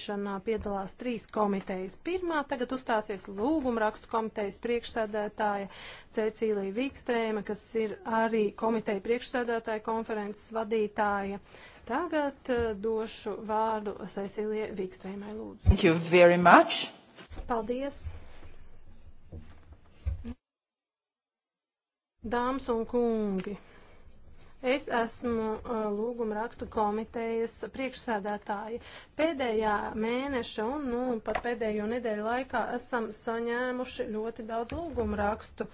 Šanā piedalās trīs komitejas. Pirmā tagad uzstāsies lūguma rakstu komitejas priekšsēdētāja Cecīlija Vikstrēma, kas ir arī komiteja priekšsēdētāja konferences vadītāja. Tagad uh, došu vārdu Cecīlijai Vikstrēmai lūdzu. Thank you very much. Paldies. Dāmas un kungi. Es esmu uh, lūguma rakstu komitejas priekšsēdētāja. Pēdējā mēneša un nu, pat pēdējo nedēļu laikā esam saņēmuši ļoti daudz lūguma rakstu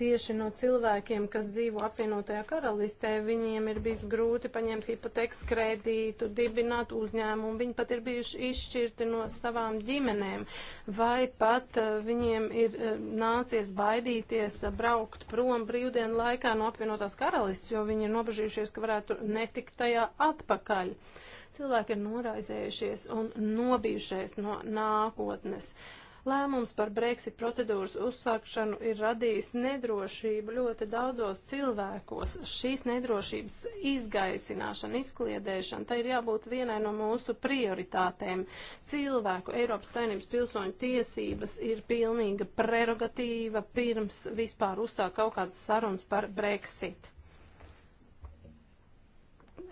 tieši no cilvēkiem, kas dzīvo apvienotajā karalistē, viņiem ir bijis grūti paņemt hipotekas kredītu, dibināt uzņēmumu, viņi pat ir bijuši izšķirti no savām ģimenēm, vai pat eh, viņiem ir eh, nācies baidīties eh, braukt prom brīvdienu laikā no apvienotās karalistes, jo viņi ir nobežījušies, ka varētu netikt tajā atpakaļ cilvēki ir noraizējušies un nobijušies no nākotnes. Lēmums par Brexit procedūras uzsākšanu ir radījis nedrošību ļoti daudzos cilvēkos. Šīs nedrošības izgaisināšana, izkliedēšana, tai ir jābūt vienai no mūsu prioritātēm. Cilvēku Eiropas saimnības pilsoņu tiesības ir pilnīga prerogatīva pirms vispār uzsāk kaut kādas sarunas par Brexit.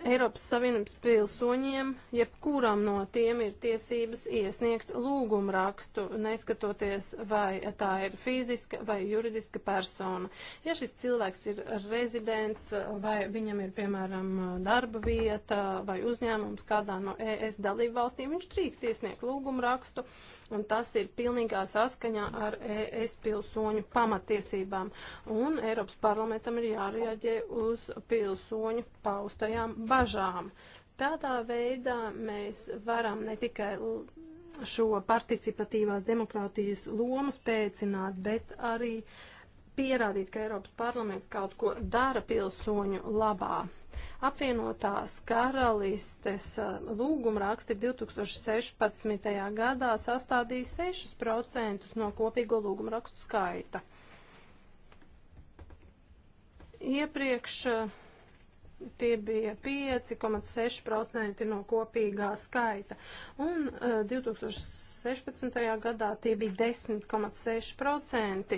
Eiropas Savienības pilsoņiem, jebkuram no tiem ir tiesības iesniegt lūgumu rakstu, neskatoties, vai tā ir fiziska vai juridiska persona. Ja šis cilvēks ir rezidents, vai viņam ir, piemēram, darba vieta vai uzņēmums kādā no ES dalību valstīm, viņš drīkst iesniegt lūgumu rakstu. Uh, un tas ir pilnīgā saskaņā ar ES pilsoņu pamatiesībām. Un Eiropas parlamentam ir jārieģē uz pilsoņu paustajām bažām. Tādā veidā mēs varam ne tikai šo participatīvās demokrātijas lomu spēcināt, bet arī pierādīt, ka Eiropas parlaments kaut ko dara pilsoņu labā. Apvienotās karalistes uh, lūgumraksti 2016. gadā sastādīja 6% no kopīgo lūgumrakstu skaita. Iepriekš uh, tie bija 5,6% no kopīgā skaita. Un 2016. Uh, 2016. gadā tie bija 10,6%.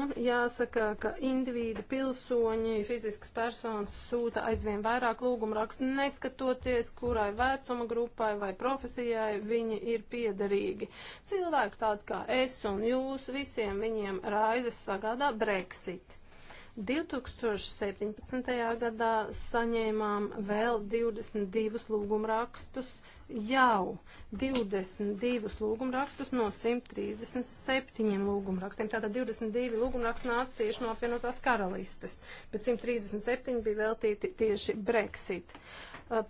Un jāsaka, ka indivīdi, pilsoņi, fiziskas personas sūta aizvien vairāk lūgumu rakstu, neskatoties, kurai vecuma grupai vai profesijai viņi ir piederīgi. Cilvēki tādi kā es un jūs visiem viņiem raizes sagādā Brexit. 2017. gadā saņēmām vēl 22 lūgumrakstus, jau 22 lūgumrakstus no 137 lūgumrakstiem. Tātad 22 lūgumraksts nāca tieši no apvienotās karalistes, bet 137 bija veltīti tieši Brexit.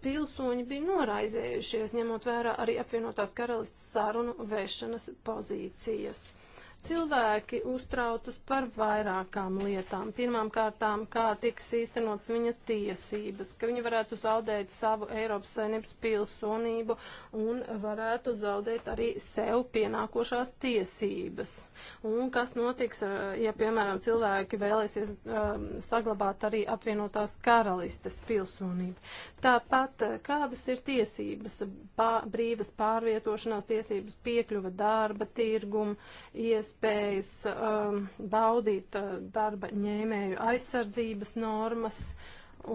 Pilsoņi bija noraizējušies, ņemot vērā arī apvienotās karalistes sarunu vešanas pozīcijas. Cilvēki uztraucas par vairākām lietām. Pirmām kārtām, kā tiks īstenots viņa tiesības, ka viņi varētu zaudēt savu Eiropas saimnības pilsonību un varētu zaudēt arī sev pienākošās tiesības. Un kas notiks, eh, ja, piemēram, cilvēki vēlēsies um, saglabāt arī apvienotās karalistes pilsonību. Tāpat, eh, kādas ir tiesības, pā, brīvas pārvietošanās tiesības, piekļuva darba, tirguma, iespējas, iespējas um, baudīt uh, darba ņēmēju aizsardzības normas,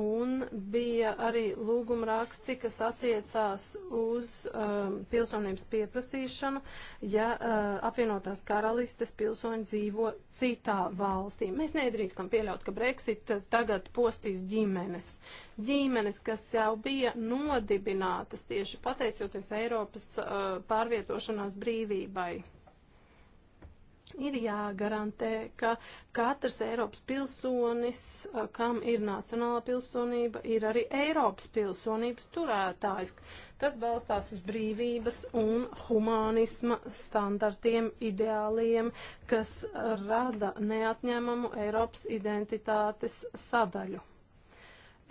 un bija arī lūguma raksti, kas attiecās uz um, pilsonības pieprasīšanu, ja uh, apvienotās karalistes pilsoņi dzīvo citā valstī. Mēs nedrīkstam pieļaut, ka Brexit tagad postīs ģimenes. Ģimenes, kas jau bija nodibinātas tieši pateicoties Eiropas uh, pārvietošanās brīvībai ir jāgarantē, ka katrs Eiropas pilsonis, kam ir nacionāla pilsonība, ir arī Eiropas pilsonības turētājs. Tas balstās uz brīvības un humānisma standartiem, ideāliem, kas rada neatņemamu Eiropas identitātes sadaļu.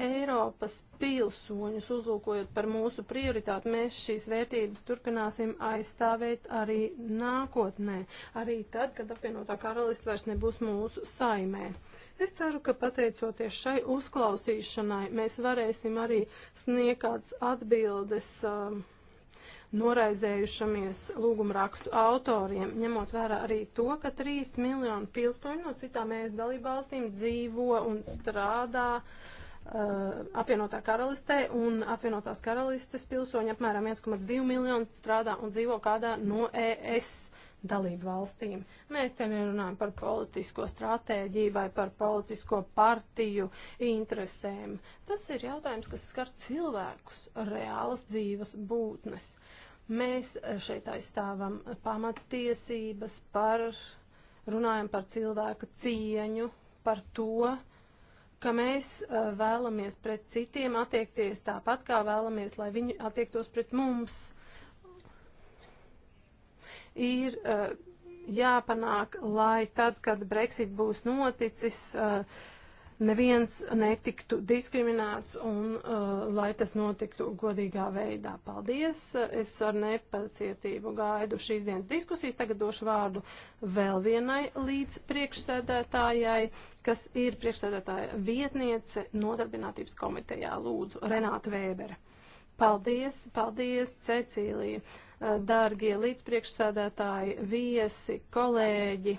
Eiropas pilsoņus uzlūkojot par mūsu prioritāti, mēs šīs vērtības turpināsim aizstāvēt arī nākotnē, arī tad, kad apvienotā karalista vairs nebūs mūsu saimē. Es ceru, ka pateicoties šai uzklausīšanai, mēs varēsim arī sniegt kāds atbildes um, noraizējušamies lūgumrakstu autoriem, ņemot vērā arī to, ka 3 miljoni pilsoņu no citām ES dalībvalstīm dzīvo un strādā uh, Eh, apvienotā karalistē, un apvienotās karalistes pilsoņi apmēram 1,2 miljonu strādā un dzīvo kādā no ES dalību valstīm. Mēs te nerunājam par politisko stratēģiju vai par politisko partiju interesēm. Tas ir jautājums, kas skar cilvēkus, reālas dzīves būtnes. Mēs šeit aizstāvam pamattiesības par, runājam par cilvēku cieņu, par to, uh, ka mēs uh, vēlamies pret citiem attiekties tāpat, kā vēlamies, lai viņi attiektos pret mums. Ir uh, jāpanāk, lai tad, kad Brexit būs noticis, uh, neviens netiktu diskriminēts un uh, lai tas notiktu godīgā veidā. Paldies! Es ar nepacietību gaidu šīs dienas diskusijas. Tagad došu vārdu vēl vienai līdz priekšsēdētājai, kas ir priekšsēdētāja vietniece nodarbinātības komitejā. Lūdzu, Renāta Vēbere. Paldies, paldies, Cecīlija, dārgie līdzpriekšsēdētāji, viesi, kolēģi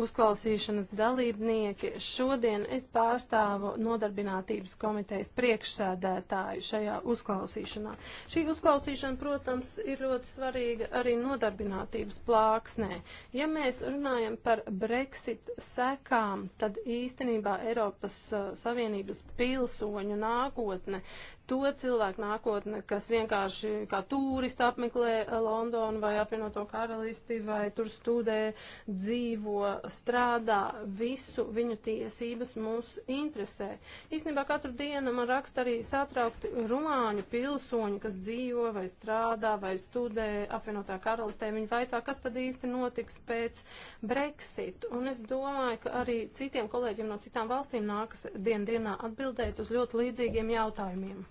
uzklausīšanas dalībnieki. Šodien es pārstāvu nodarbinātības komitejas priekšsēdētāju šajā uzklausīšanā. Šī uzklausīšana, protams, ir ļoti svarīga arī nodarbinātības plāksnē. Ja mēs runājam par Brexit sekām, tad īstenībā Eiropas uh, Savienības pilsoņu nākotne to cilvēku nākotne, kas vienkārši kā turisti apmeklē eh, Londonu vai apvienoto karalisti vai tur studē, dzīvo, strādā, visu viņu tiesības mūs interesē. Īstenībā katru dienu man raksta arī satraukti rumāņu pilsoņi, kas dzīvo vai strādā vai studē apvienotā karalistē. Viņi vaicā, kas tad īsti notiks pēc Brexit. Un es domāju, ka arī citiem kolēģiem no citām valstīm nākas dien dienā atbildēt uz ļoti līdzīgiem jautājumiem.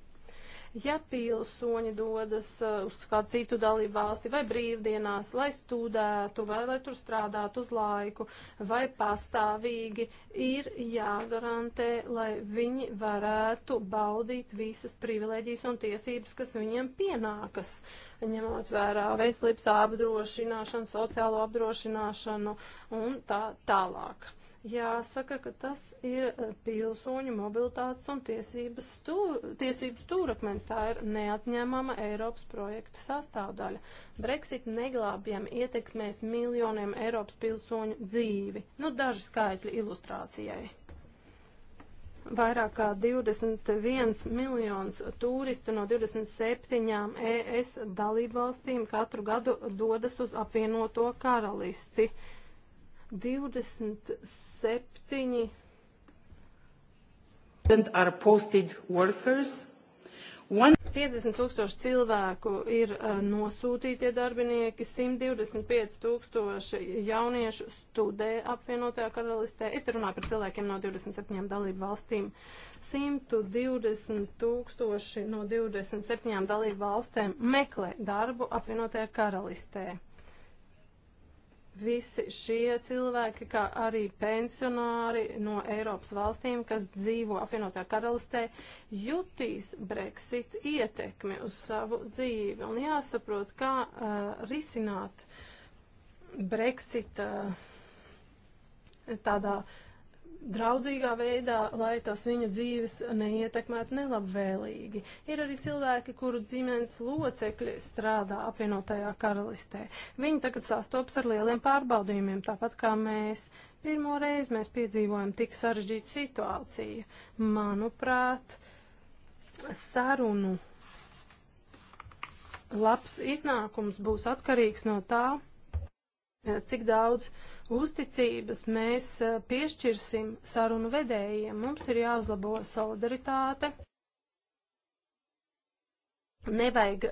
Ja pilsoņi dodas uh, uz kādu citu dalību valsti vai brīvdienās, lai studētu vai lai tur strādātu uz laiku vai pastāvīgi, ir jāgarantē, lai viņi varētu baudīt visas privilēģijas un tiesības, kas viņiem pienākas, ņemot vērā veselības apdrošināšanu, sociālo apdrošināšanu un tā tālāk. Jāsaka, ka tas ir e, pilsoņu mobilitātes un tiesības, stūr, tiesības stūrakmens. Tā ir neatņemama Eiropas projekta sastāvdaļa. Brexit neglābjam ietekmēs miljoniem Eiropas pilsoņu dzīvi. Nu, daži skaitļi ilustrācijai. Vairāk kā 21 miljonus turistu no 27 ES dalībvalstīm katru gadu dodas uz apvienoto karalisti. Uh, 27 are posted workers. One 50 tūkstoši cilvēku ir uh, nosūtītie darbinieki, 125 tūkstoši jauniešu studē apvienotajā karalistē. Es te runāju par cilvēkiem no 27 dalību valstīm. 120 tūkstoši no 27 dalību valstēm meklē darbu apvienotajā karalistē visi šie cilvēki, kā arī pensionāri no Eiropas valstīm, kas dzīvo apvienotā karalistē, jutīs Brexit ietekmi uz savu dzīvi un jāsaprot, kā uh, risināt Brexit uh, tādā uh, draudzīgā veidā, lai tas viņu dzīves neietekmētu nelabvēlīgi. Ir arī cilvēki, kuru ģimenes locekļi strādā apvienotajā karalistē. Viņi tagad sastopas ar lieliem pārbaudījumiem, tāpat kā mēs. Pirmo reizi mēs piedzīvojam tik sarežģītu situāciju. Manuprāt, sarunu labs iznākums būs atkarīgs no tā, cik daudz uh, uzticības mēs piešķirsim sarunu vedējiem. Mums ir jāuzlabo solidaritāte. Nevajag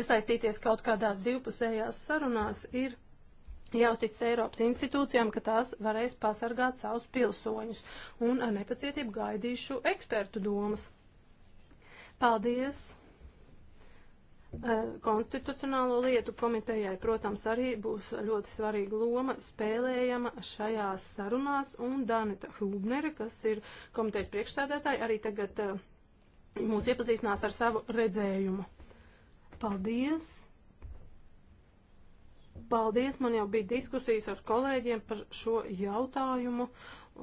iesaistīties kaut kādās divpusējās sarunās, ir jāuztic Eiropas institūcijām, ka tās varēs pasargāt savus pilsoņus. Un ar nepacietību gaidīšu ekspertu domas. Paldies! Eh, konstitucionālo lietu komitejai, protams, arī būs ļoti svarīga loma spēlējama šajās sarunās, un Danita Hūbnere, kas ir komitejas priekšsēdētāja, arī tagad eh, mūs iepazīstinās ar savu redzējumu. Paldies! Paldies, man jau bija diskusijas ar kolēģiem par šo jautājumu,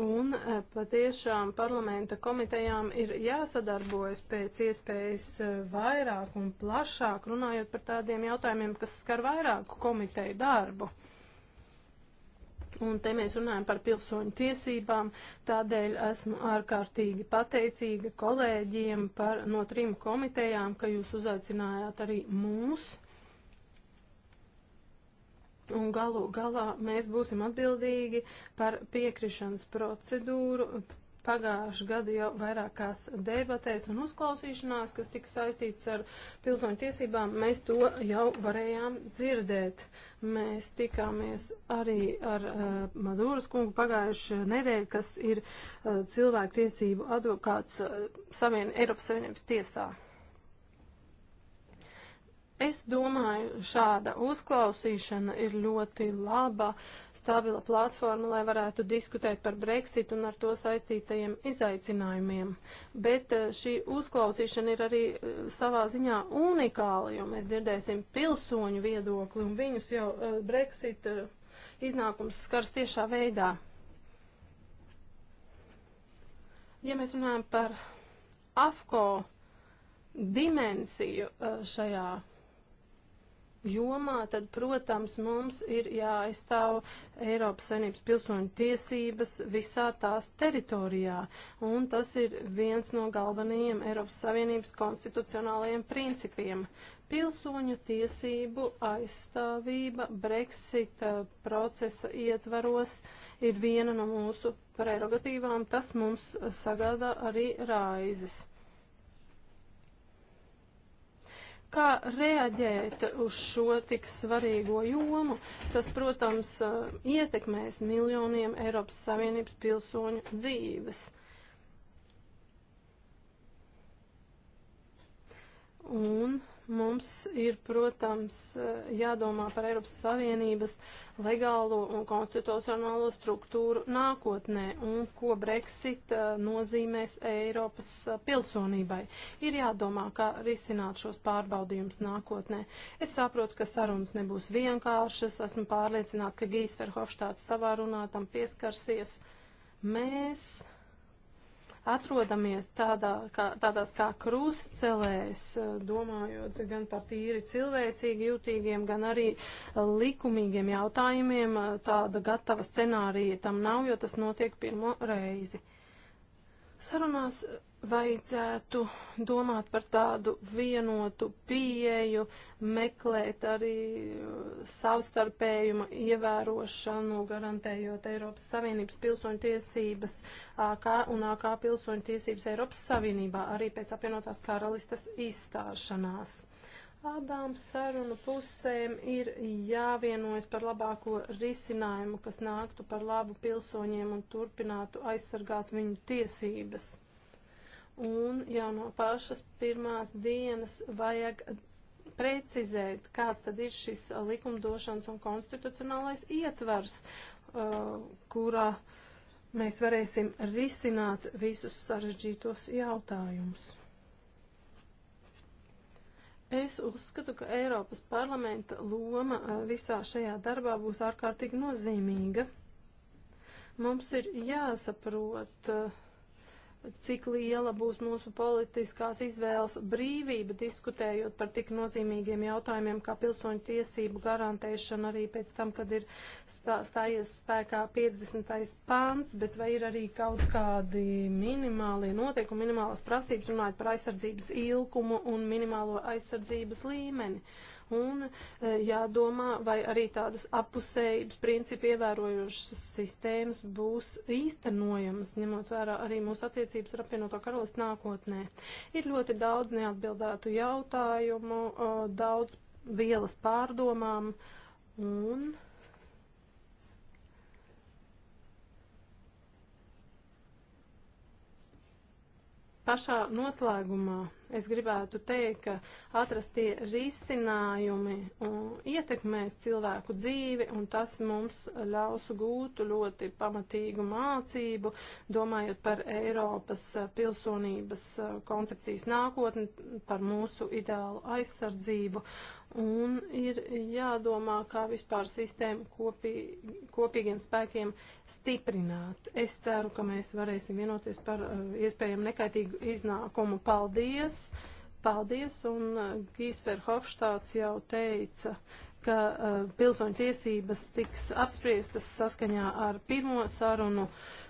Un e, patiešām parlamenta komitejām ir jāsadarbojas pēc iespējas e, vairāk un plašāk, runājot par tādiem jautājumiem, kas skar vairāku komiteju darbu. Un te mēs runājam par pilsoņu tiesībām, tādēļ esmu ārkārtīgi pateicīga kolēģiem par no trim komitejām, ka jūs uzaicinājāt arī mūsu. Un galu galā mēs būsim atbildīgi par piekrišanas procedūru. Pagājuši gadi jau vairākās debatēs un uzklausīšanās, kas tika saistīts ar pilsoņu tiesībām, mēs to jau varējām dzirdēt. Mēs tikāmies arī ar uh, Madūras kungu pagājuši nedēļu, kas ir uh, cilvēktiesību advokāts uh, savien, Eiropas Savienības tiesā. Es domāju, šāda uzklausīšana ir ļoti laba, stabila platforma, lai varētu diskutēt par Brexit un ar to saistītajiem izaicinājumiem. Bet eh, šī uzklausīšana ir arī eh, savā ziņā unikāla, jo mēs dzirdēsim pilsoņu viedokli un viņus jau eh, Brexit iznākums skars tiešā veidā. Ja mēs runājam par AFCO dimensiju šajā jomā, tad, protams, mums ir jāaizstāv Eiropas Savienības pilsoņu tiesības visā tās teritorijā. Un tas ir viens no galvenajiem Eiropas Savienības konstitucionālajiem principiem. Pilsoņu tiesību aizstāvība Brexit eh, procesa ietvaros ir viena no mūsu prerogatīvām. Tas mums sagādā arī raizes. Kā reaģēt uz šo tik svarīgo jomu? Tas, protams, ietekmēs miljoniem Eiropas Savienības pilsoņu dzīves. Un Mums ir, protams, jādomā par Eiropas Savienības legālo un konstitucionālo struktūru nākotnē un ko Brexit eh, nozīmēs Eiropas eh, pilsonībai. Ir jādomā, kā risināt šos pārbaudījumus nākotnē. Es saprotu, ka sarunas nebūs vienkāršas. Esmu pārliecināta, ka Gīs Verhofštāts savā runā tam pieskarsies. Mēs atrodamies tādā, kā, tādās kā krustcelēs, domājot gan par tīri cilvēcīgi jūtīgiem, gan arī likumīgiem jautājumiem. Tāda gatava scenārija tam nav, jo tas notiek pirmo reizi. Sarunās vajadzētu domāt par tādu vienotu pieeju, meklēt arī uh, savstarpējuma ievērošanu, garantējot Eiropas Savienības pilsoņu tiesības AK un AK pilsoņu tiesības Eiropas Savienībā arī pēc apvienotās karalistas izstāšanās. Abām sarunu pusēm ir jāvienojas par labāko risinājumu, kas nāktu par labu pilsoņiem un turpinātu aizsargāt viņu tiesības un jau no pašas pirmās dienas vajag precizēt, kāds tad ir šis likumdošanas un konstitucionālais ietvars, uh, kurā mēs varēsim risināt visus sarežģītos jautājumus. Es uzskatu, ka Eiropas parlamenta loma uh, visā šajā darbā būs ārkārtīgi nozīmīga. Mums ir jāsaprot, uh, cik liela būs mūsu politiskās izvēles brīvība, diskutējot par tik nozīmīgiem jautājumiem, kā pilsoņu tiesību garantēšana arī pēc tam, kad ir stājies spēkā 50. pāns, bet vai ir arī kaut kādi minimālie noteikumi, minimālas prasības, runājot par aizsardzības ilgumu un minimālo aizsardzības līmeni. Uh, un e, jādomā, vai arī tādas apusējības principu ievērojušas sistēmas būs īstenojamas, ņemot vērā arī mūsu attiecības ar apvienoto karalistu nākotnē. Ir ļoti daudz neatbildētu jautājumu, e, daudz vielas pārdomām un. Pašā noslēgumā es gribētu teikt, ka atrastie risinājumi uh, ietekmēs cilvēku dzīvi, un tas mums ļaus gūt ļoti pamatīgu mācību, domājot par Eiropas uh, pilsonības uh, koncepcijas nākotni, par mūsu ideālu aizsardzību Un ir jādomā, kā vispār sistēmu kopī, kopīgiem spēkiem stiprināt. Es ceru, ka mēs varēsim vienoties par uh, iespējam nekaitīgu iznākumu. Paldies! Paldies! Un uh, Gīsver Hofštāts jau teica, ka uh, pilsoņu tiesības tiks apspriestas saskaņā ar pirmo sarunu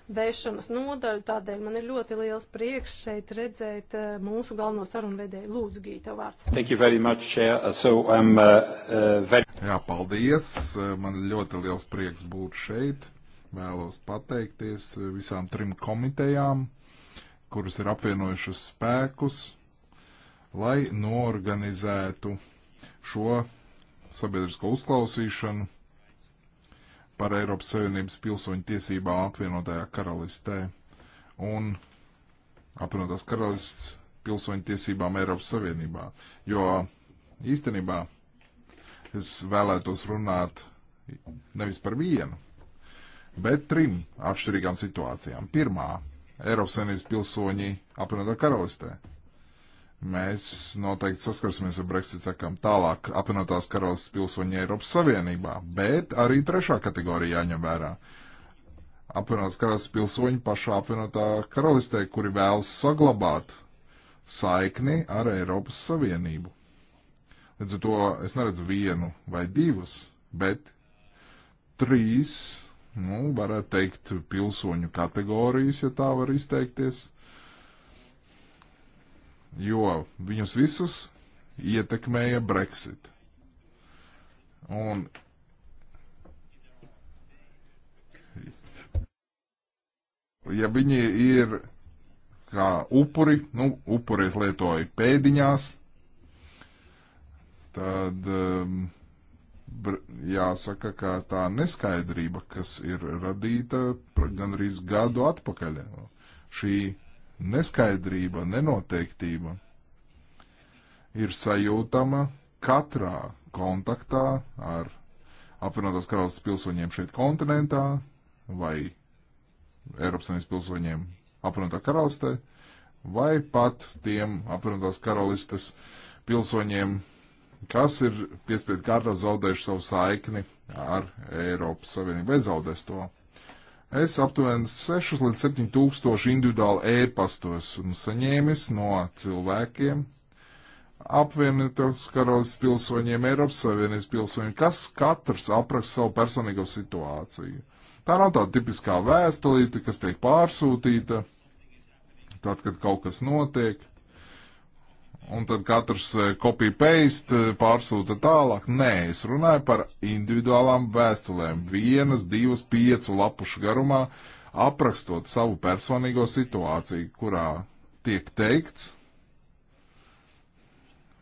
vešanas nodaļu, tādēļ man ir ļoti liels prieks šeit redzēt eh, mūsu galveno sarunvedēju. Lūdzu, Gīta, vārds. Thank you very much, Chair. Uh, so I'm um, uh, very... Jā, paldies. Uh, man ļoti liels prieks būt šeit. Vēlos pateikties visām trim komitejām, kuras ir apvienojušas spēkus, lai norganizētu šo sabiedrisko uzklausīšanu par Eiropas Savienības pilsoņu tiesībām apvienotajā karalistē un apvienotās karalists pilsoņu tiesībām Eiropas Savienībā. Jo īstenībā es vēlētos runāt nevis par vienu, bet trim atšķirīgām situācijām. Pirmā - Eiropas Savienības pilsoņi apvienotā karalistē mēs noteikti saskarsimies ar Brexit sakām tālāk apvienotās karalists pilsoņi Eiropas Savienībā, bet arī trešā kategorija jāņem vērā. Apvienotās karalists pilsoņi pašā apvienotā karalistē, kuri vēlas saglabāt saikni ar Eiropas Savienību. Līdz ar to es neredzu vienu vai divas, bet trīs, nu, varētu teikt, pilsoņu kategorijas, ja tā var izteikties – jo viņus visus ietekmēja Brexit. Un ja viņi ir kā upuri, nu, upuri es lietoju pēdiņās, tad um, jāsaka, ka tā neskaidrība, kas ir radīta gandrīz gadu atpakaļ, šī neskaidrība, nenoteiktība ir sajūtama katrā kontaktā ar apvienotās karalistas pilsoņiem šeit kontinentā vai Eiropas Savienības pilsoņiem apvienotā karalistē vai pat tiem apvienotās karalistes pilsoņiem, kas ir piespiedu kārtā zaudējuši savu saikni ar Eiropas Savienību vai zaudēs to. Es aptuveni 6 līdz 7 tūkstoši individuāli ēpastos e saņēmis no cilvēkiem, apvienotās karalistas pilsoņiem, Eiropas Savienības pilsoņiem, kas katrs apraksta savu personīgo situāciju. Tā nav tāda tipiskā vēstulīte, kas tiek pārsūtīta, tad, kad kaut kas notiek un tad katrs e, copy-paste e, pārsūta tālāk. Nē, es runāju par individuālām vēstulēm, vienas, divas, piecu lapušu garumā, aprakstot savu personīgo situāciju, kurā tiek teikts,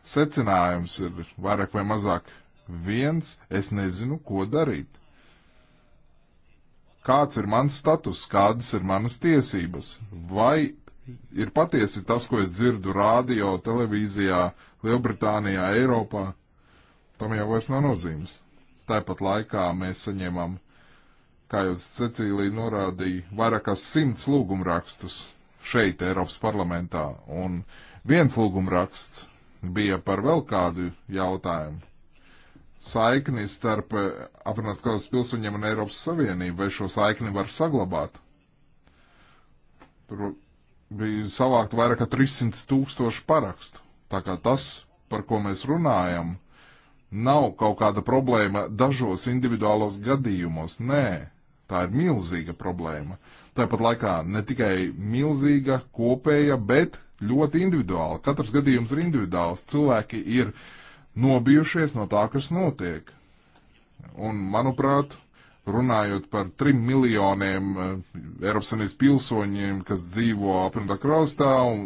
secinājums ir vairāk vai mazāk viens, es nezinu, ko darīt. Kāds ir mans status, kādas ir manas tiesības, vai ir patiesi tas, ko es dzirdu rādio, televīzijā, Lielbritānijā, Eiropā. Tam jau vairs nav nozīmes. Tāpat laikā mēs saņemam, kā jau Cecīlija norādīja, vairāk kā simts lūgumrakstus šeit, Eiropas parlamentā, un viens lūgumraksts bija par vēl kādu jautājumu. Saikni starp eh, apvienotās kalnas pilsoņiem un Eiropas Savienību, vai šo saikni var saglabāt? Tur bija savākt vairāk kā 300 tūkstoši parakstu. Tā kā tas, par ko mēs runājam, nav kaut kāda problēma dažos individuālos gadījumos. Nē, tā ir milzīga problēma. Tāpat laikā ne tikai milzīga, kopēja, bet ļoti individuāla. Katrs gadījums ir individuāls. Cilvēki ir nobijušies no tā, kas notiek. Un, manuprāt, runājot par trim miljoniem eh, Eiropas Savienības pilsoņiem, kas dzīvo apvienotā karalistā un,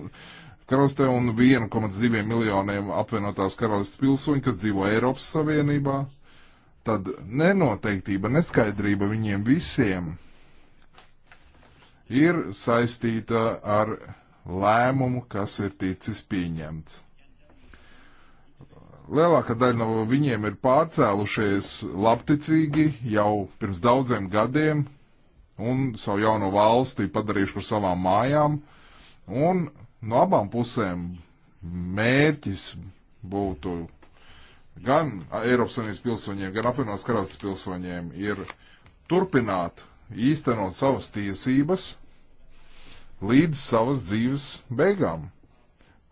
karalistē un 1,2 miljoniem apvienotās karalistas pilsoņu, kas dzīvo Eiropas Savienībā, tad nenoteiktība, neskaidrība viņiem visiem ir saistīta ar lēmumu, kas ir ticis pieņemts lielākā daļa no viņiem ir pārcēlušies labticīgi jau pirms daudziem gadiem un savu jauno valsti padarījuši par savām mājām. Un no abām pusēm mērķis būtu gan Eiropas Savienības pilsoņiem, gan apvienotās karalistas pilsoņiem ir turpināt īstenot savas tiesības līdz savas dzīves beigām.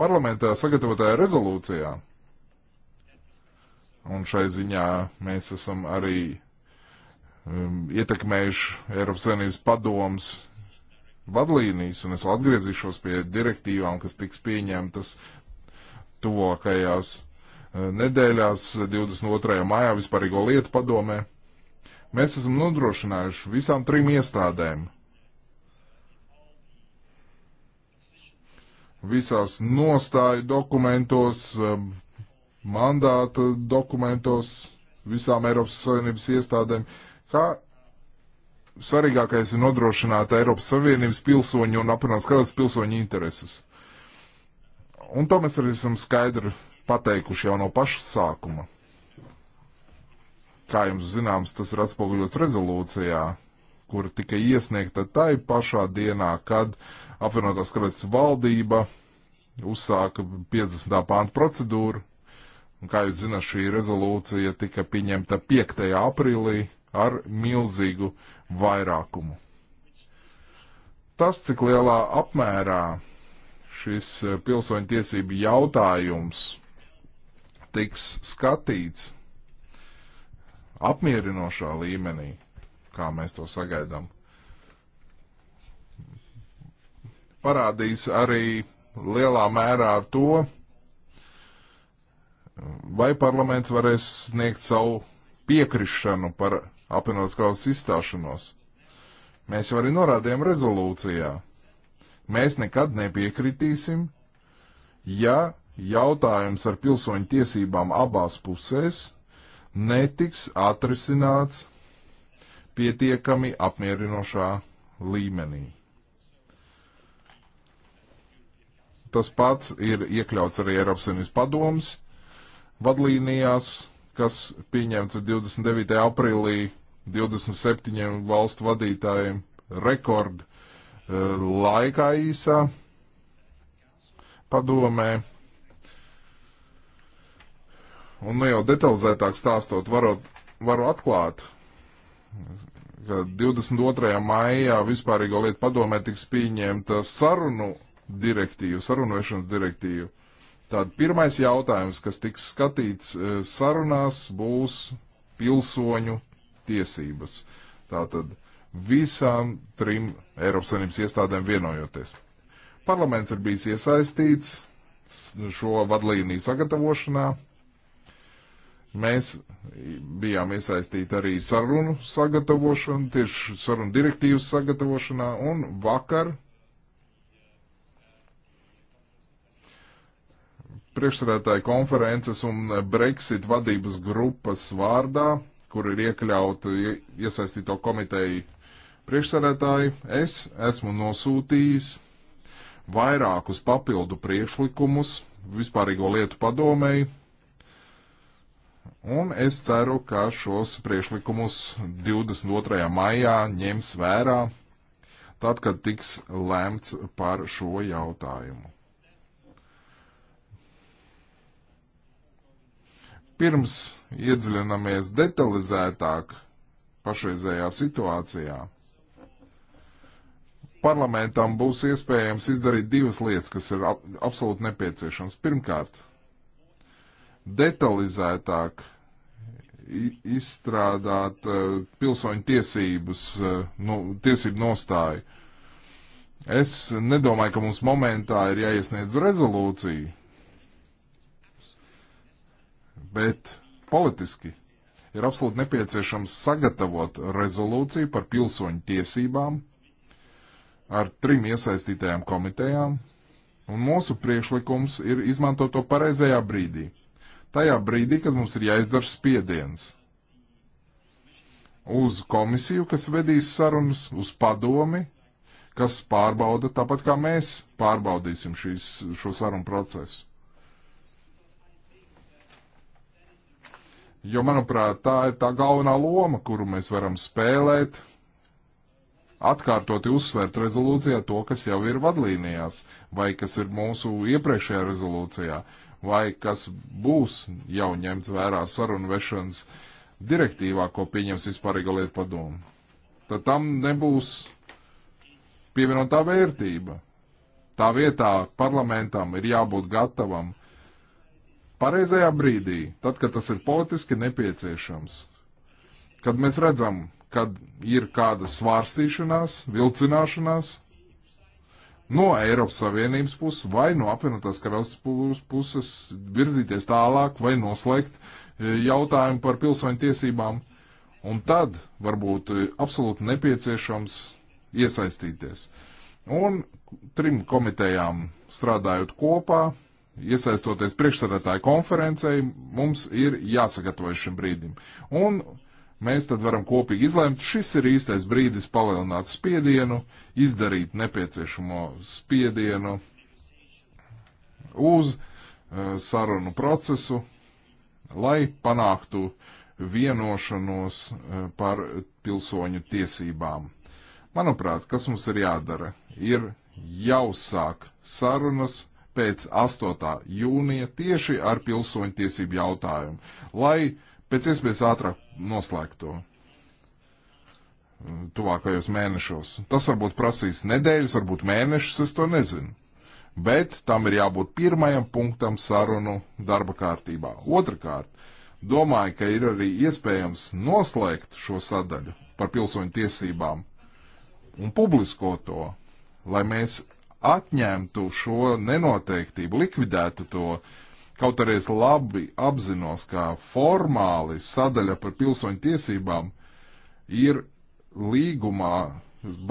Parlamentā sagatavotajā rezolūcijā un šai ziņā mēs esam arī um, ietekmējuši Eiropas Savienības padomus vadlīnijas, un es atgriezīšos pie direktīvām, kas tiks pieņemtas tuvākajās uh, nedēļās, 22. maijā vispārīgo lietu padomē. Mēs esam nodrošinājuši visām trim iestādēm visās nostāju dokumentos, um, mandāta dokumentos visām Eiropas Savienības iestādēm, kā svarīgākais ir nodrošināt Eiropas Savienības pilsoņu un apvienot skatītas pilsoņu intereses. Un to mēs arī esam skaidri pateikuši jau no paša sākuma. Kā jums zināms, tas ir atspoguļots rezolūcijā, kur tika iesniegta tai pašā dienā, kad apvienotās karalists valdība uzsāka 50. pānta procedūru Un, kā jūs zināt, šī rezolūcija tika pieņemta 5. aprīlī ar milzīgu vairākumu. Tas, cik lielā apmērā šis eh, pilsoņu tiesību jautājums tiks skatīts apmierinošā līmenī, kā mēs to sagaidām, parādīs arī lielā mērā to, Vai parlaments varēs sniegt savu piekrišanu par apvienotas klausas izstāšanos? Mēs jau arī norādījām rezolūcijā. Mēs nekad nepiekritīsim, ja jautājums ar pilsoņu tiesībām abās pusēs netiks atrisināts pietiekami apmierinošā līmenī. Tas pats ir iekļauts arī Eiropas Savienības padomus vadlīnijās, kas pieņemts 29. aprīlī 27 valstu vadītājiem rekord eh, laikā īsā padomē. Un nu jau detalizētāk stāstot, varot, varu atklāt, ka 22. maijā vispārīgo lietu padomē tiks pieņemta sarunu direktīva, sarunvešanas direktīva. Tātad pirmais jautājums, kas tiks skatīts e, sarunās, būs pilsoņu tiesības. Tātad visām trim Eiropas Savienības iestādēm vienojoties. Parlaments ir bijis iesaistīts šo vadlīniju sagatavošanā. Mēs bijām iesaistīti arī sarunu sagatavošanu, tieši sarunu direktīvas sagatavošanā, un vakar priekšsēdētāja konferences un Brexit vadības grupas vārdā, kur ir iekļauti iesaistīto komiteju priekšsēdētāji, es esmu nosūtījis vairākus papildu priekšlikumus vispārīgo lietu padomēji, un es ceru, ka šos priekšlikumus 22. maijā ņems vērā, tad, kad tiks lēmts par šo jautājumu. Pirms iedziļināmies detalizētāk pašreizējā situācijā, parlamentam būs iespējams izdarīt divas lietas, kas ir ab absolūti nepieciešams. Pirmkārt, detalizētāk izstrādāt uh, pilsoņu tiesības, uh, nu, tiesību nostāju. Es nedomāju, ka mums momentā ir jāiesniedz rezolūcija, bet politiski ir absolūti nepieciešams sagatavot rezolūciju par pilsoņu tiesībām ar trim iesaistītajām komitejām, un mūsu priekšlikums ir izmantot to pareizajā brīdī. Tajā brīdī, kad mums ir jāizdara spiediens uz komisiju, kas vedīs sarunas, uz padomi, kas pārbauda tāpat kā mēs pārbaudīsim šīs, šo sarunu procesu. Jo, manuprāt, tā ir tā galvenā loma, kuru mēs varam spēlēt, atkārtoti uzsvērt rezolūcijā to, kas jau ir vadlīnijās, vai kas ir mūsu iepriekšējā rezolūcijā, vai kas būs jau ņemts vērā sarunu vešanas direktīvā, ko pieņems vispārīga lieta padomu. Tad tam nebūs pievienotā vērtība. Tā vietā parlamentam ir jābūt gatavam pareizajā brīdī, tad, kad tas ir politiski nepieciešams, kad mēs redzam, kad ir kāda svārstīšanās, vilcināšanās no Eiropas Savienības puses vai no apvienotās karalists puses virzīties tālāk vai noslēgt e, jautājumu par pilsoņu tiesībām, un tad varbūt e, absolūti nepieciešams iesaistīties. Un trim komitejām strādājot kopā, Iesaistoties priekšsēdētāju konferencei, mums ir jāsagatavojas šim brīdim. Un mēs tad varam kopīgi izlēmt, šis ir īstais brīdis palielināt spiedienu, izdarīt nepieciešamo spiedienu uz uh, sarunu procesu, lai panāktu vienošanos uh, par pilsoņu tiesībām. Manuprāt, kas mums ir jādara, ir jāuzsāk sarunas pēc 8. jūnija tieši ar pilsoņu tiesību jautājumu, lai pēc iespējas ātrāk noslēgto mm, tuvākajos mēnešos. Tas varbūt prasīs nedēļas, varbūt mēnešus, es to nezinu. Bet tam ir jābūt pirmajam punktam sarunu darba kārtībā. Otrakārt, domāju, ka ir arī iespējams noslēgt šo sadaļu par pilsoņu tiesībām un publisko to, lai mēs atņemtu šo nenoteiktību, likvidētu to. Kaut arī es labi apzinos, ka formāli sadaļa par pilsoņu tiesībām ir līgumā,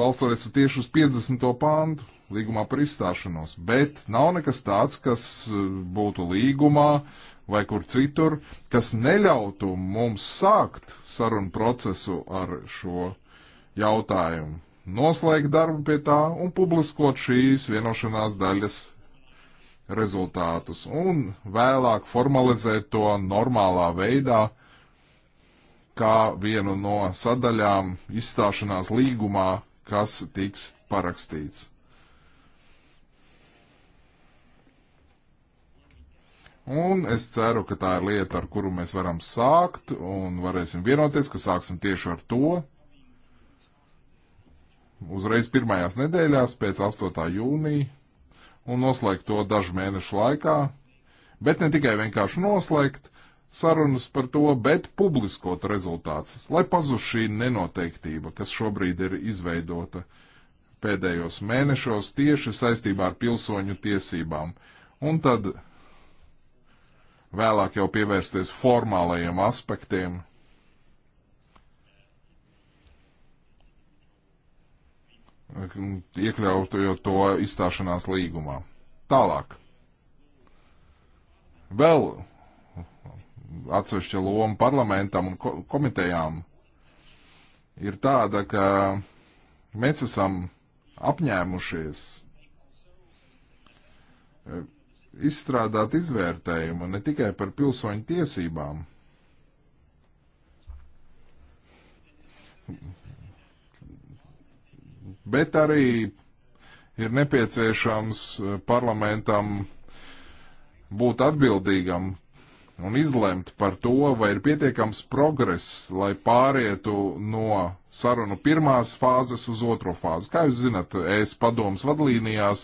balstoties tieši uz 50. pāntu, līgumā par izstāšanos, bet nav nekas tāds, kas e, būtu līgumā vai kur citur, kas neļautu mums sākt sarunu procesu ar šo jautājumu noslēgt darbu pie tā un publiskot šīs vienošanās daļas rezultātus un vēlāk formalizēt to normālā veidā, kā vienu no sadaļām izstāšanās līgumā, kas tiks parakstīts. Un es ceru, ka tā ir lieta, ar kuru mēs varam sākt un varēsim vienoties, ka sāksim tieši ar to, uzreiz pirmajās nedēļās pēc 8. jūnija un noslēgt to dažu mēnešu laikā, bet ne tikai vienkārši noslēgt sarunas par to, bet publiskot rezultātus, lai pazūd šī nenoteiktība, kas šobrīd ir izveidota pēdējos mēnešos tieši saistībā ar pilsoņu tiesībām. Un tad vēlāk jau pievērsties formālajiem aspektiem iekļaujot to izstāšanās līgumā. Tālāk. Vēl atsevišķa loma parlamentam un komitejām ir tāda, ka mēs esam apņēmušies e, izstrādāt izvērtējumu ne tikai par pilsoņu tiesībām, bet arī ir nepieciešams eh, parlamentam būt atbildīgam un izlemt par to, vai ir pietiekams progress, lai pārietu no sarunu pirmās fāzes uz otro fāzi. Kā jūs zinat, es padomas vadlīnijās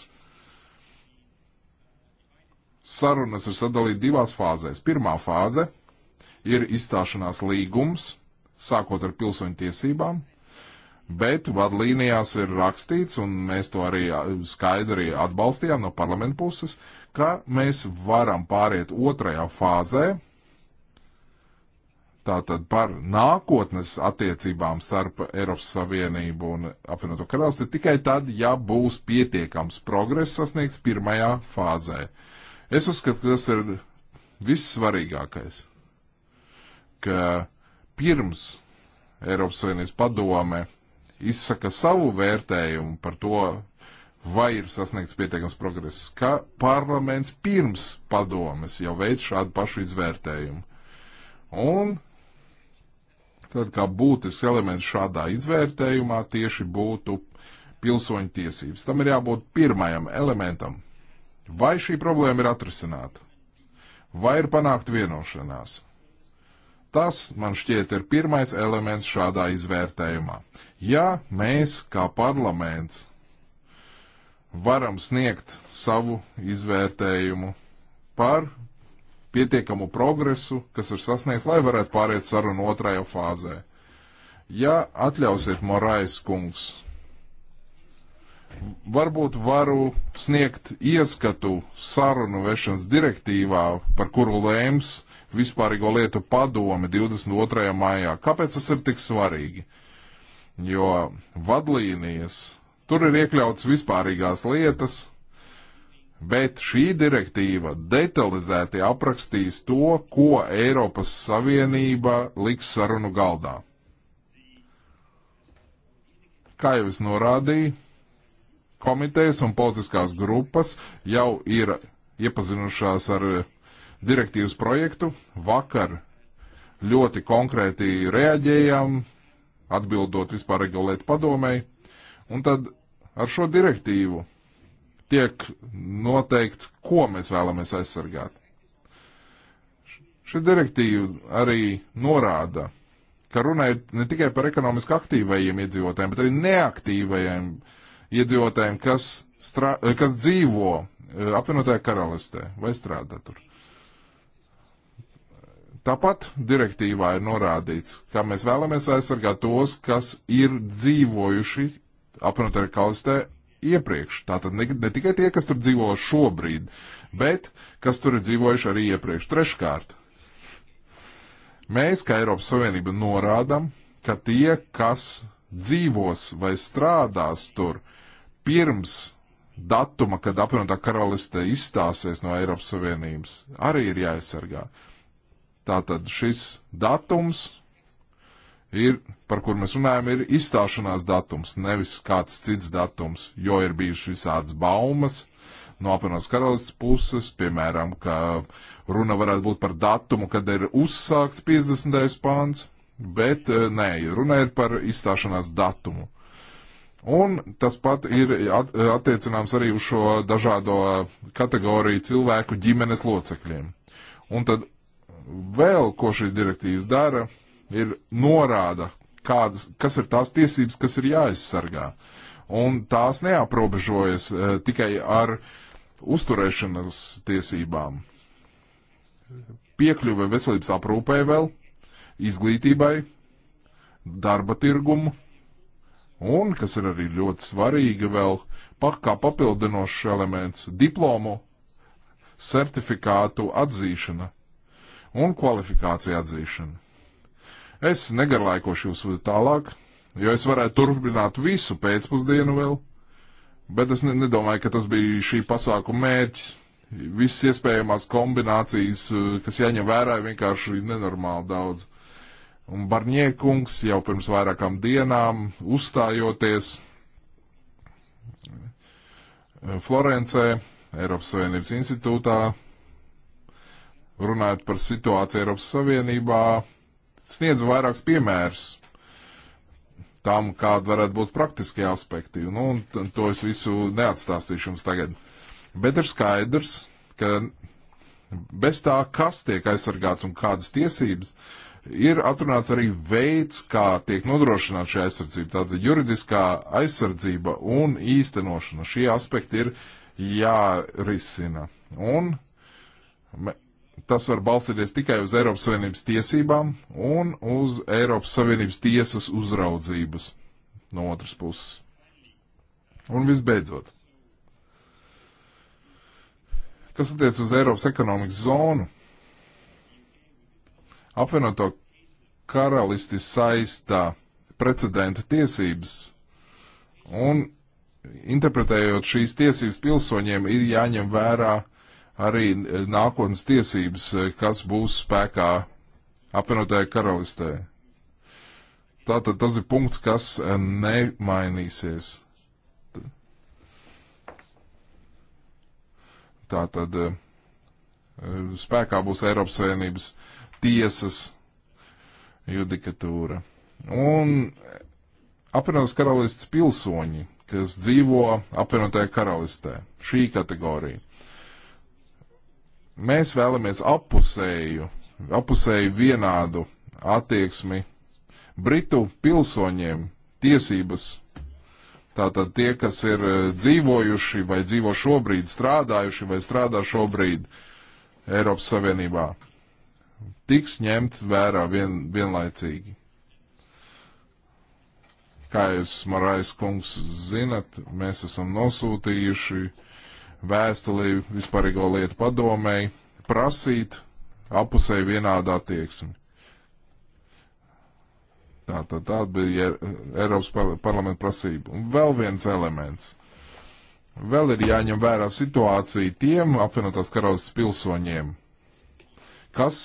sarunas ir sadalīta divās fāzēs. Pirmā fāze ir izstāšanās līgums, sākot ar pilsoņu tiesībām, bet vadlīnijās ir rakstīts, un mēs to arī skaidri atbalstījām no parlamenta puses, ka mēs varam pāriet otrajā fāzē, tātad par nākotnes attiecībām starp Eiropas Savienību un apvienoto karalisti tikai tad, ja būs pietiekams progress sasniegts pirmajā fāzē. Es uzskatu, ka tas ir vissvarīgākais, ka pirms Eiropas Savienības padome izsaka savu vērtējumu par to, vai ir sasniegts pietiekams progress, ka parlaments pirms padomes jau veids šādu pašu izvērtējumu. Un tad kā būtisks elements šādā izvērtējumā tieši būtu pilsoņu tiesības. Tam ir jābūt pirmajam elementam. Vai šī problēma ir atrisināta? Vai ir panākt vienošanās? Tas, man šķiet, ir pirmais elements šādā izvērtējumā. Ja mēs, kā parlaments, varam sniegt savu izvērtējumu par pietiekamu progresu, kas ir sasniegts, lai varētu pāriet sarunu otrajā fāzē. Ja atļausiet, Morais kungs, varbūt varu sniegt ieskatu sarunu vešanas direktīvā, par kuru lēms uh, vispārīgo lietu padomi 22. maijā. Kāpēc tas ir tik svarīgi? Jo vadlīnijas, tur ir iekļauts vispārīgās lietas, bet šī direktīva detalizēti aprakstīs to, ko Eiropas Savienība liks sarunu galdā. Kā jau es norādīju, komitejas un politiskās grupas jau ir iepazinušās ar direktīvas projektu. Vakar ļoti konkrēti reaģējām, atbildot vispār regulēt padomēji. Un tad ar šo direktīvu tiek noteikts, ko mēs vēlamies aizsargāt. Šī direktīva arī norāda, ka runājot ne tikai par ekonomiski aktīvajiem iedzīvotājiem, bet arī neaktīvajiem iedzīvotājiem, kas, strā, kas dzīvo eh, apvienotajā karalistē vai strādā tur. Tāpat direktīvā ir norādīts, ka mēs vēlamies aizsargāt tos, kas ir dzīvojuši apvienotajā kalstē iepriekš. Tātad ne, ne tikai tie, kas tur dzīvo šobrīd, bet kas tur ir dzīvojuši arī iepriekš. Treškārt, mēs, kā Eiropas Savienība, norādam, ka tie, kas dzīvos vai strādās tur pirms datuma, kad apvienotā karaliste izstāsies no Eiropas Savienības, arī ir jāaizsargā. Tātad šis datums ir, par kur mēs runājam, ir izstāšanās datums, nevis kāds cits datums, jo ir bijušas visādas baumas no apvienotās karalists puses, piemēram, ka runa varētu būt par datumu, kad ir uzsākts 50. pāns, bet eh, nē, runa ir par izstāšanās datumu. Un tas pat ir attiecināms arī uz šo dažādo kategoriju cilvēku ģimenes locekļiem. Un tad vēl, ko šī direktīva dara, ir norāda, kādas, kas ir tās tiesības, kas ir jāaizsargā. Un tās neaprobežojas e, tikai ar uzturēšanas tiesībām. Piekļuve veselības aprūpē vēl, izglītībai, darba tirgumu un, kas ir arī ļoti svarīgi vēl, pak kā papildinošs elements - diplomu, certifikātu atzīšana un kvalifikācija atzīšana. Es negarlaikošu jūs tālāk, jo es varētu turpināt visu pēcpusdienu vēl, bet es ne, nedomāju, ka tas bija šī pasākuma mērķis. Visas iespējamās kombinācijas, eh, kas jāņem vērā, ir vienkārši nenormāli daudz. Un Barņiekungs jau pirms vairākām dienām uzstājoties eh, Florencē, Eiropas Savienības institūtā, runājot par situāciju Eiropas Savienībā, sniedz vairākus piemērus tam, kāda varētu būt praktiskie aspekti. Nu, un to es visu neatstāstīšu jums tagad. Bet ir skaidrs, ka bez tā, kas tiek aizsargāts un kādas tiesības, ir atrunāts arī veids, kā tiek nodrošināta šī aizsardzība. Tātad juridiskā aizsardzība un īstenošana. Šie aspekti ir jārisina. Un tas var balstīties tikai uz Eiropas Savienības tiesībām un uz Eiropas Savienības tiesas uzraudzības no otras puses. Un visbeidzot, kas attiec uz Eiropas ekonomikas zonu, apvienoto karalisti saistā precedenta tiesības un interpretējot šīs tiesības pilsoņiem ir jāņem vērā arī eh, nākotnes tiesības, eh, kas būs spēkā apvienotajā karalistē. Tātad tas ir punkts, kas eh, nemainīsies. Tātad spēkā būs Eiropas Savienības tiesas judikatūra. Un apvienotās karalists pilsoņi, kas dzīvo apvienotajā karalistē, šī kategorija. Mēs vēlamies apusēju, apusēju vienādu attieksmi Britu pilsoņiem tiesības. Tātad tie, kas ir e, dzīvojuši vai dzīvo šobrīd, strādājuši vai strādā šobrīd Eiropas Savienībā, tiks ņemts vērā vien, vienlaicīgi. Kā jūs, Marais kungs, zinat, mēs esam nosūtījuši uh, vēstuli vispārīgo lietu padomēji, prasīt apusēji vienādu attieksmi. Tā, tā, tā bija Eiropas parlamenta prasība. Un vēl viens elements. Vēl ir jāņem vērā situācija tiem apvienotās karalistas pilsoņiem, kas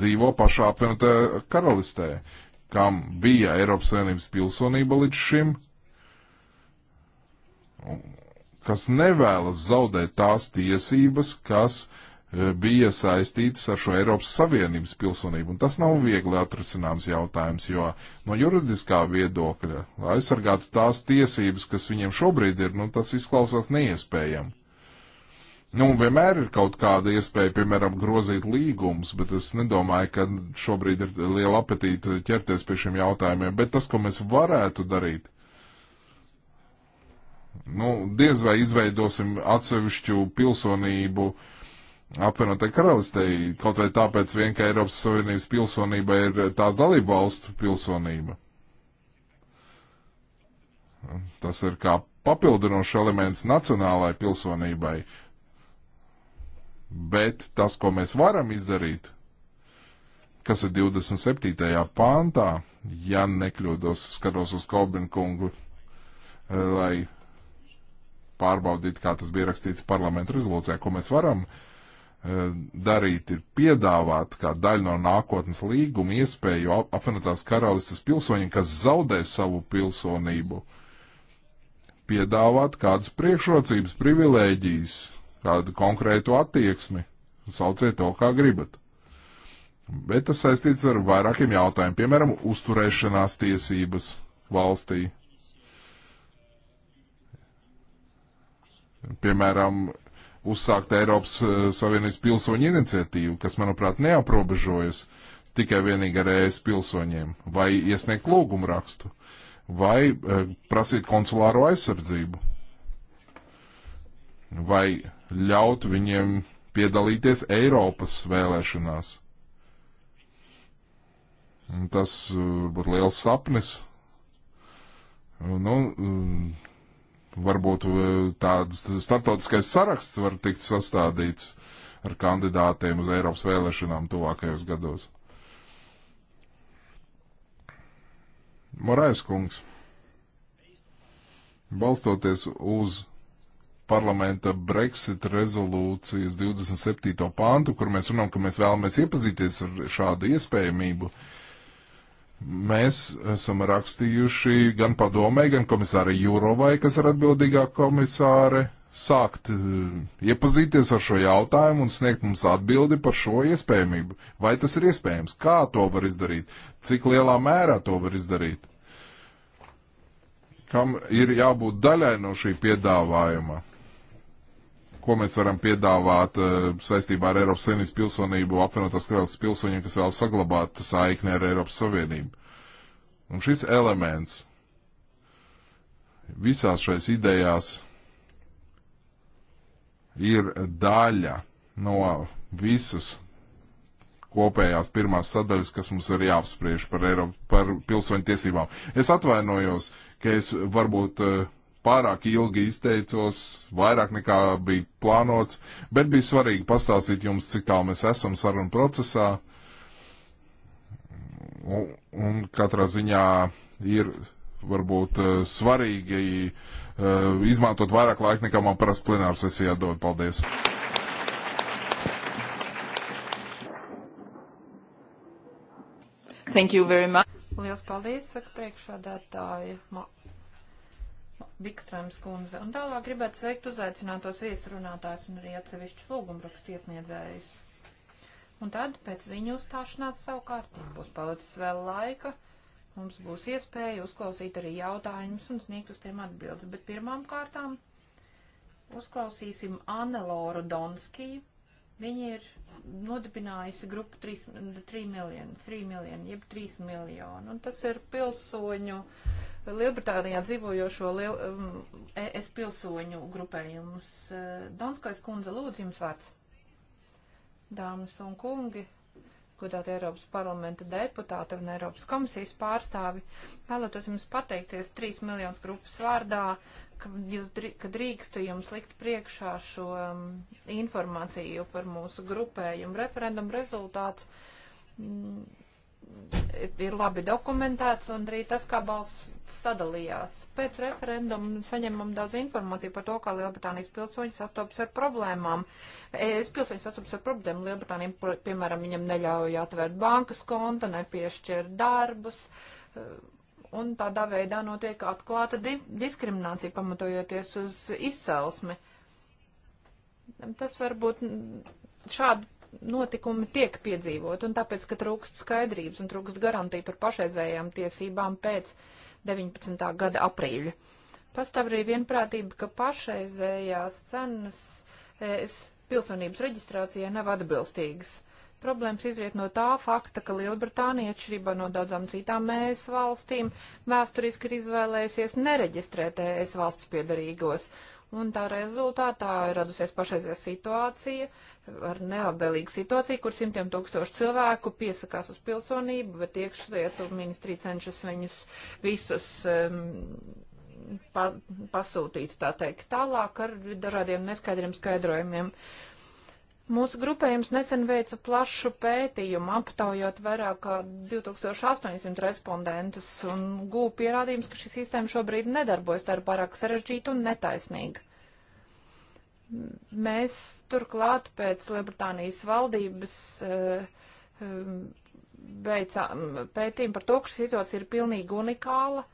dzīvo pašā apvienotā karalistē, kam bija Eiropas Savienības pilsonība līdz šim, kas nevēlas zaudēt tās tiesības, kas e, bija saistītas ar šo Eiropas Savienības pilsonību. Un tas nav viegli atrisināms jautājums, jo no juridiskā viedokļa, lai aizsargātu tās tiesības, kas viņiem šobrīd ir, nu, tas izklausās neiespējami. Nu, vienmēr ir kaut kāda iespēja, piemēram, grozīt līgumus, bet es nedomāju, ka šobrīd ir liela apetīte ķerties pie šiem jautājumiem. Bet tas, ko mēs varētu darīt, Nu, diez vai izveidosim atsevišķu pilsonību apvienotai karalistei, kaut vai tāpēc vien, ka Eiropas Savienības pilsonība ir tās dalību valstu pilsonība. Tas ir kā papildinošs elements nacionālai pilsonībai. Bet tas, ko mēs varam izdarīt, kas ir 27. pāntā, ja nekļūdos, skatos uz Kobinkungu, lai pārbaudīt, kā tas bija rakstīts parlamentu rezolūcijā, ko mēs varam eh, darīt, ir piedāvāt kā daļu no nākotnes līguma iespēju apvienotās karalistas pilsoņiem, kas zaudē savu pilsonību, piedāvāt kādas priekšrocības, privilēģijas, kādu konkrētu attieksmi. Sauciet to, kā gribat. Bet tas saistīts ar vairākiem jautājumiem, piemēram, uzturēšanās tiesības valstī Piemēram, uzsākt Eiropas eh, Savienības pilsoņu iniciatīvu, kas, manuprāt, neaprobežojas tikai vienīgi ar ES pilsoņiem, vai iesniegt lūgumu rakstu, vai eh, prasīt konsulāro aizsardzību, vai ļaut viņiem piedalīties Eiropas vēlēšanās. Un tas eh, varbūt liels sapnis. Nu, mm, Varbūt e, tāds startautiskais saraksts var tikt sastādīts ar kandidātiem uz Eiropas vēlēšanām tuvākajos gados. Morais kungs, balstoties uz parlamenta Brexit rezolūcijas 27. pāntu, kur mēs runājam, ka mēs vēlamies iepazīties ar šādu iespējamību, uh, Mēs esam rakstījuši gan padomē, gan komisārai Jūrovai, kas ir atbildīgā komisāre, sākt eh, iepazīties ar šo jautājumu un sniegt mums atbildi par šo iespējamību. Vai tas ir iespējams? Kā to var izdarīt? Cik lielā mērā to var izdarīt? Kam ir jābūt daļai no šī piedāvājuma? ko mēs varam piedāvāt eh, saistībā ar Eiropas Savienības pilsonību apvienotās karalistas pilsoņiem, kas vēl saglabāt saikni ar Eiropas Savienību. Un šis elements visās šais idejās ir daļa no visas kopējās pirmās sadaļas, kas mums ir jāapspriež par, Eiropa, par pilsoņu tiesībām. Es atvainojos, ka es varbūt uh, pārāk ilgi izteicos, vairāk nekā bija plānots, bet bija svarīgi pastāstīt jums, cik tālu mēs esam sarunu procesā. Un, un katrā ziņā ir varbūt eh, svarīgi uh, izmantot vairāk laika, nekā man parasti plenāra sesijā dod. Paldies! Thank you very much. Liels paldies, saka priekšādātāja Vikstrāms kundze. Un tālāk gribētu sveikt uzaicinātos viesrunātājs un arī atsevišķus lūgumrakstu iesniedzējus. Un tad pēc viņu uzstāšanās savukārt būs palicis vēl laika. Mums būs iespēja uzklausīt arī jautājumus un sniegt uz tiem atbildes. Bet pirmām kārtām uzklausīsim Anneloru Donskiju. Viņa ir nodibinājusi grupu 3, 3 miljonu, 3 miljonu, jeb 3 miljonu. Un tas ir pilsoņu. Uh, Lielbritānijā dzīvojošo liel, um, ES pilsoņu grupējumus. Uh, Donskais kundze, lūdzu, jums vārds. Dāmas un kungi, godāti Eiropas parlamenta deputāti un Eiropas komisijas pārstāvi, vēlētos jums pateikties trīs miljonus grupas vārdā, ka, jūs, ka drīkstu jums likt priekšā šo um, informāciju par mūsu grupējumu referendumu rezultāts. Mm, ir labi dokumentēts un arī tas, kā balss sadalījās. Pēc referenduma saņemam daudz informāciju par to, kā Lielbritānijas pilsoņi sastopas ar problēmām. Es pilsoņi sastopas ar problēmu. Lielbritānija, piemēram, viņam neļauj atvērt bankas konta, nepiešķir darbus. Un tādā veidā notiek atklāta di diskriminācija, pamatojoties uz izcelsmi. Tas varbūt šādu notikumi tiek piedzīvot, un tāpēc, ka trūkst skaidrības un trūkst garantija par pašreizējām tiesībām pēc 19. gada aprīļa. Pastāv arī vienprātība, ka pašreizējās cenas es, pilsonības reģistrācijai nav atbilstīgas. Problēmas izriet no tā fakta, ka Lielbritānija, atšķirībā no daudzām citām ES valstīm, vēsturiski ir izvēlējusies nereģistrēt ES valsts piedarīgos Un tā rezultātā ir radusies pašreizējā situācija ar neabelīgu situāciju, kur simtiem tūkstošu cilvēku piesakās uz pilsonību, bet iekšlietu ministrija cenšas viņus visus um, pa, pasūtīt, tā teikt, tālāk ar dažādiem neskaidriem skaidrojumiem. Uh, Mūsu grupējums nesen veica plašu pētījumu, aptaujot vairāk kā 2800 respondentus un gūp pierādījums, ka šī sistēma šobrīd nedarbojas, tā ir pārāk sarežģīta un netaisnīga. Mēs turklāt pēc Lielbritānijas valdības eh, eh, veicām pētījumu par to, ka šī situācija ir pilnīgi unikāla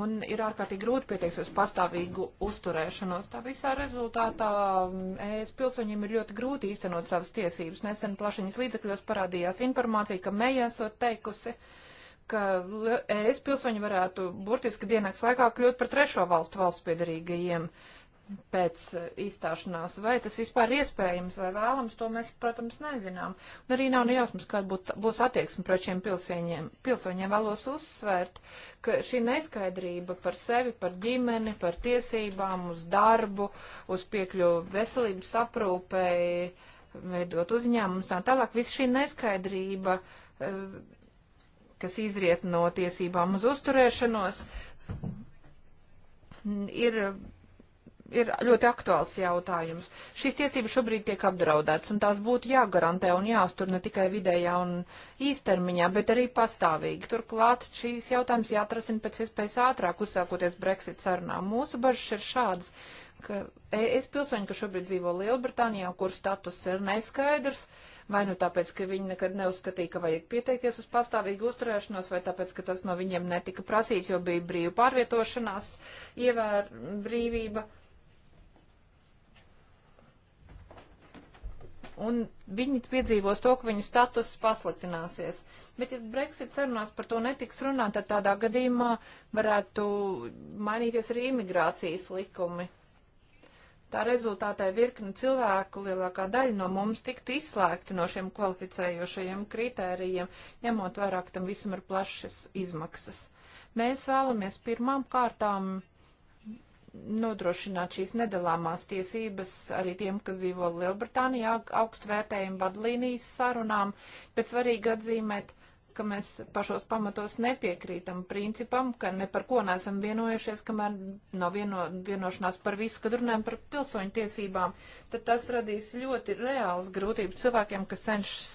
un ir ārkārtīgi grūti pieteikt uz pastāvīgu uzturēšanos. Tā visā rezultātā mm, ES pilsoņiem ir ļoti grūti īstenot savas tiesības. Nesen plašiņas līdzekļos parādījās informācija, ka Meija esot teikusi, ka ES pilsoņi varētu burtiski dienas laikā kļūt par trešo valstu valsts piedarīgajiem. Uh, pēc izstāšanās. Vai tas vispār iespējams vai vēlams, to mēs, protams, nezinām. Un arī nav nejausmas, kāda būt, būs attieksme pret šiem pilsēņiem. Pilsoņiem vēlos uzsvērt, ka šī neskaidrība par sevi, par ģimeni, par tiesībām, uz darbu, uz piekļuvu veselības aprūpēji, veidot uzņēmumus, tā tālāk, viss šī neskaidrība eh, kas izriet no tiesībām uz uzturēšanos, ir ir ļoti aktuāls jautājums. Šīs tiesības šobrīd tiek apdraudētas, un tās būtu jāgarantē un jāuztur ne tikai vidējā un īstermiņā, bet arī pastāvīgi. Turklāt šīs jautājums jāatrasina pēc iespējas ātrāk, uzsākoties Brexit sarunām. Mūsu bažas ir šādas, ka es pilsoņi, kas šobrīd dzīvo Lielbritānijā, kur status ir neskaidrs, vai nu tāpēc, ka viņi nekad neuzskatīja, ka vajag pieteikties uz pastāvīgu uzturēšanos, vai tāpēc, ka tas no viņiem netika prasīts, jo bija brīva pārvietošanās, ievēr brīvība. Uh, un viņi piedzīvos to, ka viņu status pasliktināsies. Bet, ja Brexit sarunās par to netiks runāt, tad tādā gadījumā varētu mainīties arī imigrācijas likumi. Tā rezultātā virkni cilvēku, lielākā daļa no mums, tiktu izslēgti no šiem kvalificējošajiem kritērijiem, ņemot vairāk tam visam ir plašas izmaksas. Mēs vēlamies pirmām kārtām nodrošināt šīs nedalāmās tiesības arī tiem, kas dzīvo Lielbritānijā, augstu vērtējumu vadlīnijas sarunām, bet svarīgi atzīmēt, ka mēs pašos pamatos nepiekrītam principam, ka ne par ko neesam vienojušies, kamēr nav vieno, vienošanās par visu, kad runājam par pilsoņu tiesībām, tad tas radīs ļoti reāls grūtības cilvēkiem, kas cenšas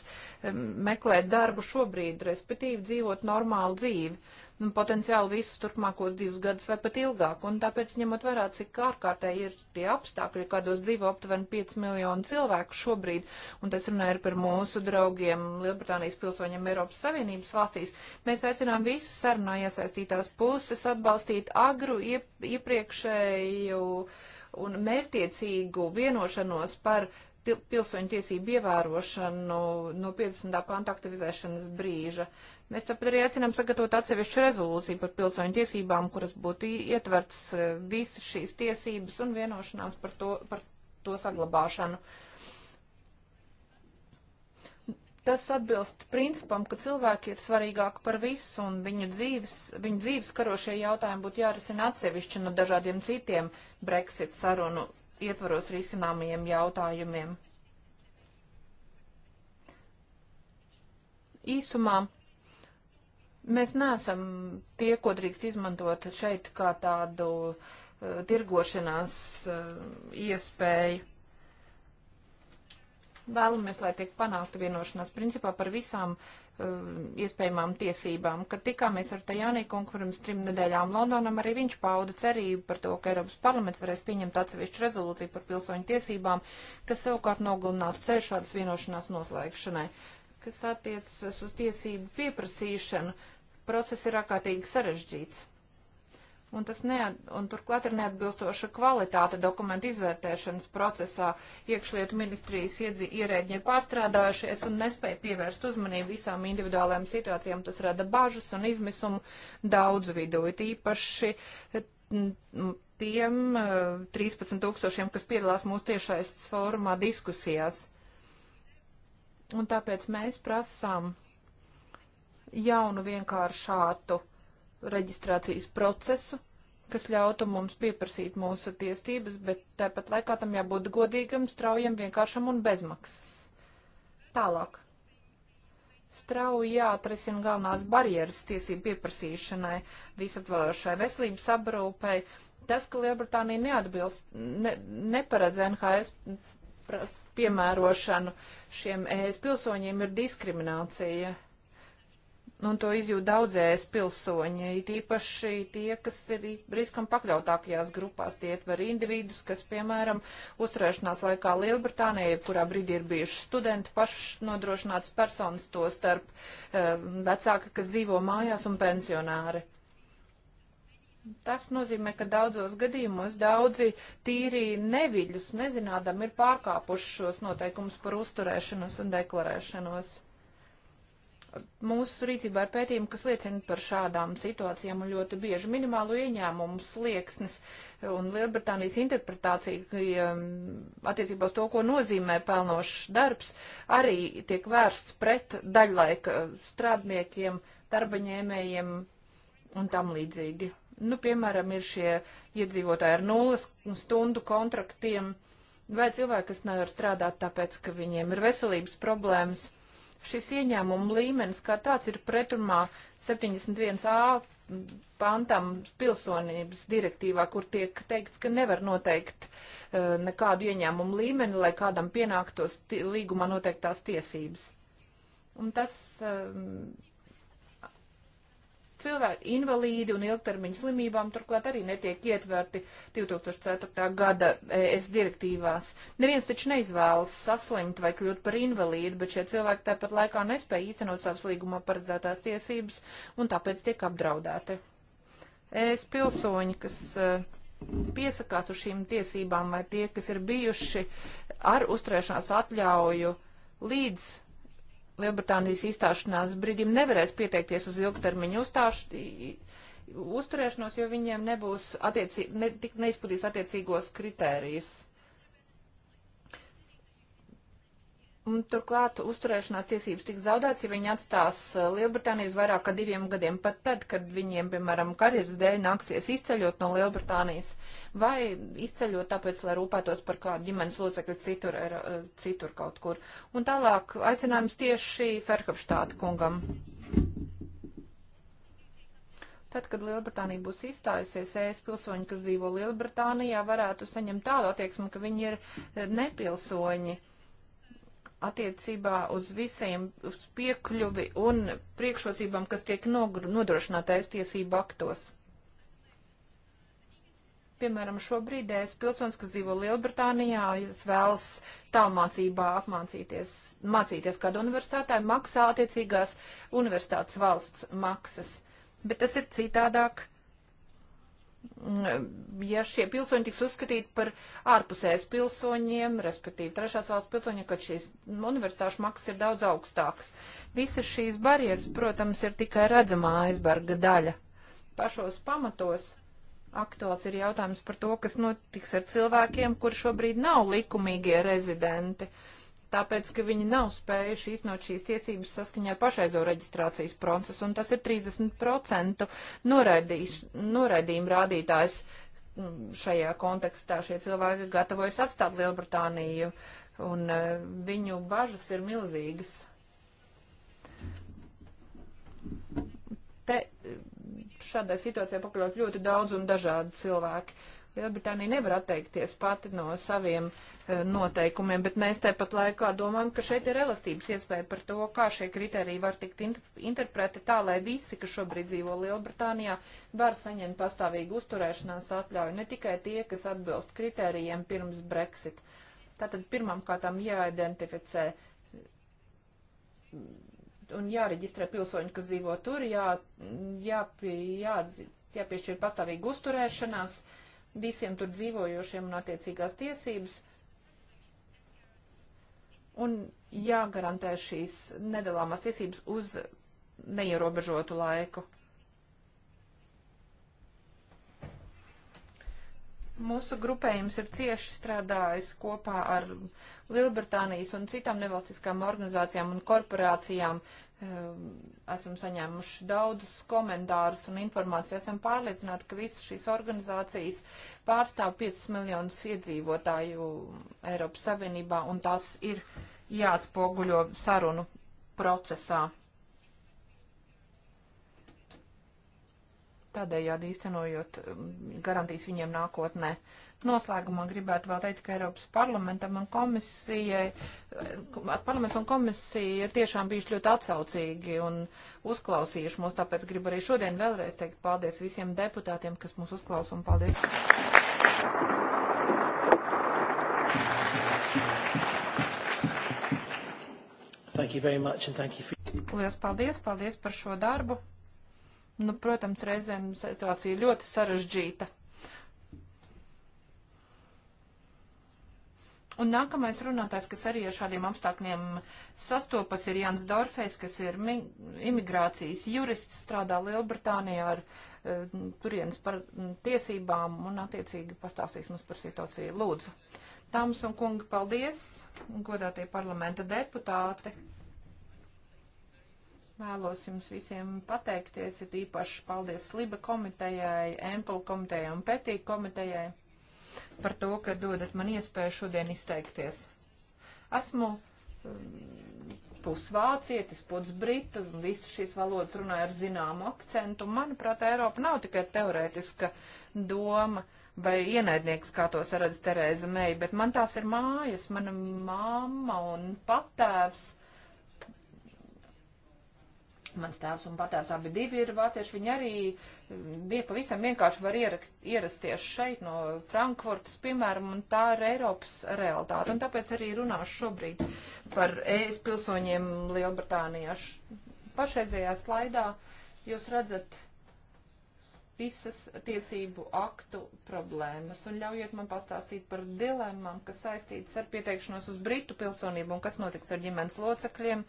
meklēt darbu šobrīd, respektīvi dzīvot normālu dzīvi nu, potenciāli visus turpmākos divus gadus vai pat ilgāk. Un tāpēc, ņemot vērā, cik ārkārtēji ir tie apstākļi, kādos dzīvo aptuveni 5 miljonu cilvēku šobrīd, un tas runāja par mūsu draugiem Lielbritānijas pilsoņiem Eiropas Savienības valstīs, mēs aicinām visas sarunā iesaistītās puses atbalstīt agru iep, iepriekšēju un mērtiecīgu vienošanos par pilsoņu tiesību ievērošanu no 50. panta aktivizēšanas brīža. Mēs tāpat arī aicinām sagatavot atsevišķu rezolūciju par pilsoņu tiesībām, kuras būtu ietverts e, visas šīs tiesības un vienošanās par to, par to saglabāšanu. Tas atbilst principam, ka cilvēki ir svarīgāki par visu un viņu dzīves, viņu dzīves karošie jautājumi būtu jārisina atsevišķi no dažādiem citiem Brexit sarunu ietvaros risināmajiem jautājumiem. Īsumā Mēs neesam tie, ko drīkst izmantot šeit kā tādu uh, tirgošanās uh, iespēju. Vēlamies, lai tiek panākta vienošanās principā par visām uh, iespējamām tiesībām. Kad tikāmies ar Tajānī kungu pirms trim nedēļām Londonam, arī viņš pauda cerību par to, ka Eiropas parlaments varēs pieņemt atsevišķu rezolūciju par pilsoņu tiesībām, kas savukārt nogalinātu ceļu šādas vienošanās noslēgšanai kas attiecas uz tiesību pieprasīšanu. Uh, process ir ārkārtīgi sarežģīts. Un, neat, un turklāt ir neatbilstoša kvalitāte dokumentu izvērtēšanas procesā. Iekšlietu ministrijas iedzi, ierēģi ir pārstrādājušies un nespēja pievērst uzmanību visām individuālajām situācijām. Tas rada bažas un izmisumu daudzu vidū. It īpaši tiem 13 tūkstošiem, kas piedalās mūsu tiešais formā diskusijās. Un tāpēc mēs prasām jaunu vienkāršātu reģistrācijas procesu, kas ļautu mums pieprasīt mūsu tiesības, bet tāpat laikā tam jābūt godīgam, straujam, vienkāršam un bezmaksas. Tālāk. Strauji jāatrisina galvenās barjeras tiesību pieprasīšanai, visaptvarošai veselības aprūpei. Tas, ka Lielbritānija neatbilst, ne, neparedz NHS piemērošanu šiem ES pilsoņiem, ir diskriminācija. Uh, Un to izjūt daudzēs pilsoņi, it īpaši tie, kas ir riskam pakļautākajās grupās. Tie ietver individus, kas, piemēram, uzturēšanās laikā Lielbritānijā, jebkurā brīdī ir bijuši studenti, pašnodrošināts personas, to starp uh, vecāki, kas dzīvo mājās un pensionāri. Tas nozīmē, ka daudzos gadījumos daudzi tīri neviļus, nezinādam, ir pārkāpuši šos noteikumus par uzturēšanos un deklarēšanos. Mūsu rīcībā ir pētījumi, kas liecina par šādām situācijām un ļoti bieži minimālo ieņēmumu slieksnis un Lielbritānijas interpretācija um, attiecībā uz to, ko nozīmē pelnošs darbs, arī tiek vērsts pret daļlaika strādniekiem, darbaņēmējiem un tam līdzīgi. Nu, piemēram, ir šie iedzīvotāji ar nulles stundu kontraktiem vai cilvēki, kas nevar strādāt tāpēc, ka viņiem ir veselības problēmas Šis ieņēmuma līmenis kā tāds ir pretrunā 71a pantam pilsonības direktīvā, kur tiek teikts, ka nevar noteikt uh, nekādu ieņēmumu līmeni, lai kādam pienāktos līgumā noteiktās tiesības. Un tas uh, Cilvēki invalīdi un ilgtermiņa slimībām turklāt arī netiek ietverti 2004. gada ES direktīvās. Neviens taču neizvēlas saslimt vai kļūt par invalīdu, bet šie cilvēki tāpat laikā nespēja īstenot savas līgumā paredzētās tiesības un tāpēc tiek apdraudēti. ES pilsoņi, kas e, piesakās uz šīm tiesībām vai tie, kas ir bijuši ar uzturēšanās atļauju līdz Lielbritānijas izstāšanās brīdim nevarēs pieteikties uz ilgtermiņu uzstāšu, uzturēšanos, jo viņiem nebūs attiecīgi, ne, neizpildīs attiecīgos kritērijus. Un turklāt uzturēšanās tiesības tiks zaudēts, ja viņi atstās eh, Lielbritāniju uz vairāk kā diviem gadiem, pat tad, kad viņiem, piemēram, karjeras dēļ nāksies izceļot no Lielbritānijas vai izceļot tāpēc, lai rūpētos par kādu ģimenes locekli citur, eh, citur kaut kur. Un tālāk aicinājums tieši Ferhofštāta kungam. Tad, kad Lielbritānija būs izstājusies, ES pilsoņi, kas dzīvo Lielbritānijā, varētu saņemt tādu attieksmi, ka viņi ir eh, nepilsoņi attiecībā uz visiem uz piekļuvi un priekšrocībām, kas tiek nodrošinātais tiesību aktos. Piemēram, šobrīd es pilsonis, kas dzīvo Lielbritānijā, es vēlas tālmācībā apmācīties, mācīties kādu universitātē, maksā attiecīgās universitātes valsts maksas. Bet tas ir citādāk Mm, ja šie pilsoņi tiks uzskatīti par ārpusējas pilsoņiem, respektīvi trešās valsts pilsoņiem, kad šīs universitāšu maksas ir daudz augstākas. Visas šīs barjeras, protams, ir tikai redzamā aizberga daļa. Pašos pamatos aktuāls ir jautājums par to, kas notiks ar cilvēkiem, kur šobrīd nav likumīgie rezidenti. Uh, tāpēc, ka viņi nav spējuši iznot šīs tiesības saskaņā ar pašreizo reģistrācijas procesu, un tas ir 30% noraidījuma rādītājs mm, šajā kontekstā. Šie cilvēki gatavojas atstāt Lielbritāniju, un e, viņu bažas ir milzīgas. Te e, šādai situācijai pakļaut ļoti daudz un dažādi cilvēki. Lielbritānija nevar atteikties pati no saviem uh, noteikumiem, bet mēs tāpat laikā domājam, ka šeit ir elastības iespēja par to, kā šie kriteriji var tikt interpreti tā, lai visi, kas šobrīd dzīvo Lielbritānijā, var saņemt pastāvīgu uzturēšanās atļauju, ne tikai tie, kas atbilst kriterijiem pirms Brexit. Tātad pirmām kārtām jāidentificē un jāreģistrē pilsoņi, kas dzīvo tur, jā, jā, jā, jāpiešķir pastāvīgi uzturēšanās, uh, visiem tur dzīvojošiem un attiecīgās tiesības. Un jāgarantē šīs nedalāmās tiesības uz neierobežotu laiku. Mūsu grupējums ir cieši strādājis kopā ar Lielbritānijas un citām nevalstiskām organizācijām un korporācijām, Ehm, esam saņēmuši daudzus komentārus un informāciju. Esam pārliecināti, ka visas šīs organizācijas pārstāv 5 miljonus iedzīvotāju Eiropas Savienībā, un tas ir jāatspoguļo sarunu procesā. Tādējādi īstenojot ehm, garantijas viņiem nākotnē. Uh, Noslēgumā gribētu vēl teikt, ka Eiropas parlamentam un komisijai, eh, parlaments un komisija ir tiešām bijuši ļoti atsaucīgi un uzklausījuši mūs, tāpēc gribu arī šodien vēlreiz teikt paldies visiem deputātiem, kas mūs uzklausa un paldies. Thank you very much and thank you for... Lielas paldies, paldies par šo darbu. Nu, protams, reizēm situācija ļoti sarežģīta. Un nākamais runātājs, kas arī ar šādiem apstākļiem sastopas, ir Jans Dorfejs, kas ir imigrācijas jurists, strādā Lielbritānijā ar uh, turienes par tiesībām un attiecīgi pastāstīs mums par situāciju. Lūdzu. Tāms un kungi, paldies, godātie parlamenta deputāti. Vēlos jums visiem pateikties, ir īpaši paldies Sliba komitejai, Empel komitejai un Petī komitejai par to, ka dodat man iespēju šodien izteikties. Esmu mm, pusvācietis, pusbritu, visu šīs valodas runāju ar zināmu akcentu. Manuprāt, Eiropa nav tikai teorētiska doma vai ienaidnieks, kā to saredz Tereza Meija, bet man tās ir mājas, mana mamma un patēvs. Mans tēvs un patēvs abi divi ir vācieši, viņi arī bija pavisam vienkārši var ierakt, ierasties šeit no Frankfurtas, piemēram, un tā ir Eiropas realitāte. Un tāpēc arī runāšu šobrīd par ES pilsoņiem Lielbritānijā. Pašreizējā slaidā jūs redzat visas tiesību aktu problēmas. Un ļaujiet man pastāstīt par dilemmām, kas saistītas ar pieteikšanos uz Britu pilsonību un kas notiks ar ģimenes locekļiem,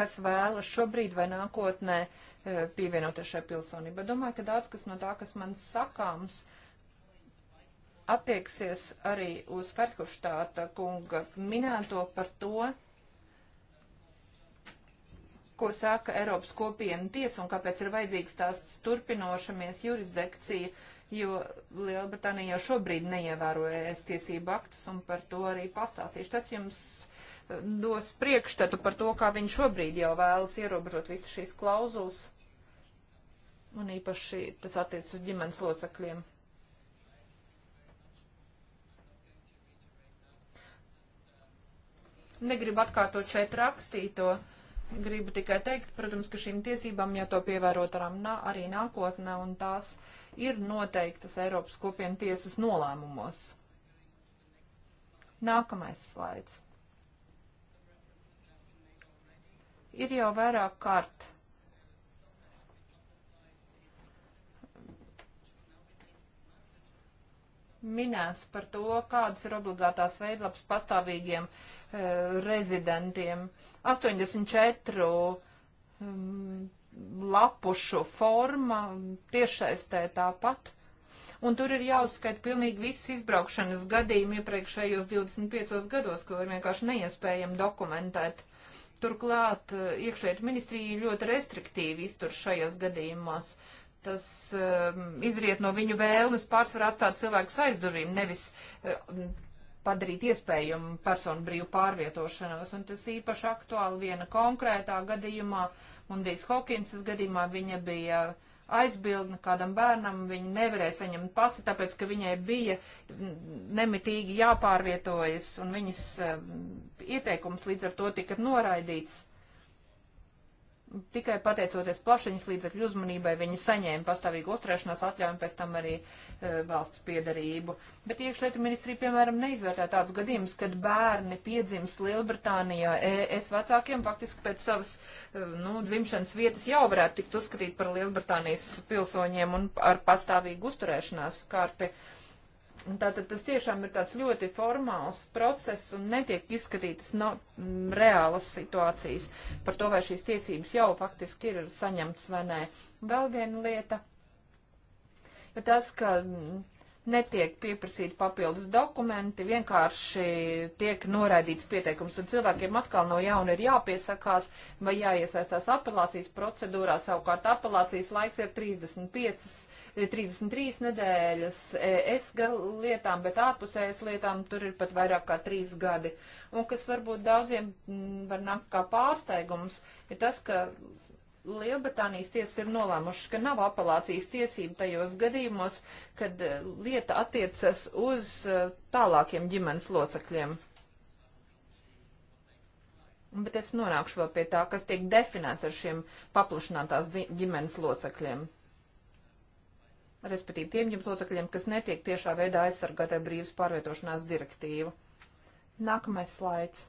kas vēlas šobrīd vai nākotnē E, pievienoties šai pilsonībai. Domāju, ka daudz kas no tā, kas man sakāms, attieksies arī uz Ferhuštāta kunga minēto par to, ko saka Eiropas kopiena tiesa un kāpēc ir vajadzīgs tās turpinošamies jurisdikcija, jo Lielbritānija jau šobrīd neievēro ES tiesību aktus un par to arī pastāstīšu. Tas jums e, dos priekšstatu par to, kā viņi šobrīd jau vēlas ierobežot visu šīs klauzulas Un īpaši tas attiec uz ģimenes locekļiem. Negribu atkārtot šeit rakstīto. Gribu tikai teikt, protams, ka šīm tiesībām jau to pievērot arī nākotnē, un tās ir noteiktas Eiropas kopienu tiesas nolēmumos. Nākamais slaids. Ir jau vairāk kārt minēts par to, kādas ir obligātās veidlapas pastāvīgiem e, rezidentiem. 84 um, mm, lapušu forma tiešsaistē tāpat. Un tur ir jāuzskaita pilnīgi viss izbraukšanas gadījumi iepriekšējos 25 gados, ko ir vienkārši neiespējami dokumentēt. Turklāt eh, iekšējot ministrija ļoti restriktīvi iztur šajos gadījumos tas um, izriet no viņu vēlmes pārsvarā atstāt cilvēkus aizdurīm, nevis um, padarīt iespējumu personu brīvu pārvietošanos. Un tas īpaši aktuāli viena konkrētā gadījumā, Mundijas Hokinsas gadījumā viņa bija aizbildna kādam bērnam, viņa nevarēja saņemt pasi, tāpēc, ka viņai bija nemitīgi jāpārvietojas, un viņas um, ieteikums līdz ar to tika noraidīts tikai pateicoties plašiņas līdzekļu uzmanībai, viņi saņēma pastāvīgu uzturēšanās atļauju un pēc tam arī e, valsts piedarību. Bet iekšlietu ministrija, piemēram, neizvērtē tādus gadījumus, kad bērni piedzimst Lielbritānijā e, ES vecākiem, faktiski pēc savas, e, nu, dzimšanas vietas jau varētu tikt uzskatīt par Lielbritānijas pilsoņiem un ar pastāvīgu uzturēšanās karti. E, Un tātad tas tiešām ir tāds ļoti formāls process un netiek izskatītas no, m, mm, reālas situācijas par to, vai šīs tiesības jau faktiski ir saņemtas vai nē. Vēl viena lieta ir tas, ka mm, netiek pieprasīti papildus dokumenti, vienkārši tiek noraidīts pieteikums, un cilvēkiem atkal no jauna ir jāpiesakās vai jāiesaistās apelācijas procedūrā, savukārt apelācijas laiks ir 35 33 nedēļas es lietām, bet ārpusējas e lietām tur ir pat vairāk kā 3 gadi. Un kas varbūt daudziem mm, var nākt kā pārsteigums, ir tas, ka Lielbritānijas tiesa ir nolēmušas, ka nav apelācijas tiesība tajos gadījumos, kad eh, lieta attiecas uz eh, tālākiem ģimenes locekļiem. Bet es nonākšu vēl pie tā, kas tiek definēts ar šiem paplašinātās ģimenes locekļiem respektīvi tiem ģimenes locekļiem, kas netiek tiešā veidā aizsargāti ar brīvas pārvietošanās direktīvu. Nākamais slaids.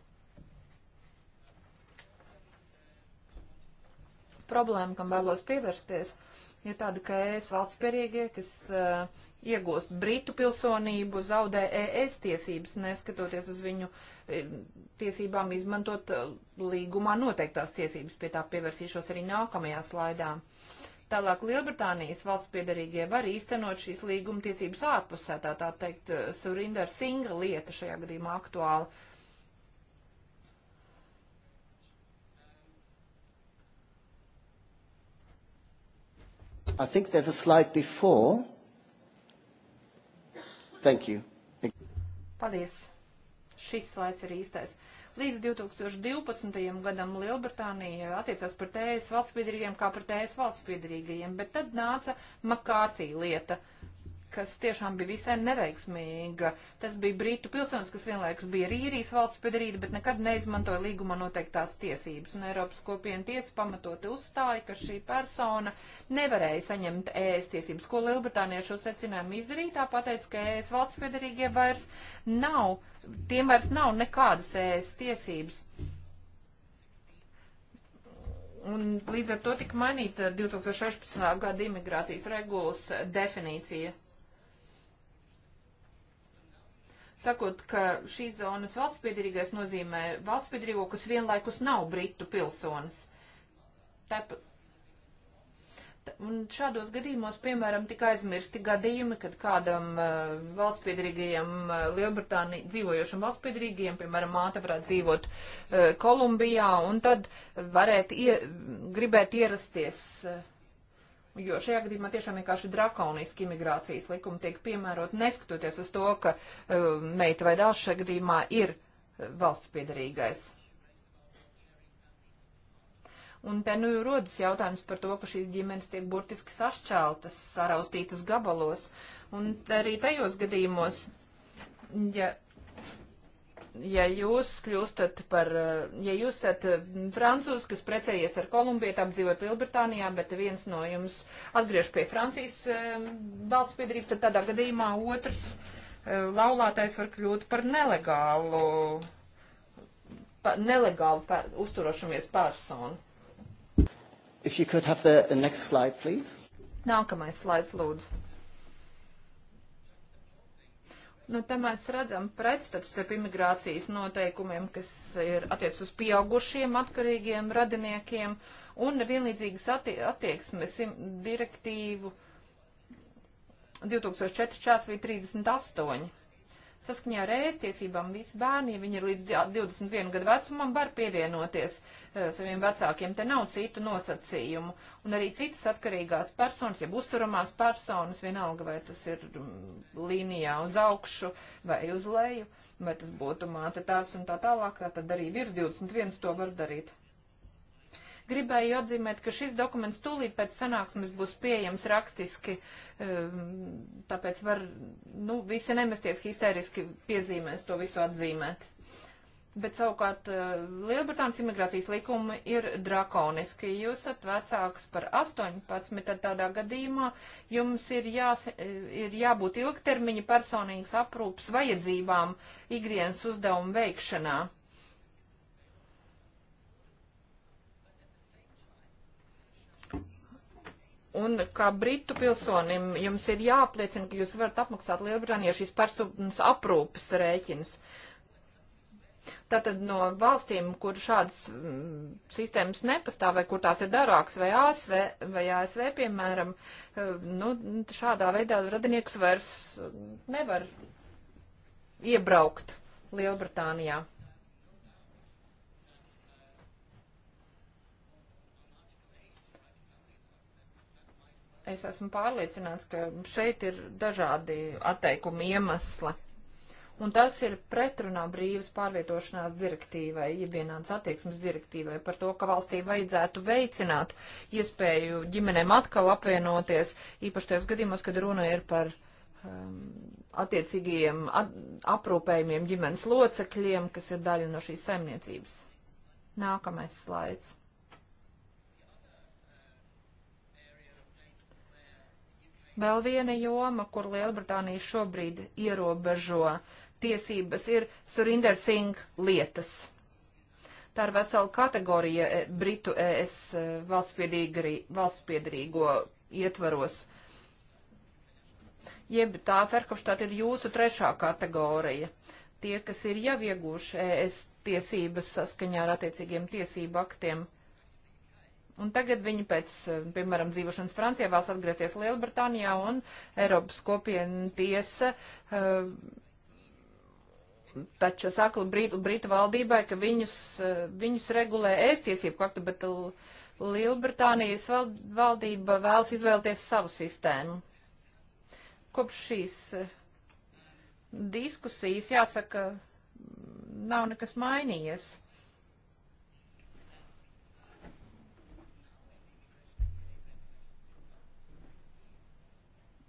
Problēma, kam vēlos pievērsties, ir tāda, ka ES valsts pierīgie, kas uh, iegūst Britu pilsonību, zaudē ES tiesības, neskatoties uz viņu eh, tiesībām izmantot eh, līgumā noteiktās tiesības. Pie tā pievērsīšos arī nākamajā slaidā. Uh, Tālāk Lielbritānijas valsts piedarīgie var īstenot šīs līguma tiesības ārpusē, tā tā teikt, eh, Surinder Singa lieta šajā gadījumā aktuāla. I think there's a slide before. Thank you. Paldies. Šis slaids ir īstais. Līdz 2012. gadam Lielbritānija attiecās pret ES valsts piedarīgiem kā pret ES valsts piedarīgajiem, bet tad nāca Makārtī lieta kas tiešām bija visai neveiksmīga. Tas bija Britu pilsonis, kas vienlaikus bija arī īrijas valsts piedarīta, bet nekad neizmantoja līguma noteiktās tiesības. Un Eiropas kopiena tiesa pamatoti uzstāja, ka šī persona nevarēja saņemt ES tiesības. Ko Lielbritānija šo secinājumu izdarītā pateica, ka ES valsts piedarīgie vairs nav, tiem vairs nav nekādas ES tiesības. Un līdz ar to tika mainīta 2016. gada imigrācijas regulas definīcija. sakot, ka šīs zonas valsts piedarīgais nozīmē valsts piedarīgo, kas vienlaikus nav Britu pilsonis. Tāpat. Un šādos gadījumos, piemēram, tika aizmirsti gadījumi, kad kādam uh, valstspiedrīgajam, uh, Lielbritānijā dzīvojošam valstspiedrīgajam, piemēram, māte varētu dzīvot uh, Kolumbijā, un tad varētu ie, gribēt ierasties uh, Jo šajā gadījumā tiešām vienkārši drakoniski imigrācijas likumi tiek piemērot, neskatoties uz to, ka uh, meita vai dēls šajā gadījumā ir uh, valsts piedarīgais. Un te nu rodas jautājums par to, ka šīs ģimenes tiek burtiski sašķeltas, saraustītas gabalos. Un arī tajos gadījumos, ja ja jūs kļūstat par, eh, ja jūs esat eh, francūzs, kas precējies ar kolumbietām, dzīvot Lielbritānijā, bet viens no jums atgriež pie Francijas eh, valsts piedarība, tad tādā gadījumā otrs laulātais var kļūt par nelegālu, pa, nelegālu par, uzturošamies personu. If you could have the, the next slide, please. Nākamais slaids, lūdzu. Nu, te mēs redzam pretstatu starp imigrācijas noteikumiem, kas ir attiec uz pieaugušiem atkarīgiem radiniekiem un vienlīdzīgas attie attieksmes direktīvu 2004 vai 38. Saskaņā ar ēstiesībām visi bērni, ja viņi ir līdz 21 gadu vecumam, var pievienoties uh, saviem vecākiem. Te nav citu nosacījumu. Un arī citas atkarīgās personas, jeb uzturamās personas, vienalga vai tas ir mm, līnijā uz augšu vai uz leju, vai tas būtu māte tāds un tā tālāk, tā tad arī virs 21 to var darīt. Gribēju atzīmēt, ka šis dokuments tūlīt pēc sanāksmes būs pieejams rakstiski, um, tāpēc var, nu, visi nemesties histēriski piezīmēs to visu atzīmēt. Bet savukārt uh, Lielbritānijas imigrācijas likumi ir drakoniski. Jūs esat vecāks par 18, tad tādā gadījumā jums ir, jās, ir jābūt ilgtermiņa personīgas aprūpas vajadzībām ikdienas uzdevumu veikšanā. Un kā britu pilsonim jums ir jāapliecina, ka jūs varat apmaksāt Lielbritānijā šīs personas aprūpas rēķinus. Tātad no valstīm, kur šādas mm, sistēmas nepastāv vai kur tās ir darāks vai ASV, vai ASV piemēram, eh, nu, šādā veidā radinieks vairs nevar iebraukt Lielbritānijā. Es esmu pārliecināts, ka šeit ir dažādi atteikumi iemesli. Un tas ir pretrunā brīvas pārvietošanās direktīvai, ja vienāds attieksmes direktīvai par to, ka valstī vajadzētu veicināt iespēju ģimenēm atkal apvienoties, īpaši tajos gadījumos, kad runa ir par um, attiecīgajiem at, aprūpējumiem ģimenes locekļiem, kas ir daļa no šīs saimniecības. Nākamais slaids. Vēl viena joma, kur Lielbritānija šobrīd ierobežo tiesības, ir Surinder Singh lietas. Tā ir vesela kategorija e, Britu ES e, valstspiedrīgo ietvaros. Jeb tā Ferkovštāt ir jūsu trešā kategorija. Tie, kas ir jau ieguvuši ES tiesības saskaņā ar attiecīgiem tiesību aktiem Un tagad viņi pēc, eh, piemēram, dzīvošanas Francijā vēlas atgriezties Lielbritānijā un Eiropas kopiena tiesa. Uh, taču saka Brītu, Brītu valdībai, ka viņus, uh, viņus regulē ēstiesību kaktu, bet Lielbritānijas valdība vēlas izvēlēties savu sistēmu. Kopš šīs diskusijas, jāsaka, nav nekas mainījies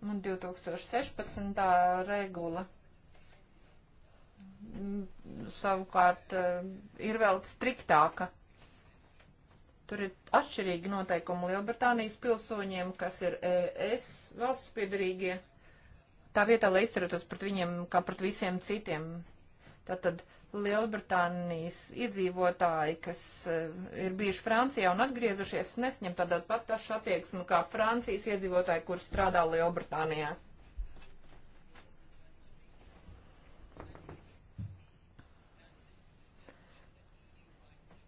Un 2016. regula savukārt eh, ir vēl striktāka. Tur ir atšķirīgi noteikumi Lielbritānijas pilsoņiem, kas ir ES valsts piedarīgie, tā vietā, lai izturētos pret viņiem kā pret visiem citiem. Tātad Lielbritānijas iedzīvotāji, kas uh, ir bijuši Francijā un atgriezušies, nesņem tādā pat pašu attieksmi kā Francijas iedzīvotāji, kur strādā Lielbritānijā.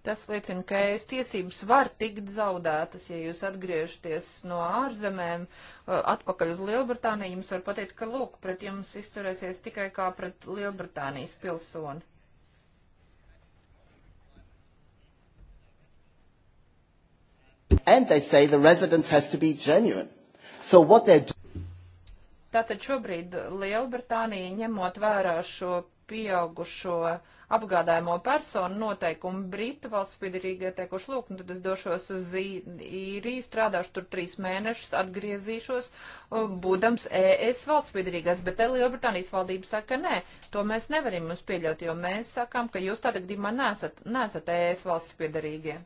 Tas liecina, ka es tiesības var tikt zaudētas, ja jūs atgriežaties no ārzemēm eh, atpakaļ uz Lielbritāniju. Jums var pateikt, ka lūk, pret jums izturēsies tikai kā pret Lielbritānijas pilsoni. And they say the residence has to be genuine. So what they're Tātad šobrīd Lielbritānija, ņemot vērā šo pieaugušo apgādājumo personu noteikumu Britu valsts piedarīgi ir teikuši, lūk, nu tad es došos uz īriju, strādāšu tur trīs mēnešus, atgriezīšos, būdams ES valsts piedarīgais, bet te Lielbritānijas valdība saka, nē, to mēs nevarim jums pieļaut, jo mēs sakām, ka jūs tādā gadījumā nesat, nesat ES valsts piedarīgie.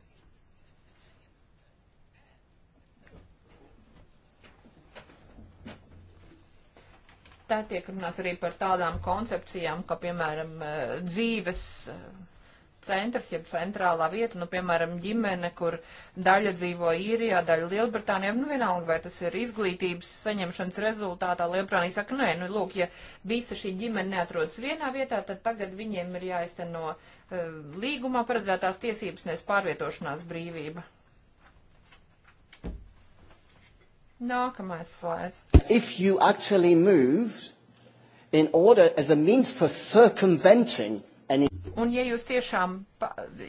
Tā tiek runāts arī par tādām koncepcijām, kā piemēram eh, dzīves eh, centrs, jeb centrālā vieta, nu, piemēram, ģimene, kur daļa dzīvo īrijā, daļa Lielbritānijā, nu, vienalga, vai tas ir izglītības saņemšanas rezultātā, Lielbritānija saka, nē, nu, lūk, ja visa šī ģimene neatrodas vienā vietā, tad tagad viņiem ir jāizteno uh, līgumā paredzētās tiesības, nevis pārvietošanās brīvība. Nākamais slaids. If you actually moved in order as a means for circumventing any... Un ja jūs tiešām,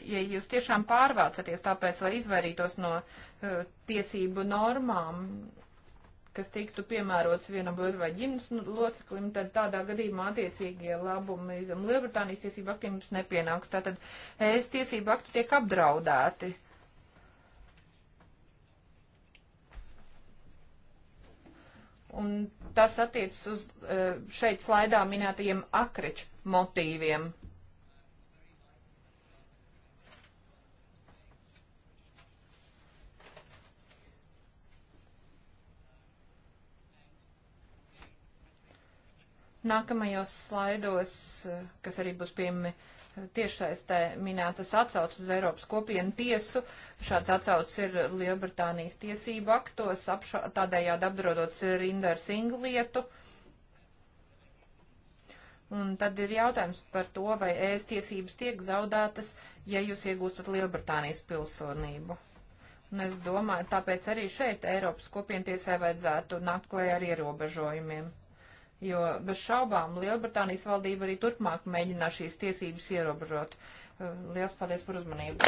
ja jūs tiešām pārvācaties tāpēc, lai izvairītos no uh, tiesību normām, kas tiktu piemērots vienam vai otrai ģimenes loceklim, tad tādā gadījumā attiecīgie labumi zem Lielbritānijas tiesību aktiem jums nepienāks. Tātad es tiesību aktu tiek apdraudēti. Uh, un tas attiecas uz eh, šeit slaidā minētajiem akriču motīviem. Nākamajos slaidos, eh, kas arī būs pieejami tiešsaistē minētas atsaucas uz Eiropas kopienu tiesu. Šāds atsaucas ir Lielbritānijas tiesību aktos, apša, tādējādi apdrodot Rindar Singh lietu. Un tad ir jautājums par to, vai ēst tiesības tiek zaudētas, ja jūs iegūstat Lielbritānijas pilsonību. Un es domāju, tāpēc arī šeit Eiropas kopientiesai vajadzētu nākt klajā ar ierobežojumiem jo bez šaubām Lielbritānijas valdība arī turpmāk mēģinās šīs tiesības ierobežot. Uh, Lielas paldies par uzmanību!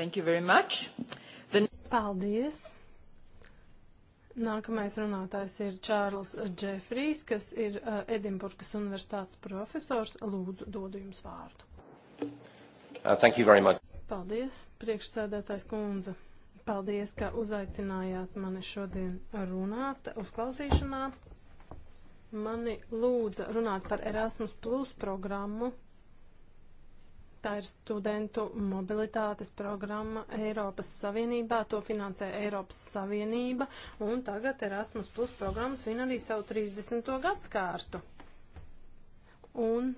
Thank you very much. The... Paldies! Nākamais runātājs ir Čārls Džefrijs, kas ir uh, Edinburgas universitātes profesors. Lūdzu, dodu jums vārdu. Uh, thank you very much. Paldies, priekšsēdētājs kundze. Paldies, ka uzaicinājāt mani šodien runāt uzklausīšanā. Mani lūdza runāt par Erasmus Plus programmu Tā ir studentu mobilitātes programma Eiropas Savienībā, to finansē Eiropas Savienība, un tagad Erasmus Plus programma svin arī savu 30. gadskārtu. Un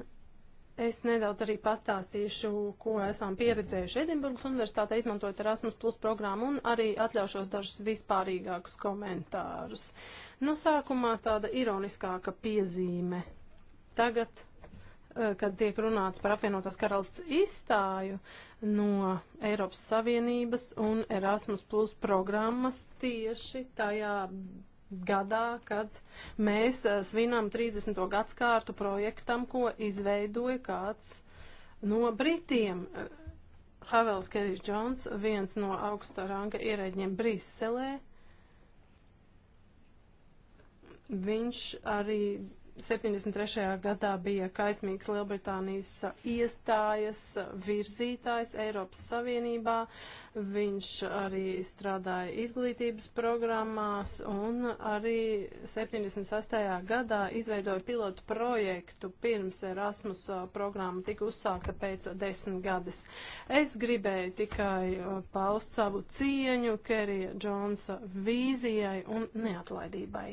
es nedaudz arī pastāstīšu, ko esam pieredzējuši Edinburgas universitātē, izmantojot Erasmus Plus programmu, un arī atļaušos dažus vispārīgākus komentārus. Nu, sākumā tāda ironiskāka piezīme. Tagad kad tiek runāts par apvienotās karalists izstāju no Eiropas Savienības un Erasmus Plus programmas tieši tajā gadā, kad mēs eh, svinam 30. gadskārtu projektam, ko izveidoja kāds no Britiem. Havels Kerijs Džons, viens no augsta ranga ierēģiem Briselē, viņš arī 73. gadā bija kaismīgs Lielbritānijas iestājas virzītājs Eiropas Savienībā. Viņš arī strādāja izglītības programmās un arī 76. gadā izveidoja pilotu projektu pirms Erasmus uh, programma tika uzsākta pēc desmit gadus. Es gribēju tikai uh, paust savu cieņu Kerija Džonsa vīzijai un neatlaidībai.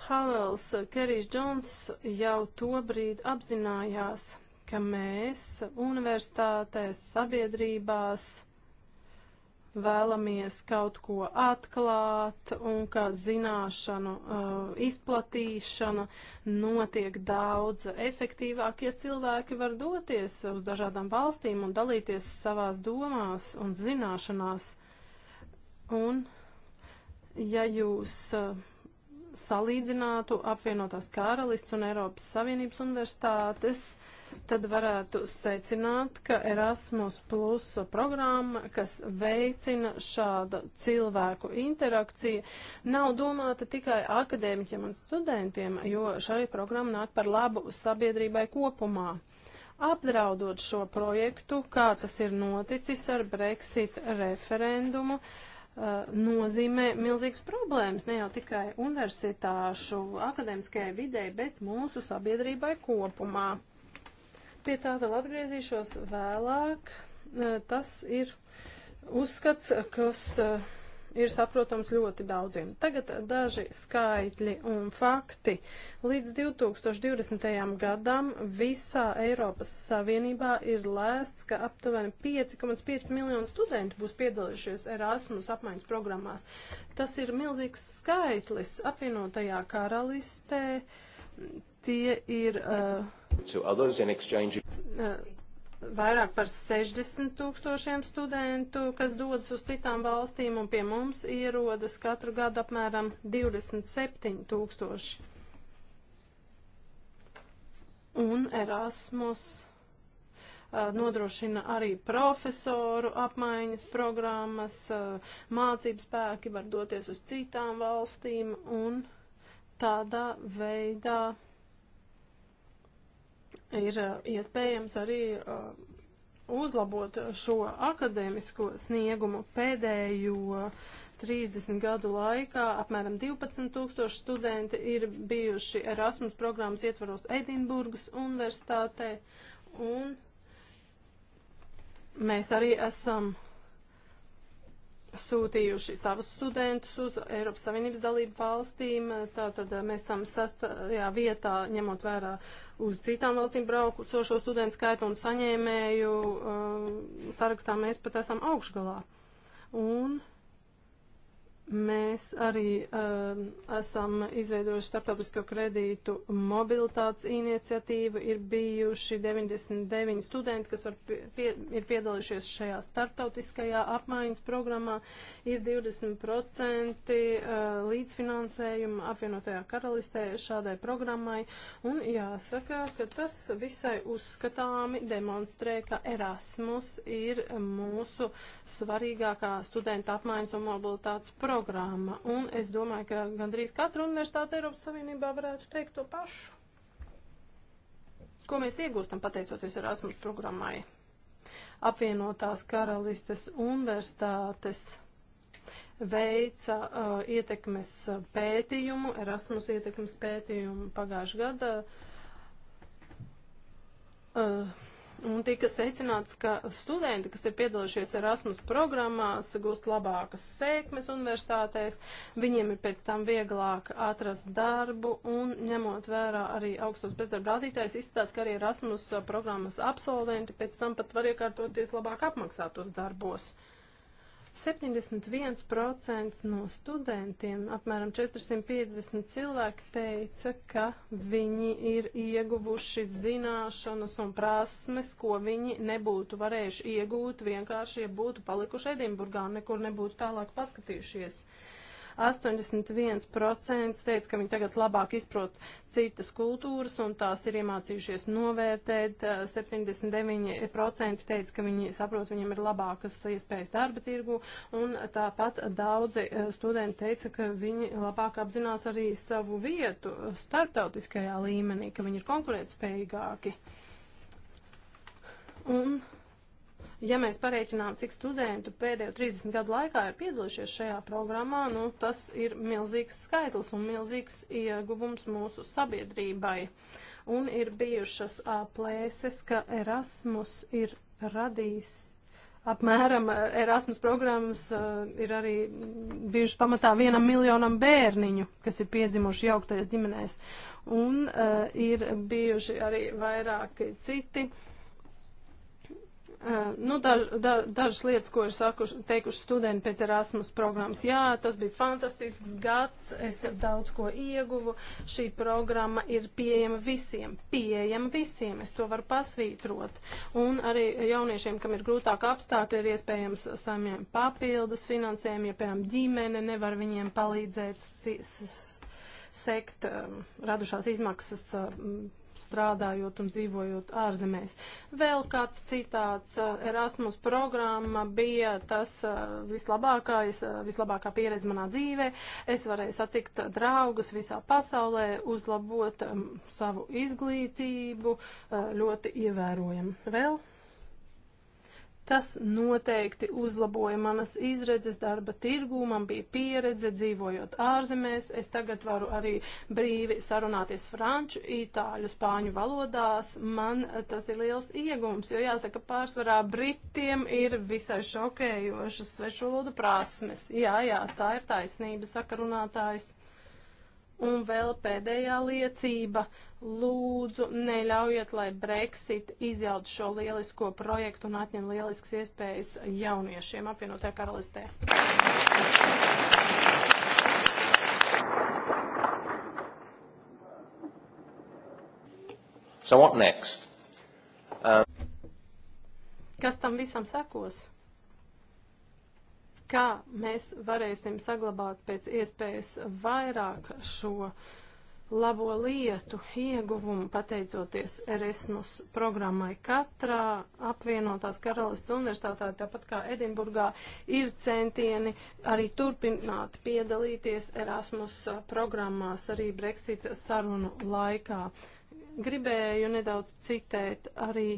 Havels eh, Kerijs Džons jau tobrīd apzinājās, ka mēs universitātēs, sabiedrībās vēlamies kaut ko atklāt un ka zināšanu uh, izplatīšana notiek daudz efektīvāk, ja cilvēki var doties uz dažādām valstīm un dalīties savās domās un zināšanās. Un, ja jūs uh, salīdzinātu apvienotās karalists un Eiropas Savienības universitātes, tad varētu secināt, ka Erasmus Plus programma, kas veicina šādu cilvēku interakciju, nav domāta tikai akadēmiķiem un studentiem, jo šai programma nāk par labu sabiedrībai kopumā apdraudot šo projektu, kā tas ir noticis ar Brexit referendumu, nozīmē milzīgas problēmas ne jau tikai universitāšu akadēmiskajai videi, bet mūsu sabiedrībai kopumā. Pie tā vēl atgriezīšos vēlāk. Eh, tas ir uzskats, kas. Uh, ir saprotams ļoti daudziem. Tagad daži skaitļi un fakti. Līdz 2020. gadam visā Eiropas Savienībā ir lēsts, ka aptuveni 5,5 miljonu studentu būs piedalījušies Erasmus apmaiņas programmās. Tas ir milzīgs skaitlis apvienotajā karalistē. Tie ir. Uh, to others in exchange. Uh, vairāk par 60 tūkstošiem studentu, kas dodas uz citām valstīm, un pie mums ierodas katru gadu apmēram 27 tūkstoši. Un Erasmus nodrošina arī profesoru apmaiņas programmas, mācības spēki var doties uz citām valstīm un tādā veidā ir uh, iespējams arī uh, uzlabot šo akadēmisko sniegumu pēdējo 30 gadu laikā apmēram 12 tūkstoši studenti ir bijuši Erasmus programmas ietvaros Edinburgas universitātē, un mēs arī esam sūtījuši savus studentus uz Eiropas Savienības dalību valstīm. Tātad eh, mēs esam sastajā vietā, ņemot vērā uz citām valstīm braucošo studentu skaitu un saņēmēju eh, sarakstā, mēs pat esam augšgalā. Un Mēs arī um, esam izveidojuši starptautisko kredītu mobilitātes iniciatīvu. Ir bijuši 99 studenti, kas var pie, pie, ir piedalījušies šajā starptautiskajā apmaiņas programmā. Ir 20% uh, līdzfinansējuma apvienotajā karalistē šādai programmai. Un jāsaka, ka tas visai uzskatāmi demonstrē, ka Erasmus ir mūsu svarīgākā studenta apmaiņas un mobilitātes programma programma, un es domāju, ka gandrīz katra universitāte Eiropas Savienībā varētu teikt to pašu. Ko mēs iegūstam pateicoties Erasmus programmai? Apvienotās karalistes universitātes veica uh, ietekmes pētījumu, Erasmus ietekmes pētījumu pagājušajā gadā. Uh, Un tika secināts, ka studenti, kas ir piedalījušies Erasmus programmās, gūst labākas sēkmes universitātēs, viņiem ir pēc tam vieglāk atrast darbu un ņemot vērā arī augstos bezdarba rādītājs, izskatās, ka arī Erasmus programmas absolventi pēc tam pat var iekārtoties labāk apmaksātos darbos. Uh, 71% no studentiem, apmēram 450 cilvēki, teica, ka viņi ir ieguvuši zināšanas un prasmes, ko viņi nebūtu varējuši iegūt vienkārši, ja būtu palikuši Edinburgā un nekur nebūtu tālāk paskatījušies. Uh, 81% teica, ka viņi tagad labāk izprot citas kultūras un tās ir iemācījušies novērtēt. 79% eh, teica, ka viņi saprot, viņiem ir labākas iespējas darba tirgu un tāpat daudzi eh, studenti teica, ka viņi labāk apzinās arī savu vietu starptautiskajā līmenī, ka viņi ir konkurētspējīgāki. Un Ja mēs pareiķinām, cik studentu pēdējo 30 gadu laikā ir piedalījušies šajā programmā, nu, tas ir milzīgs skaitlis un milzīgs ieguvums mūsu sabiedrībai. Un ir bijušas plēses, ka Erasmus ir radījis. Apmēram Erasmus programmas uh, ir arī bijušas pamatā vienam miljonam bērniņu, kas ir piedzimuši jauktajās ģimenēs. Un uh, ir bijuši arī vairāki citi uh, nu, daž, da, dažas lietas, ko ir sakuši, teikuši studenti pēc Erasmus programmas. Jā, tas bija fantastisks gads, es daudz ko ieguvu. Šī programma ir pieejama visiem. Pieejama visiem, es to varu pasvītrot. Un arī jauniešiem, kam ir grūtāk apstākļi, ir iespējams saņemt papildus finansējumu, ja, piemēram, ģimene nevar viņiem palīdzēt sekt um, radušās izmaksas. Um, strādājot un dzīvojot ārzemēs. Vēl kāds citāts eh, Erasmus programma bija tas eh, vislabākais, eh, vislabākā pieredze manā dzīvē. Es varēju satikt draugus visā pasaulē, uzlabot mm, savu izglītību ļoti ievērojami. Vēl Tas noteikti uzlaboja manas izredzes darba tirgū, man bija pieredze dzīvojot ārzemēs. Es tagad varu arī brīvi sarunāties franču, itāļu, spāņu valodās. Man eh, tas ir liels iegums, jo jāsaka, pārsvarā britiem ir visai šokējošas svešu valodu prasmes. Jā, jā, tā ir taisnība, sakarunātājs. Un vēl pēdējā liecība - lūdzu, neļaujiet, lai Brexit izjauc šo lielisko projektu un atņem lielisks iespējas jauniešiem apvienotajā karalistē. So what next? Uh... Kas tam visam sekos? kā mēs varēsim saglabāt pēc iespējas vairāk šo labo lietu ieguvumu, pateicoties Erasmus programmai. Katrā apvienotās karalists universitātā, tāpat kā Edinburgā, ir centieni arī turpināt piedalīties Erasmus programmās arī Brexit sarunu laikā. Gribēju nedaudz citēt arī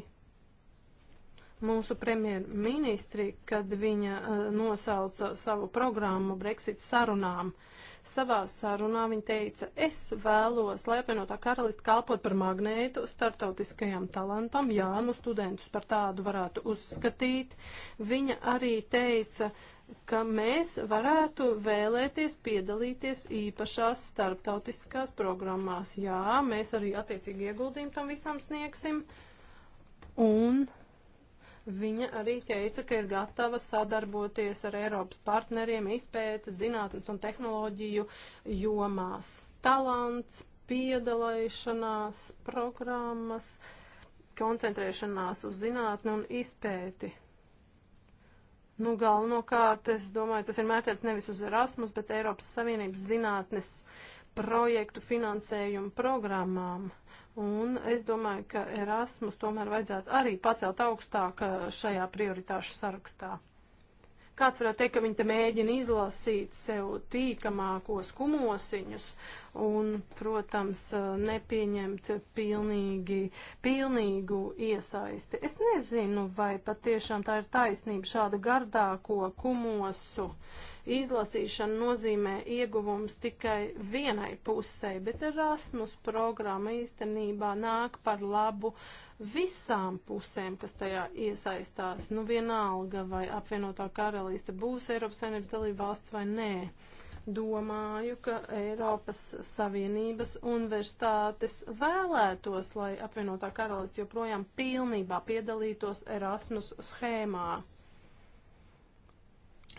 mūsu premjerministri, kad viņa uh, nosauca savu programmu Brexit sarunām. Savā sarunā viņa teica, es vēlos, lai apvienotā karalista kalpot par magnētu startautiskajam talantam, jā, nu studentus par tādu varētu uzskatīt. Viņa arī teica, ka mēs varētu vēlēties piedalīties īpašās starptautiskās programmās. Jā, mēs arī attiecīgi ieguldījumu tam visam sniegsim. Un Viņa arī teica, ka ir gatava sadarboties ar Eiropas partneriem izpētes, zinātnes un tehnoloģiju jomās. Talants, piedalīšanās, programmas, koncentrēšanās uz zinātni un izpēti. Nu, galvenokārt, es domāju, tas ir mērķēts nevis uz Erasmus, bet Eiropas Savienības zinātnes projektu finansējumu programmām. Un es domāju, ka Erasmus tomēr vajadzētu arī pacelt augstāk eh, šajā prioritāšu sarakstā. Kāds varētu teikt, ka viņi te mēģina izlasīt sev tīkamākos kumosiņus un, protams, eh, nepieņemt pilnīgi, pilnīgu iesaisti. Es nezinu, vai patiešām tā ir taisnība šāda gardāko kumosu. Uh, izlasīšana nozīmē ieguvums tikai vienai pusē, bet Erasmus programma īstenībā nāk par labu visām pusēm, kas tajā iesaistās. Nu vienalga, vai apvienotā karalīste būs Eiropas saimnības dalība valsts vai nē domāju, ka Eiropas Savienības universitātes vēlētos, lai apvienotā karalists joprojām pilnībā piedalītos Erasmus schēmā.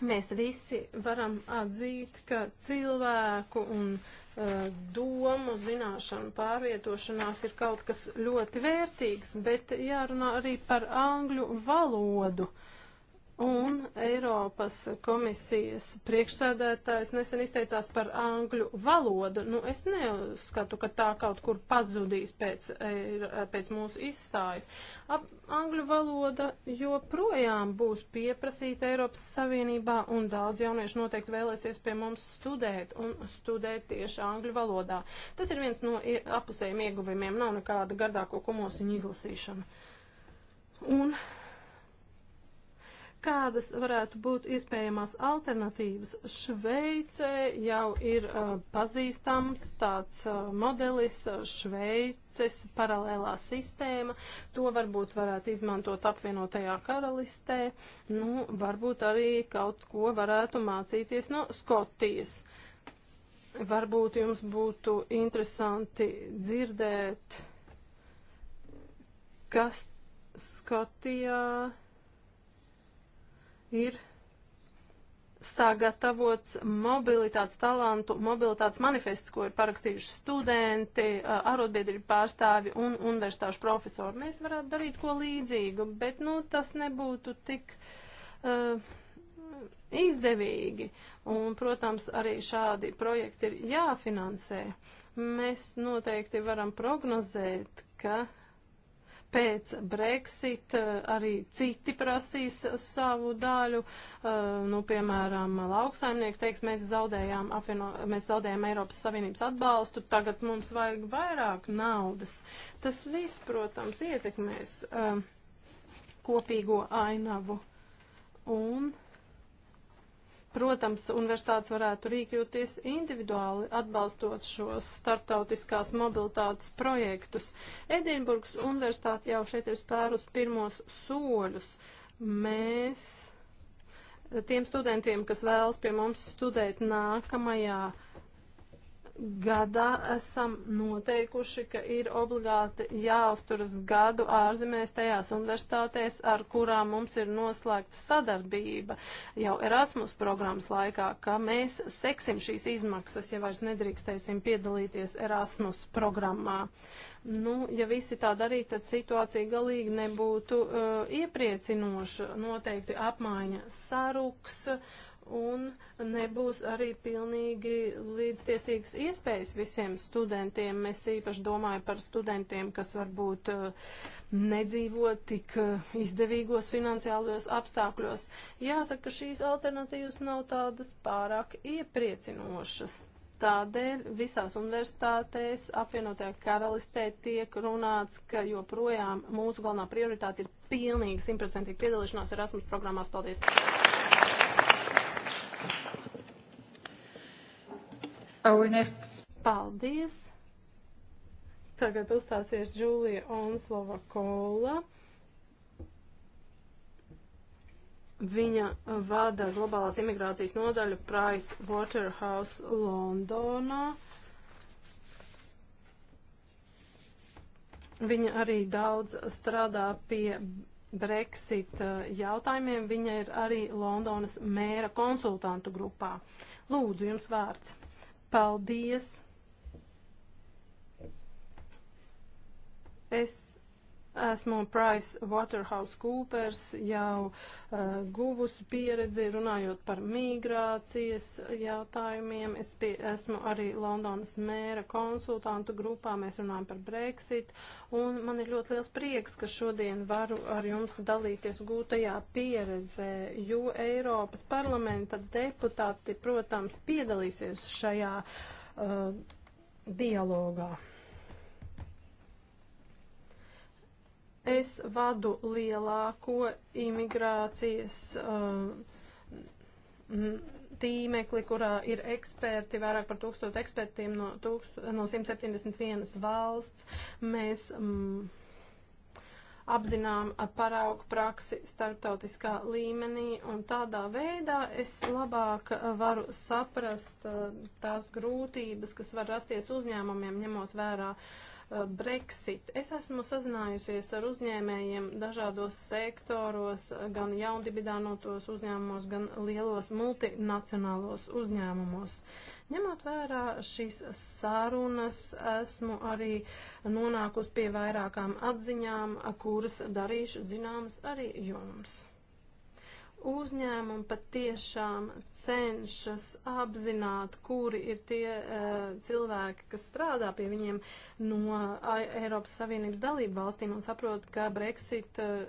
Mēs visi varam atzīt, ka cilvēku un uh, domu zināšanu pārvietošanās ir kaut kas ļoti vērtīgs, bet jārunā arī par angļu valodu. Uh, Un Eiropas komisijas priekšsēdētājs nesen izteicās par angļu valodu. Nu, es neuzskatu, ka tā kaut kur pazudīs pēc, pēc mūsu izstājas. Ap angļu valoda joprojām būs pieprasīta Eiropas Savienībā, un daudz jauniešu noteikti vēlēsies pie mums studēt, un studēt tieši angļu valodā. Tas ir viens no apusējiem ieguvumiem, nav nekāda gardāko kumosiņu izlasīšana. Un Kādas varētu būt iespējamās alternatīvas? Šveicē jau ir uh, pazīstams tāds uh, modelis, uh, Šveices paralēlā sistēma. To varbūt varētu izmantot apvienotajā karalistē. Nu, varbūt arī kaut ko varētu mācīties no Skotijas. Varbūt jums būtu interesanti dzirdēt, kas Skotijā ir sagatavots mobilitātes talantu, mobilitātes manifests, ko ir parakstījuši studenti, arotbiedrību pārstāvi un universitāšu profesori. Mēs varētu darīt ko līdzīgu, bet, nu, tas nebūtu tik uh, izdevīgi. Un, protams, arī šādi projekti ir jāfinansē. Mēs noteikti varam prognozēt, ka uh, Pēc Brexit eh, arī citi prasīs savu daļu, eh, nu, piemēram, lauksaimnieki teiks, mēs zaudējām, apvieno, mēs zaudējām Eiropas Savienības atbalstu, tagad mums vajag vairāk naudas. Tas viss, protams, ietekmēs eh, kopīgo ainavu. Un Protams, universitātes varētu rīkjoties individuāli atbalstot šos startautiskās mobilitātes projektus. Edinburgas universitāte jau šeit ir spērus pirmos soļus. Mēs tiem studentiem, kas vēlas pie mums studēt nākamajā gadā esam noteikuši, ka ir obligāti jāuzturas gadu ārzemēs tajās universitātēs, ar kurām mums ir noslēgta sadarbība jau Erasmus programmas laikā, ka mēs seksim šīs izmaksas, ja vairs nedrīkstēsim piedalīties Erasmus programmā. Nu, ja visi tā darītu, tad situācija galīgi nebūtu uh, iepriecinoša. Noteikti apmaiņa saruks. Uh, un nebūs arī pilnīgi līdztiesīgas iespējas visiem studentiem. Mēs īpaši domājam par studentiem, kas varbūt eh, nedzīvo tik eh, izdevīgos finansiālajos apstākļos. Jāsaka, ka šīs alternatīvas nav tādas pārāk iepriecinošas. Tādēļ visās universitātēs apvienotajā karalistē tiek runāts, ka joprojām mūsu galvenā prioritāte ir pilnīgi simtprocentīgi piedalīšanās Erasmus programmās. Paldies! Next... Paldies! Tagad uzstāsies Džūlija Onslova Kola. Viņa vada globālās imigrācijas nodaļu Price Waterhouse Londonā. Viņa arī daudz strādā pie Brexit uh, jautājumiem. Viņa ir arī Londonas mēra konsultantu grupā. Lūdzu, jums vārds. Paldies! Es Esmu Price Waterhouse Coopers jau uh, guvusi pieredzi runājot par migrācijas jautājumiem. Es pie, esmu arī Londonas mēra konsultantu grupā, mēs runājam par Brexit. Un man ir ļoti liels prieks, ka šodien varu ar jums dalīties gūtajā pieredzē, jo Eiropas parlamenta deputāti, protams, piedalīsies šajā uh, dialogā. Es vadu lielāko imigrācijas um, tīmekli, kurā ir eksperti, vairāk par tūkstotu ekspertiem no, tūkst, no 171 valsts. Mēs mm, apzinām paraugu praksi starptautiskā līmenī, un tādā veidā es labāk varu saprast uh, tās grūtības, kas var rasties uzņēmumiem, ņemot vērā uh, Uh, Brexit. Es esmu sazinājusies ar uzņēmējiem dažādos sektoros, gan jaundibidānotos uzņēmumos, gan lielos multinacionālos uzņēmumos. Ņemot vērā šīs sarunas, esmu arī nonākusi pie vairākām atziņām, kuras darīšu zināmas arī jums uzņēmumi patiešām cenšas apzināt, kuri ir tie uh, cilvēki, kas strādā pie viņiem no Eiropas Savienības dalību valstīm un saprot, ka Brexit uh,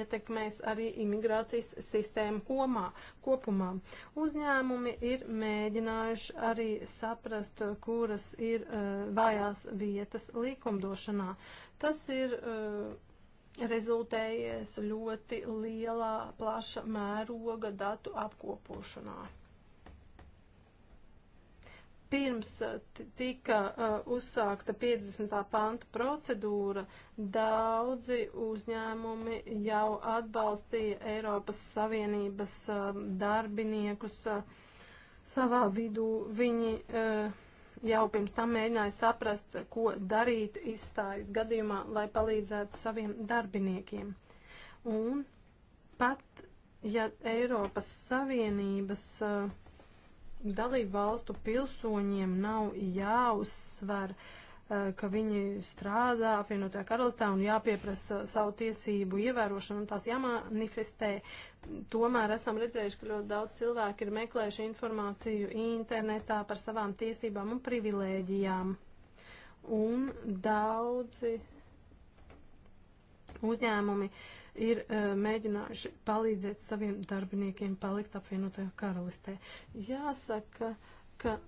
ietekmēs arī imigrācijas sistēmu komā, kopumā. Uzņēmumi ir mēģinājuši arī saprast, kuras ir uh, vājās vietas likumdošanā. Tas ir uh, rezultējies ļoti lielā, plaša mēroga datu apkopošanā. Pirms tika uh, uzsākta 50. panta procedūra, daudzi uzņēmumi jau atbalstīja Eiropas Savienības uh, darbiniekus uh, savā vidū. Viņi uh, jau pirms tam mēģināja saprast, ko darīt izstājas gadījumā, lai palīdzētu saviem darbiniekiem. Un pat, ja Eiropas Savienības uh, dalību valstu pilsoņiem nav jāuzsver, uh, Eh, ka viņi strādā apvienotajā karalistā un jāpieprasa savu tiesību ievērošanu un tās jāmanifestē. Tomēr esam redzējuši, ka ļoti daudz cilvēku ir meklējuši informāciju internetā par savām tiesībām un privilēģijām. Un daudzi uzņēmumi ir uh, mēģinājuši palīdzēt saviem darbiniekiem palikt apvienotajā karalistē. Jāsaka, ka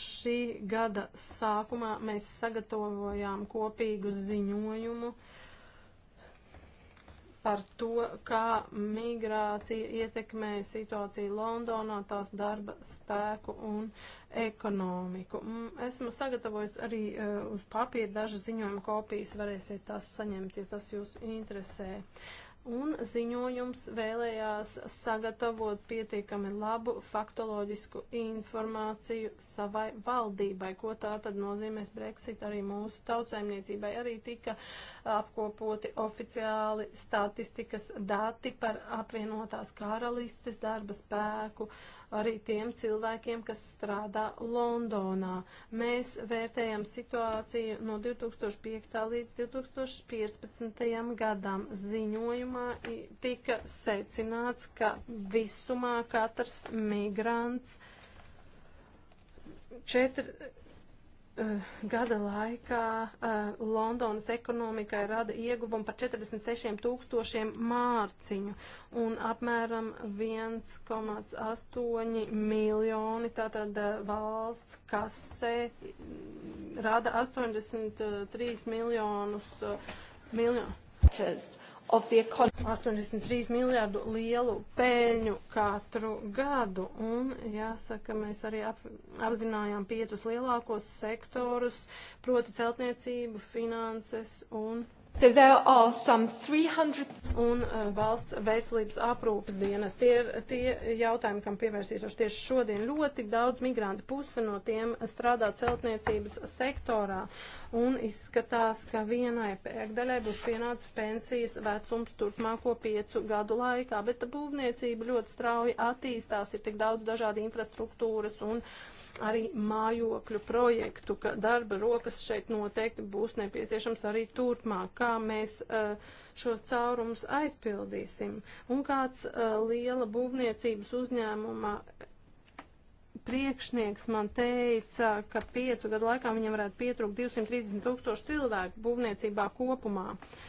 Šī gada sākumā mēs sagatavojām kopīgu ziņojumu par to, kā migrācija ietekmē situāciju Londonā, tās darba spēku un ekonomiku. Esmu sagatavojis arī uh, uz papīra dažas ziņojuma kopijas, varēsiet tās saņemt, ja tas jūs interesē un ziņojums vēlējās sagatavot pietiekami labu faktoloģisku informāciju savai valdībai, ko tā tad nozīmēs Brexit arī mūsu tautsaimniecībai. Arī tika apkopoti oficiāli statistikas dati par apvienotās karalistes darba spēku, arī tiem cilvēkiem, kas strādā Londonā. Mēs vērtējam situāciju no 2005. līdz 2015. gadam. Ziņojumā tika secināts, ka visumā katrs migrants 4 Eh, gada laikā uh, Londonas ekonomikai rada ieguvumu par 46 tūkstošiem mārciņu un apmēram 1,8 miljoni tātad eh, valsts kasē rada 83 miljonus uh, miljonu of the economy. 83 miljārdu lielu pēļņu katru gadu. Un jāsaka, mēs arī ap, apzinājām piecus lielākos sektorus, proti celtniecību, finanses un So 300... Un uh, valsts veselības aprūpas dienas. Tie ir tie jautājumi, kam pievērsīšos tieši šodien. Ļoti daudz migranti puse no tiem strādā celtniecības sektorā. Un izskatās, ka vienai pēkdaļai būs pienācis pensijas vecums turpmāko piecu gadu laikā. Bet būvniecība ļoti strauji attīstās, ir tik daudz dažādi infrastruktūras un uh, arī mājokļu projektu, ka darba rokas šeit noteikti būs nepieciešams arī turpmāk, kā mēs eh, šos caurumus aizpildīsim. Un kāds eh, liela būvniecības uzņēmuma priekšnieks man teica, ka piecu gadu laikā viņam varētu pietrūkt 230 tūkstoši cilvēku būvniecībā kopumā. Uh,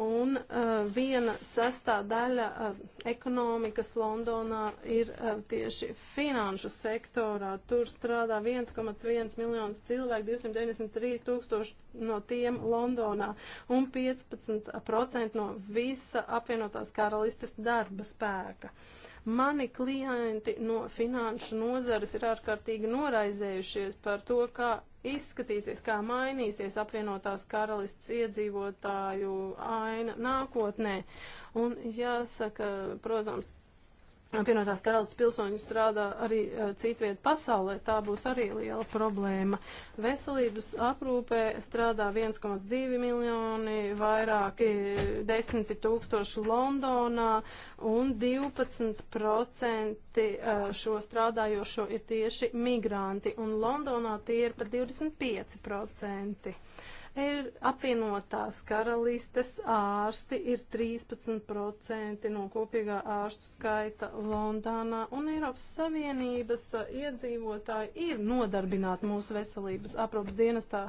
un uh, viena sastāvdaļa uh, ekonomikas Londonā ir uh, tieši finanšu sektorā. Tur strādā 1,1 miljonus cilvēku, 293 tūkstoši no tiem Londonā un 15% no visa apvienotās karalistes darba spēka. Uh, Mani klienti no finanšu nozares ir ārkārtīgi noraizējušies par to, kā izskatīsies, kā mainīsies apvienotās karalists iedzīvotāju aina nākotnē. Un jāsaka, protams, Pienotās karalists pilsoņi strādā arī eh, citviet pasaulē, tā būs arī liela problēma. Veselības aprūpē strādā 1,2 miljoni, vairāki eh, desmiti tūkstoši Londonā un 12% eh, šo strādājošo ir tieši migranti, un Londonā tie ir pat 25%. Ir apvienotās karalistes ārsti ir 13% no kopīgā ārstu skaita Londonā, un Eiropas Savienības iedzīvotāji ir nodarbināti mūsu veselības aprūpas dienestā.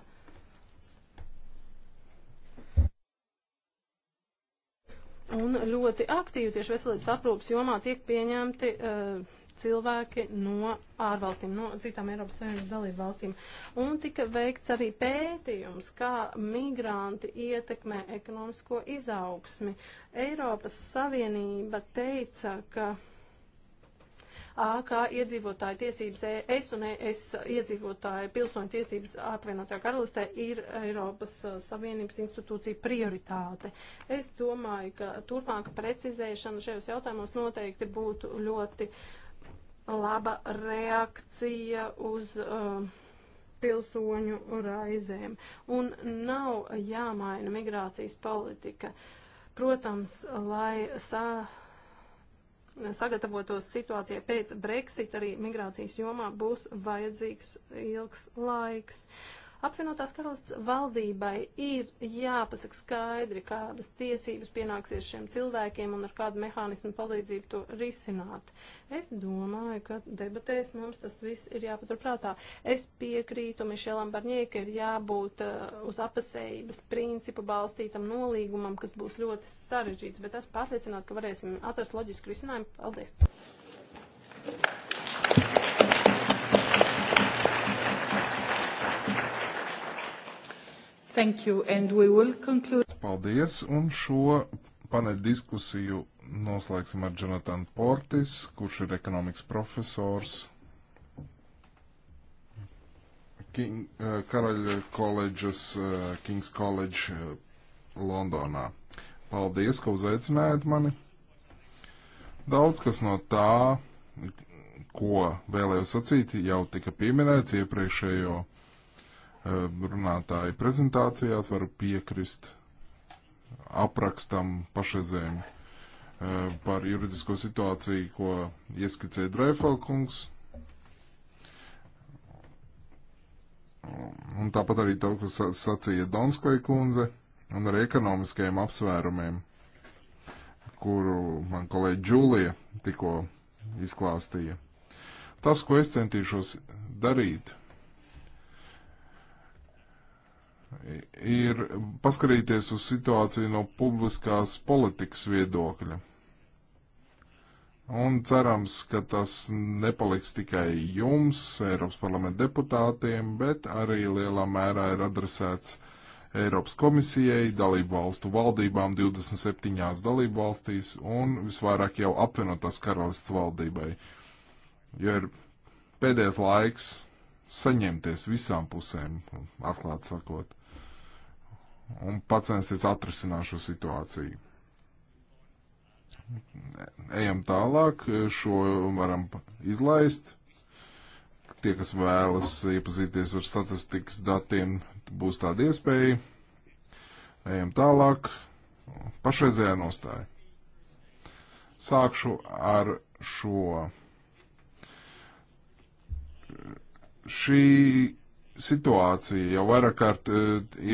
Un ļoti aktīvi tieši veselības aprūpas jomā tiek pieņemti uh, cilvēki no ārvalstīm, no citām Eiropas Savienības dalību valstīm. Un tika veikts arī pētījums, kā migranti ietekmē ekonomisko izaugsmi. Eiropas Savienība teica, ka AK iedzīvotāju tiesības ES un ES iedzīvotāju pilsoņu tiesības apvienotajā karalistē ir Eiropas Savienības institūcija prioritāte. Es domāju, ka turpmāka precizēšana šajos jautājumos noteikti būtu ļoti uh, laba reakcija uz uh, pilsoņu raizēm. Un nav jāmaina migrācijas politika. Protams, lai sa, sagatavotos situācijai pēc Brexit, arī migrācijas jomā būs vajadzīgs ilgs laiks. Uh, Apvienotās karalists valdībai ir jāpasaka skaidri, kādas tiesības pienāksies šiem cilvēkiem un ar kādu mehānismu palīdzību to risināt. Es domāju, ka debatēs mums tas viss ir jāpaturprātā. Es piekrītu Mišelam Barņē, ka ir jābūt uh, uz apasējības principu balstītam nolīgumam, kas būs ļoti sarežģīts, bet es pārliecinātu, ka varēsim atrast loģisku risinājumu. Paldies! Thank you, and we will conclude. Paldies, un šo paneļu diskusiju noslēgsim ar Jonathan Portis, kurš ir ekonomikas profesors King, uh, eh, Karaļa koledžas, uh, eh, King's College uh, Londonā. Paldies, ka uzaicinājāt mani. Daudz kas no tā, ko vēlēju sacīt, jau tika pieminēts iepriekšējo Ehm, runātāju prezentācijās, varu piekrist aprakstam pašreizējiem ehm, par juridisko situāciju, ko ieskicēja Dreifelkungs. Un tāpat arī to, ko sacīja Donsklai kundze, un arī ekonomiskajiem apsvērumiem, kuru man kolēģi Džulija tikko izklāstīja. Tas, ko es centīšos darīt, ir paskarīties uz situāciju no publiskās politikas viedokļa. Un cerams, ka tas nepaliks tikai jums, Eiropas parlamenta deputātiem, bet arī lielā mērā ir adresēts Eiropas komisijai, dalību valstu valdībām 27 dalību valstīs un visvairāk jau apvienotās karalists valdībai. Jo ir pēdējais laiks saņemties visām pusēm, atklāt sakot un pacensties atrisināt šo situāciju. Ejam tālāk, šo varam izlaist. Tie, kas vēlas iepazīties ar statistikas datiem, būs tāda iespēja. Ejam tālāk. Pašreizējā nostāja. Sākšu ar šo. Šī situācija jau vairāk kārt e,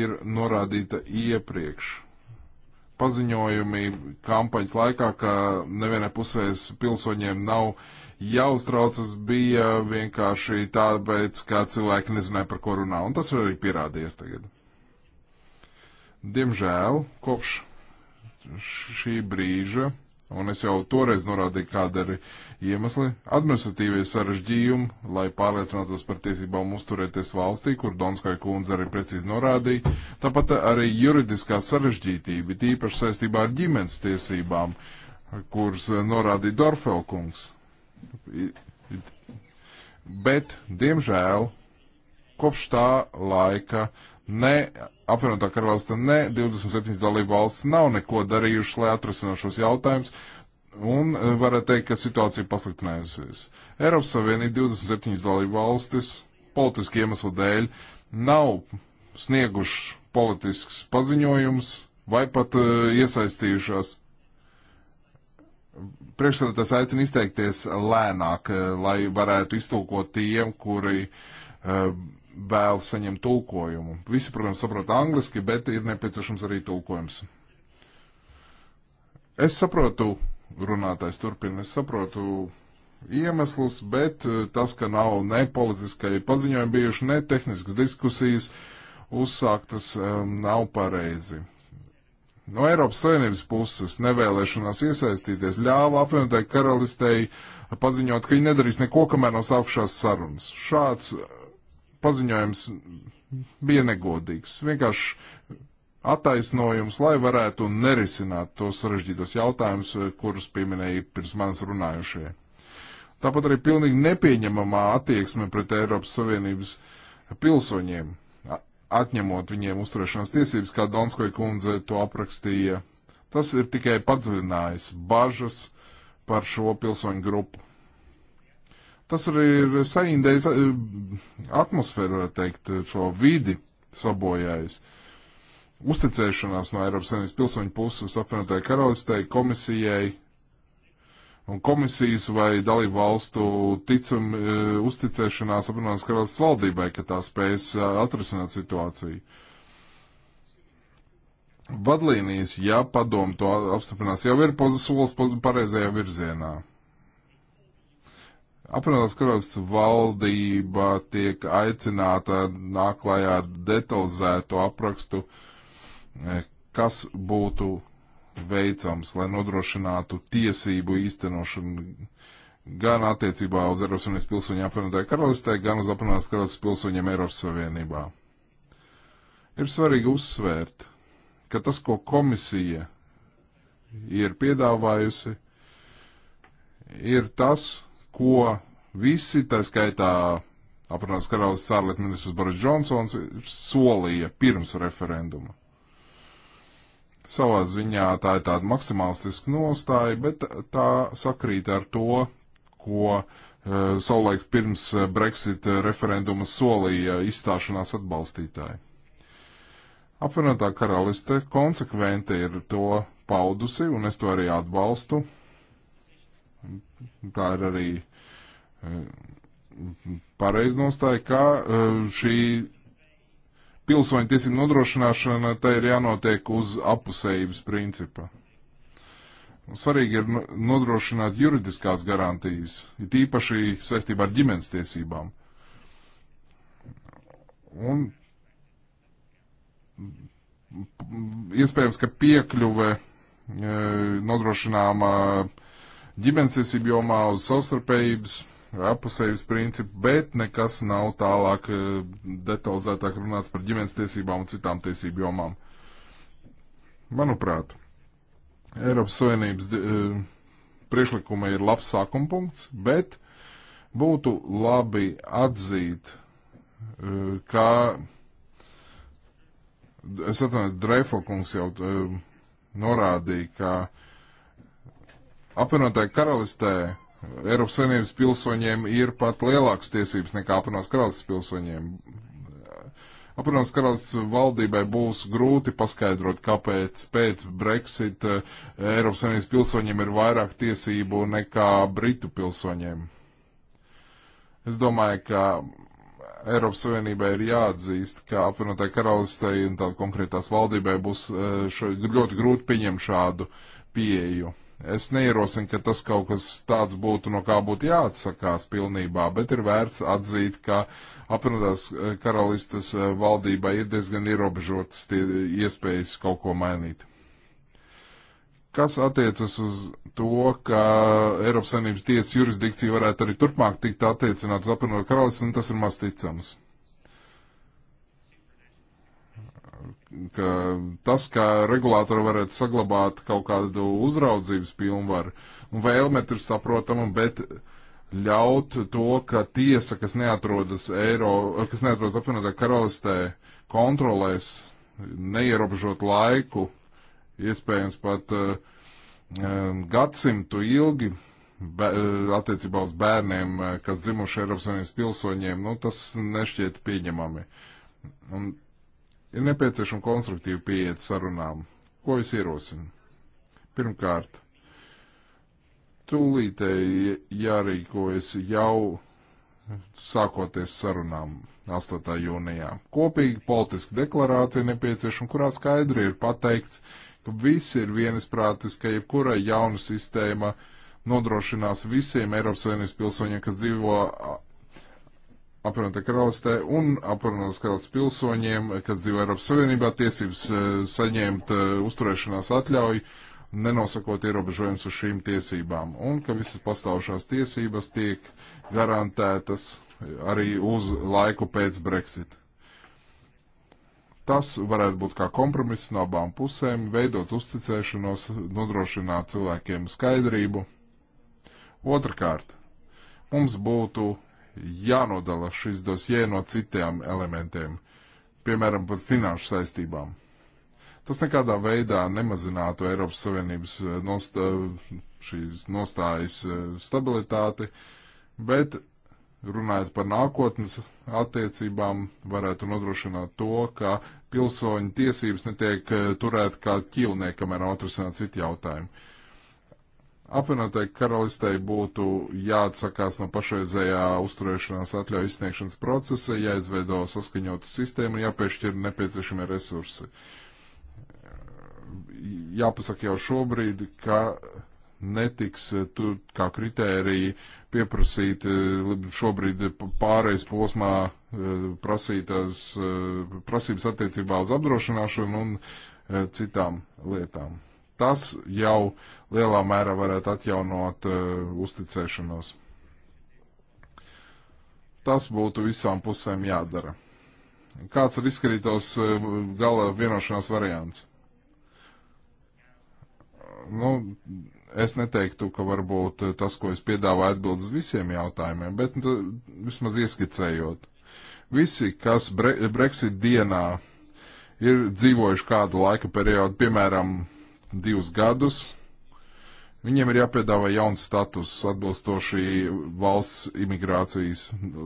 ir norādīta iepriekš. Paziņojumi kampaņas laikā, ka nevienai pusēs pilsoņiem nav jāuztraucas, bija vienkārši tāpēc, ka cilvēki nezināja, par ko runā. Un tas ir arī pierādījies tagad. Diemžēl kopš šī brīža Un es jau toreiz norādīju, kāda ir iemesli - administratīvie sarežģījumi, lai pārliecinātos par tiesībām uzturēties valstī, kur Donskai kundze arī precīzi norādīja. Tāpat arī juridiskā sarežģītība, tīpaši saistībā ar ģimenes tiesībām, kuras norādīja Dorfelkungs. Bet, diemžēl, kopš tā laika ne apvienotā karvalsta, ne 27 dalību valsts nav neko darījušas, lai atrasinātu šos jautājumus, un e, varētu teikt, ka situācija pasliktinājusies. Eiropas Savienība 27 dalību valstis politiski iemeslu dēļ nav snieguši politisks paziņojums vai pat uh, iesaistījušās. Priekšsēdētājs aicina izteikties lēnāk, uh, lai varētu iztulkot tiem, kuri uh, vēl saņem tulkojumu. Visi, protams, saprot angliski, bet ir nepieciešams arī tulkojums. Es saprotu, runātājs turpina, es saprotu iemeslus, bet eh, tas, ka nav ne politiskai paziņojumi bijuši, ne tehniskas diskusijas, uzsāktas um, nav pareizi. No Eiropas Savienības puses nevēlēšanās iesaistīties ļāva apvienotai karalistei paziņot, ka viņi nedarīs neko, kamēr nav sākušās sarunas. Šāds paziņojums bija negodīgs. Vienkārši attaisnojums, lai varētu nerisināt tos sarežģītos jautājumus, kurus pieminēja pirms manis runājušie. Tāpat arī pilnīgi nepieņemamā attieksme pret Eiropas Savienības pilsoņiem, atņemot viņiem uzturēšanās tiesības, kā Donskoja kundze to aprakstīja. Tas ir tikai padziļinājis bažas par šo pilsoņu grupu. Tas arī ir saindējis atmosfēru, varētu teikt, šo vidi sabojājis. Uzticēšanās no Eiropas Savienības pilsoņu puses apvienotāji karalistei, komisijai un komisijas vai dalību valstu ticam, e, uzticēšanās apvienotās karalistes valdībai, ka tā spējas e, atrisināt situāciju. Vadlīnijas, ja padomu to apstiprinās, jau ir solis pareizajā virzienā Apvienotās karalists valdība tiek aicināta nāklājā detalizēto aprakstu, e, kas būtu veicams, lai nodrošinātu tiesību īstenošanu gan attiecībā uz Eiropas Savienības pilsoņiem apvienotāju karalistē, gan uz apvienotās karalistes pilsoņiem Eiropas Savienībā. Ir svarīgi uzsvērt, ka tas, ko komisija ir piedāvājusi, ir tas, ko visi, tā skaitā apvienotās karalistas ārlietu ministrs Boris Džonsons, solīja pirms referenduma. Savā ziņā tā ir tāda maksimālistiska nostāja, bet tā sakrīt ar to, ko eh, savulaik pirms eh, Brexit eh, referenduma solīja izstāšanās atbalstītāji. Apvienotā karaliste konsekventi ir to paudusi, un es to arī atbalstu, tā ir arī eh, pareiznostāja, ka eh, šī pilsoņu tiesību nodrošināšana tai ir jānotiek uz apusējības principa. Svarīgi ir nodrošināt juridiskās garantijas, it īpaši saistībā ar ģimenes tiesībām. Un iespējams, ka piekļuve eh, nodrošināma uh, ģimenes tiesību jomā uz savstarpējības vai apusējības principu, bet nekas nav tālāk eh, detalizētāk runāts par ģimenes tiesībām un citām tiesību jomām. Manuprāt, Eiropas Savienības eh, priekšlikuma ir labs sākuma punkts, bet būtu labi atzīt, eh, ka, es atvainojos, Dreifo kungs jau norādīja, ka apvienotāji karalistē Eiropas Savienības pilsoņiem ir pat lielākas tiesības nekā apvienotās karalistes pilsoņiem. Apvienotās karalistes valdībai būs grūti paskaidrot, kāpēc pēc Brexit eh, Eiropas Savienības pilsoņiem ir vairāk tiesību nekā Britu pilsoņiem. Es domāju, ka Eiropas Savienībai ir jāatzīst, ka apvienotai karalistei un tā konkrētās valdībai būs eh, šo, ļoti grūti pieņemt šādu pieeju. Es neierosinu, ka tas kaut kas tāds būtu, no kā būtu jāatsakās pilnībā, bet ir vērts atzīt, ka apvienotās eh, karalistas eh, valdībā ir diezgan ierobežotas iespējas kaut ko mainīt. Kas attiecas uz to, ka Eiropas Savienības tiesas jurisdikcija varētu arī turpmāk tikt attiecināt uz apvienotā karalistas, nu, tas ir maz ticams. ka tas, ka regulātori varētu saglabāt kaut kādu uzraudzības pilnvaru un nu, vēlmet ir saprotama, bet ļaut to, ka tiesa, kas neatrodas, Eiro, kas neatrodas apvienotā karalistē, kontrolēs neierobežot laiku, iespējams pat uh, gadsimtu ilgi, eh, attiecībā uz bērniem, kas dzimuši Eiropas Savienības pilsoņiem, nu, tas nešķiet pieņemami. Un Ir nepieciešama konstruktīva pieeja sarunām. Ko es ierosinu? Pirmkārt, tūlītēji jārīkojas jau sākoties sarunām 8. jūnijā. Kopīga politiska deklarācija nepieciešama, kurā skaidri ir pateikts, ka visi ir vienisprātis, ka jebkura jauna sistēma nodrošinās visiem Eiropas Savienības pilsoņiem, kas dzīvo apvienotā karalistē un apvienotās karalistes pilsoņiem, kas dzīvo Eiropas Savienībā, tiesības eh, saņemt eh, uzturēšanās atļauju, nenosakot ierobežojums uz šīm tiesībām, un ka visas pastāvušās tiesības tiek garantētas eh, arī uz laiku pēc Brexit. Tas varētu būt kā kompromiss no abām pusēm, veidot uzticēšanos, nodrošināt cilvēkiem skaidrību. Otrakārt, mums būtu jānodala šis dosie no citiem elementiem, piemēram, par finanšu saistībām. Tas nekādā veidā nemazinātu Eiropas Savienības eh, nost eh, šīs nostājas eh, stabilitāti, bet runājot par nākotnes attiecībām, varētu nodrošināt to, ka pilsoņu tiesības netiek turēt kā ķilniekam, kamēr atrisināt citu jautājumu apvienotai karalistei būtu jāatsakās no pašreizējā uzturēšanās atļauju izsniegšanas procesa, jāizveido saskaņotu sistēmu, jāpiešķir nepieciešamie resursi. Jāpasaka jau šobrīd, ka netiks tur kā kritērija pieprasīt eh, šobrīd pāreiz posmā eh, prasītās, eh, prasības attiecībā uz apdrošināšanu un citām lietām. Tas jau lielā mērā varētu atjaunot uh, uzticēšanos. Tas būtu visām pusēm jādara. Kāds ir izskrītos uh, e, gala vienošanās variants? Nu, es neteiktu, ka varbūt e, tas, ko es piedāvāju, atbild uz visiem jautājumiem, bet nu, vismaz ieskicējot. Visi, kas bre Brexit dienā ir dzīvojuši kādu laika periodu, piemēram, divus gadus. Viņiem ir jāpiedāvā jauns status atbilstoši valsts imigrācijas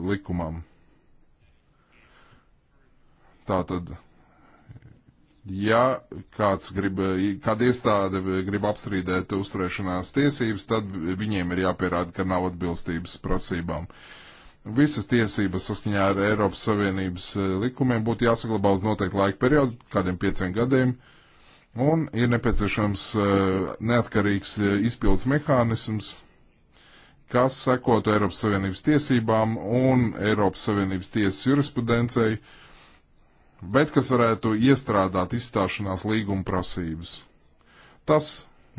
likumam. Tātad, ja kāds grib, kāda iestāde grib apstrīdēt uzturēšanās tiesības, tad viņiem ir jāpierāda, ka nav atbilstības prasībām. Visas tiesības saskaņā ar Eiropas Savienības likumiem būtu jāsaglabā uz noteiktu laika periodu, kādiem pieciem gadiem. Uh, Un ir nepieciešams eh, neatkarīgs eh, izpildes mehānisms, kas sekotu Eiropas Savienības tiesībām un Eiropas Savienības tiesas jurisprudencei, bet kas varētu iestrādāt izstāšanās līguma prasības. Tas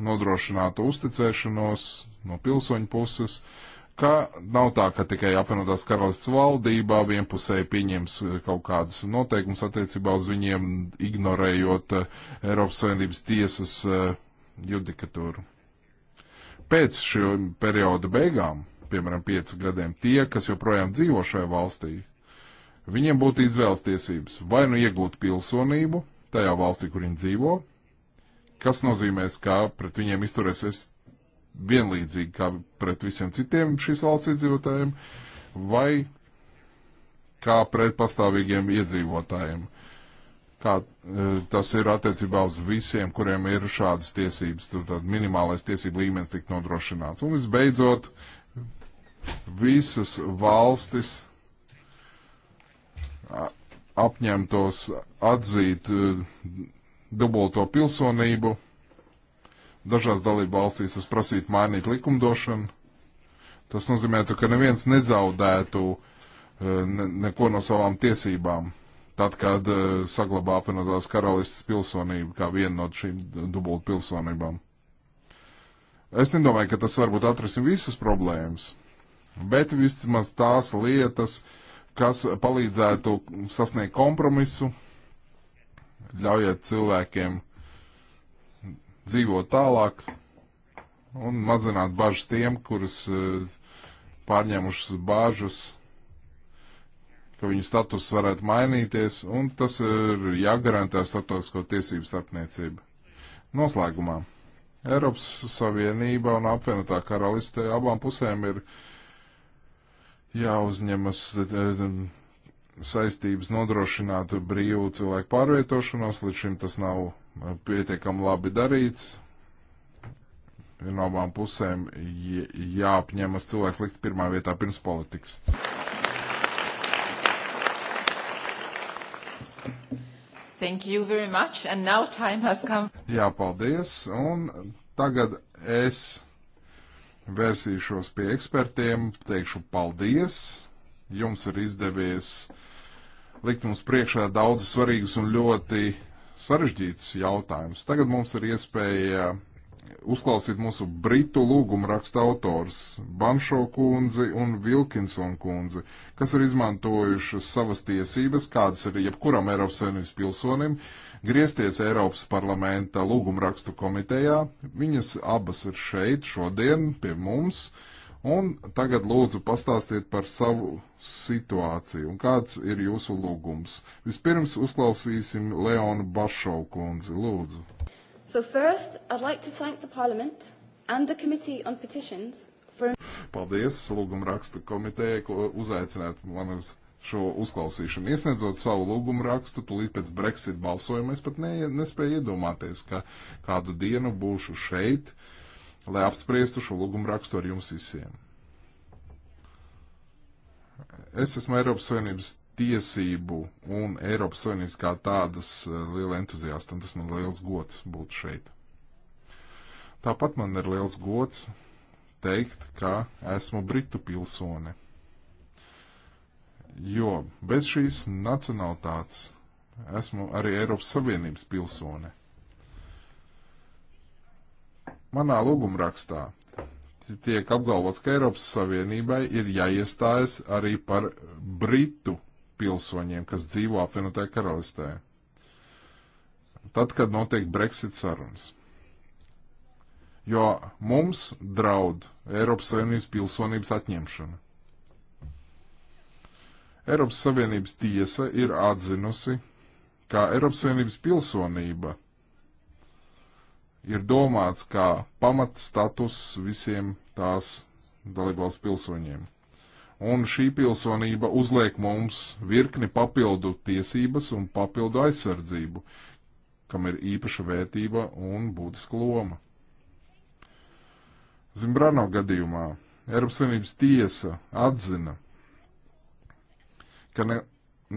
nodrošinātu uzticēšanos no pilsoņu puses, uh, ka nav tā, ka tikai apvienotās karalists valdībā vienpusēji pieņems eh, kaut kādas noteikumus attiecībā uz viņiem, ignorējot eh, Eiropas Savienības tiesas eh, judikatūru. Pēc šī perioda beigām, piemēram, piecu gadiem, tie, kas joprojām dzīvo šajā valstī, viņiem būtu izvēles tiesības vai nu iegūt pilsonību tajā valstī, kur viņi dzīvo, kas nozīmēs, ka pret viņiem izturēsies vienlīdzīgi kā pret visiem citiem šīs valsts iedzīvotājiem, vai kā pret pastāvīgiem iedzīvotājiem. Kā e, tas ir attiecībā uz visiem, kuriem ir šādas tiesības, tur tad minimālais tiesību līmenis tik nodrošināts. Un visbeidzot, visas valstis apņemtos atzīt e, dubulto pilsonību Dažās dalību valstīs tas prasītu mainīt likumdošanu. Tas nozīmētu, ka neviens nezaudētu eh, ne, neko no savām tiesībām, tad, kad eh, saglabā apvienotās karalistas pilsonību kā vienu no šīm dubultu pilsonībām. Es nedomāju, ka tas varbūt atrisin visas problēmas, bet vismaz tās lietas, kas palīdzētu sasniegt kompromisu, ļaujiet cilvēkiem uh, dzīvot tālāk un mazināt bažas tiem, kuras e, pārņēmušas bāžas, ka viņu status varētu mainīties, un tas ir jāgarantē starptautisko tiesību starpniecība. Noslēgumā. Eiropas Savienība un apvienotā karaliste abām pusēm ir jāuzņemas e, e, saistības nodrošināt brīvu cilvēku pārvietošanos, līdz šim tas nav pietiekami labi darīts. Ir no abām pusēm jāapņemas cilvēks likt pirmā vietā pirms politikas. Thank you very much, and now time has come. Jā, paldies, un tagad es vērsīšos pie ekspertiem, teikšu paldies. Jums ir izdevies likt mums priekšā daudz svarīgus un ļoti sarežģīts jautājums. Tagad mums ir iespēja uzklausīt mūsu britu lūgumu raksta autors Banšo kundzi un Vilkinson kundzi, kas ir izmantojušas savas tiesības, kādas ir jebkuram Eiropas Savienības pilsonim, griezties Eiropas parlamenta lūgumu rakstu komitejā. Viņas abas ir šeit šodien pie mums. Uh, Un tagad lūdzu pastāstiet par savu situāciju un kāds ir jūsu lūgums. Vispirms uzklausīsim Leonu Bašovu kundzi. Lūdzu. So first, I'd like to thank the Parliament and the Committee on Petitions for... Paldies lūguma raksta komitejai, ko uzaicināt man uz šo uzklausīšanu. Iesniedzot savu lūgumu rakstu, tūlīt pēc Brexit balsojuma, es pat ne, nespēju iedomāties, ka kādu dienu būšu šeit. Uh, lai apspriestu šo lūgumu rakstu ar jums visiem. Es esmu Eiropas Savienības tiesību un Eiropas Savienības kā tādas eh, liela entuziasta, un tas man liels gods būt šeit. Tāpat man ir liels gods teikt, ka esmu Britu pilsone. Jo bez šīs nacionalitātes esmu arī Eiropas Savienības pilsone. Manā lūgumrakstā tiek apgalvots, ka Eiropas Savienībai ir jāiestājas arī par Britu pilsoņiem, kas dzīvo apvienotajā karalistē. Tad, kad notiek Brexit sarunas. Jo mums draud Eiropas Savienības pilsonības atņemšana. Eiropas Savienības tiesa ir atzinusi, ka Eiropas Savienības pilsonība ir domāts kā pamatstatus visiem tās dalībvalsts pilsoņiem. Un šī pilsonība uzliek mums virkni papildu tiesības un papildu aizsardzību, kam ir īpaša vērtība un būtiska loma. Zimbrano gadījumā Eiropas Savienības tiesa atzina, ka ne,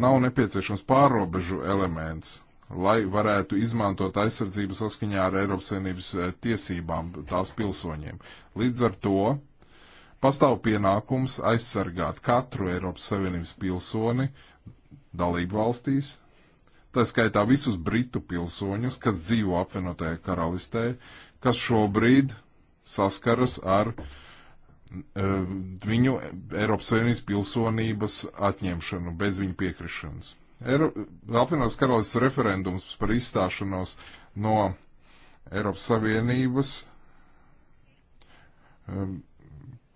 nav nepieciešams pārobežu elements, lai varētu izmantot aizsardzību saskaņā ar Eiropas Savienības eh, tiesībām tās pilsoņiem. Līdz ar to pastāv pienākums aizsargāt katru Eiropas Savienības pilsoni dalību valstīs, tā skaitā visus britu pilsoņus, kas dzīvo apvienotajā karalistē, kas šobrīd saskaras ar uh, viņu Eiropas Savienības pilsonības atņemšanu bez viņa piekrišanas. Apvienotās karalistas referendums par izstāšanos no Eiropas Savienības ehm,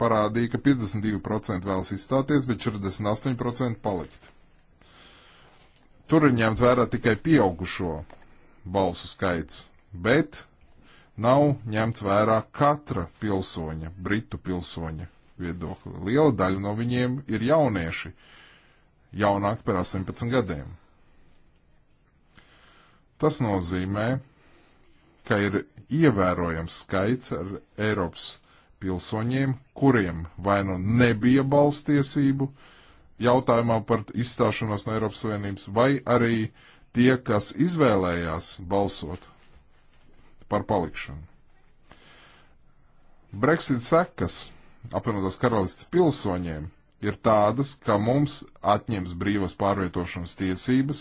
parādīja, ka 52% vēlas izstāties, bet 48% palikt. Tur ir ņemt vērā tikai pieaugušo balsu skaits, bet nav ņemts vērā katra pilsoņa, britu pilsoņa viedokli. Liela daļa no viņiem ir jaunieši. Uh, jaunāki par 18 gadiem. Tas nozīmē, ka ir ievērojams skaits ar Eiropas pilsoņiem, kuriem vai nu nebija balstiesību jautājumā par izstāšanos no Eiropas Savienības, vai arī tie, kas izvēlējās balsot par palikšanu. Brexit sekas apvienotās karalists pilsoņiem – ir tādas, ka mums atņems brīvas pārvietošanas tiesības,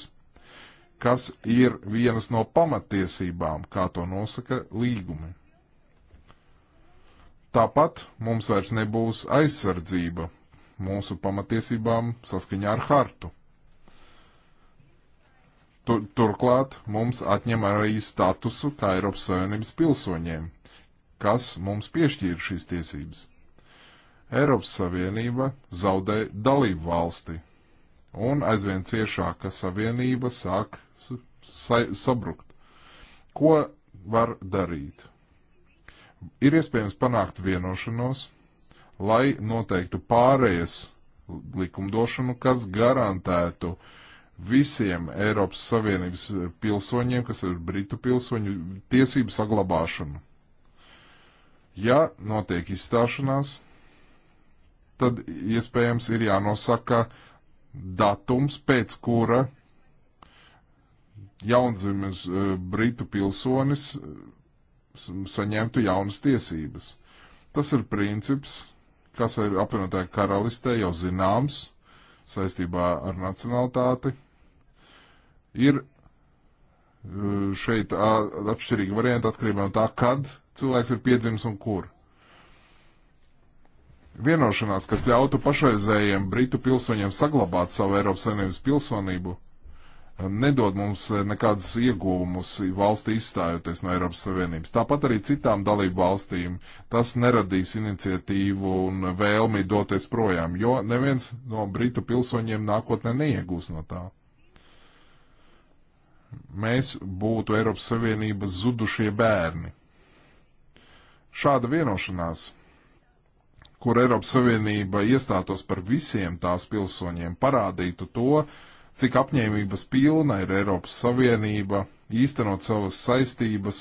kas ir vienas no pamatiesībām, kā to nosaka līgumi. Tāpat mums vairs nebūs aizsardzība mūsu pamatiesībām saskaņā ar hartu. Tur, turklāt mums atņem arī statusu kā Eiropas Savienības pilsoņiem, kas mums piešķīra šīs tiesības. Eiropas Savienība zaudē dalību valsti, un aizvien ciešāka savienība sāk sa sabrukt. Ko var darīt? Ir iespējams panākt vienošanos, lai noteiktu pārējas likumdošanu, kas garantētu visiem Eiropas Savienības pilsoņiem, kas ir Britu pilsoņu, tiesību saglabāšanu. Ja notiek izstāšanās, tad iespējams ir jānosaka datums, pēc kura jaundzimis eh, Britu pilsonis eh, saņemtu jaunas tiesības. Tas ir princips, kas ir apvienotāja karalistē jau zināms saistībā ar nacionalitāti. Ir eh, šeit atšķirīgi varianti atkarībā no tā, kad cilvēks ir piedzimis un kur. Vienošanās, kas ļautu pašreizējiem Britu pilsoņiem saglabāt savu Eiropas Savienības pilsonību, nedod mums nekādas ieguvumus valsti izstājoties no Eiropas Savienības. Tāpat arī citām dalību valstīm tas neradīs iniciatīvu un vēlmi doties projām, jo neviens no Britu pilsoņiem nākotnē neiegūs no tā. Mēs būtu Eiropas Savienības zudušie bērni. Šāda vienošanās kur Eiropas Savienība iestātos par visiem tās pilsoņiem, parādītu to, cik apņēmības pilna ir Eiropas Savienība īstenot savas saistības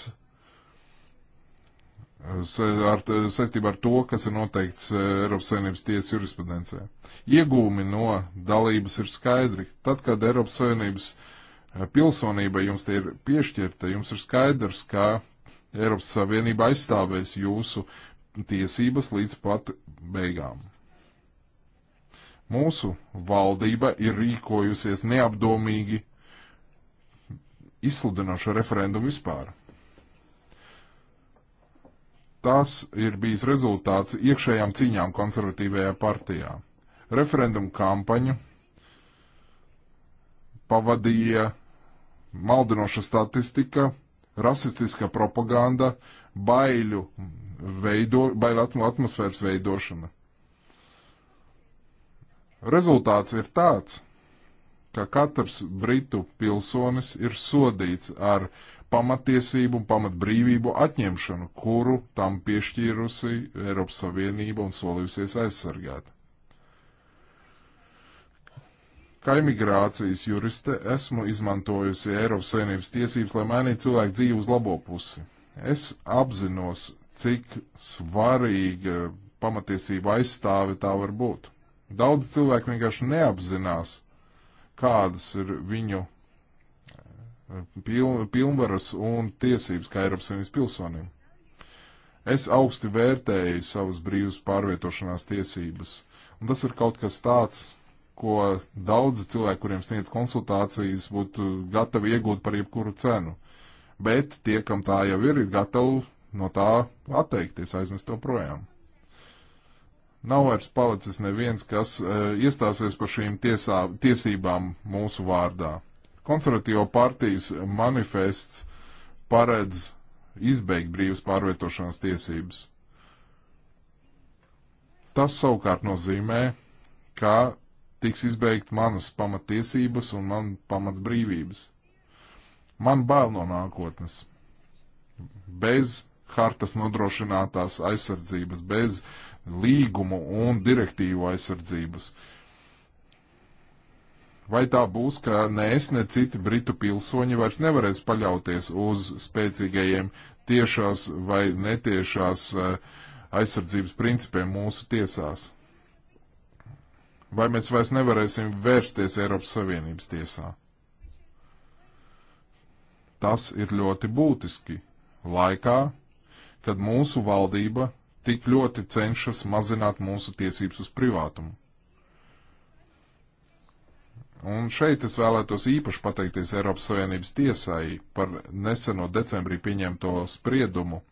ar, saistībā ar to, kas ir noteikts eh, Eiropas Savienības tiesas jurisprudencē. Iegūmi no dalības ir skaidri. Tad, kad Eiropas Savienības eh, pilsonība jums tie ir piešķirta, jums ir skaidrs, ka Eiropas Savienība aizstāvēs jūsu tiesības līdz pat beigām. Mūsu valdība ir rīkojusies neapdomīgi izsludinošu referendumu vispār. Tas ir bijis rezultāts iekšējām cīņām konservatīvajā partijā. Referendumu kampaņu pavadīja maldinoša statistika, rasistiska propaganda, baiļu veido, bailētuma atmosfēras veidošana. Rezultāts ir tāds, ka katrs britu pilsonis ir sodīts ar pamatiesību un pamatbrīvību atņemšanu, kuru tam piešķīrusi Eiropas Savienība un solījusies aizsargāt. Kā imigrācijas juriste esmu izmantojusi Eiropas Savienības tiesības, lai mainītu cilvēku dzīvi uz labo pusi. Es apzinos cik svarīga pamatiesība aizstāve tā var būt. Daudz cilvēku vienkārši neapzinās, kādas ir viņu eh, pilnvaras un tiesības kā Eiropas Savienības pilsonim. Es augsti vērtēju savas brīvas pārvietošanās tiesības, un tas ir kaut kas tāds, ko daudzi cilvēki, kuriem sniedz konsultācijas, būtu gatavi iegūt par jebkuru cenu. Bet tie, kam tā jau ir, ir gatavi no tā atteikties, aizmest to projām. Nav vairs palicis neviens, kas e, iestāsies par šīm tiesā, tiesībām mūsu vārdā. Konservatīvo partijas manifests paredz izbeigt brīvas pārvietošanās tiesības. Tas savukārt nozīmē, ka tiks izbeigt manas pamatiesības un man pamatbrīvības. Man bail no nākotnes. Bez hartas nodrošinātās aizsardzības, bez līgumu un direktīvu aizsardzības. Vai tā būs, ka ne es, ne citi britu pilsoņi vairs nevarēs paļauties uz spēcīgajiem tiešās vai netiešās eh, aizsardzības principiem mūsu tiesās? Vai mēs vairs nevarēsim vērsties Eiropas Savienības tiesā? Tas ir ļoti būtiski laikā, kad mūsu valdība tik ļoti cenšas mazināt mūsu tiesības uz privātumu. Un šeit es vēlētos īpaši pateikties Eiropas Savienības tiesai par neseno decembrī pieņemto spriedumu,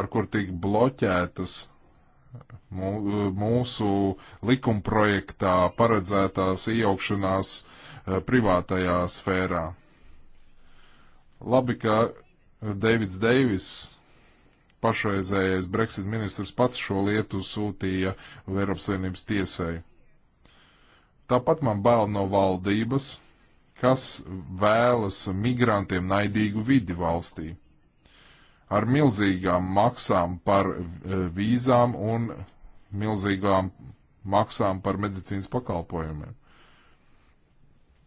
ar kur tika bloķētas mūsu likumprojektā paredzētās iejaukšanās eh, privātajā sfērā. Labi, ka Deivids Deivis pašreizējais Brexit ministrs pats šo lietu sūtīja uz Eiropas Savienības tiesai. Tāpat man bail no valdības, kas vēlas migrantiem naidīgu vidi valstī. Ar milzīgām maksām par e, vīzām un milzīgām maksām par medicīnas pakalpojumiem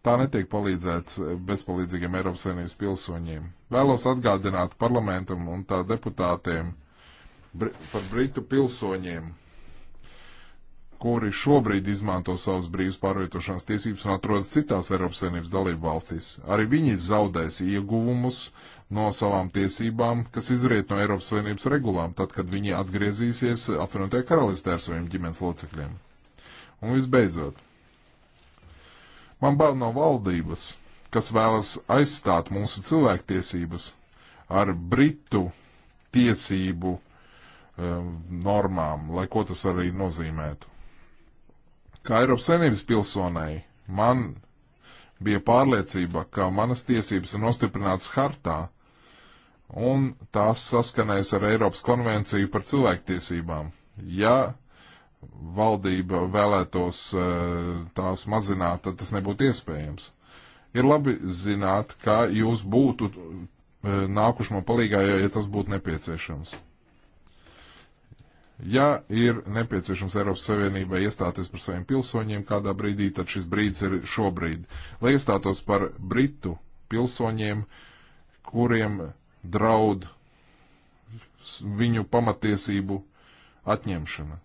tā netiek palīdzēts eh, bezpalīdzīgiem Eiropas Savienības pilsoņiem. Vēlos atgādināt parlamentam un tā deputātiem br par britu pilsoņiem, kuri šobrīd izmanto savas brīvas pārvietošanās tiesības un atrodas citās Eiropas Savienības dalību valstīs. Arī viņi zaudēs ieguvumus no savām tiesībām, kas izriet no Eiropas Savienības regulām, tad, kad viņi atgriezīsies apvienotajā karalistē ar saviem ģimenes locekļiem. Un visbeidzot, Man bail no valdības, kas vēlas aizstāt mūsu cilvēktiesības ar britu tiesību um, normām, lai ko tas arī nozīmētu. Kā Eiropas Savienības pilsonai, man bija pārliecība, ka manas tiesības ir nostiprinātas hartā, un tās saskanēs ar Eiropas konvenciju par cilvēktiesībām. Ja valdība vēlētos e, tās mazināt, tad tas nebūtu iespējams. Ir labi zināt, ka jūs būtu e, nākuši man palīgā, ja tas būtu nepieciešams. Ja ir nepieciešams Eiropas Savienībai iestāties par saviem pilsoņiem kādā brīdī, tad šis brīdis ir šobrīd. Lai iestātos par Britu pilsoņiem, kuriem draud viņu pamatiesību atņemšana.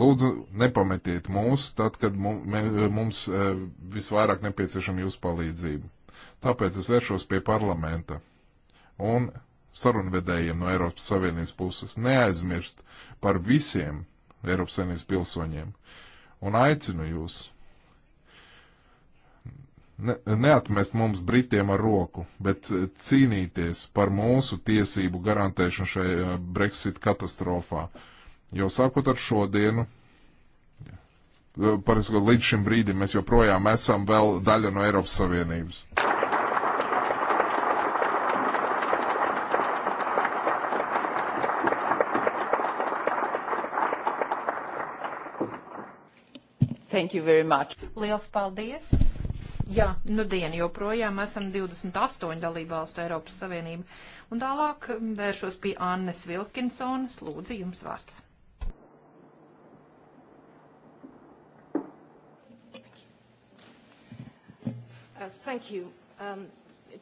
Lūdzu, nepametiet mūs tad, kad mums e, visvairāk nepieciešama jūsu palīdzība. Tāpēc es vēršos pie parlamenta un sarunvedējiem no Eiropas Savienības puses neaizmirst par visiem Eiropas Savienības pilsoņiem. Un aicinu jūs ne, neatmest mums Britiem ar roku, bet e, cīnīties par mūsu tiesību garantēšanu šajā Brexit katastrofā. Uh, Jo sākot ar šodienu, parasti līdz šim brīdim mēs joprojām esam vēl daļa no Eiropas Savienības. Thank you very much. Liels paldies! Jā, nu dienu joprojām esam 28 dalībvalstu Eiropas Savienība. Un tālāk vēršos pie Annes Vilkinsonas. Lūdzu, jums vārds. Uh, thank you. Um,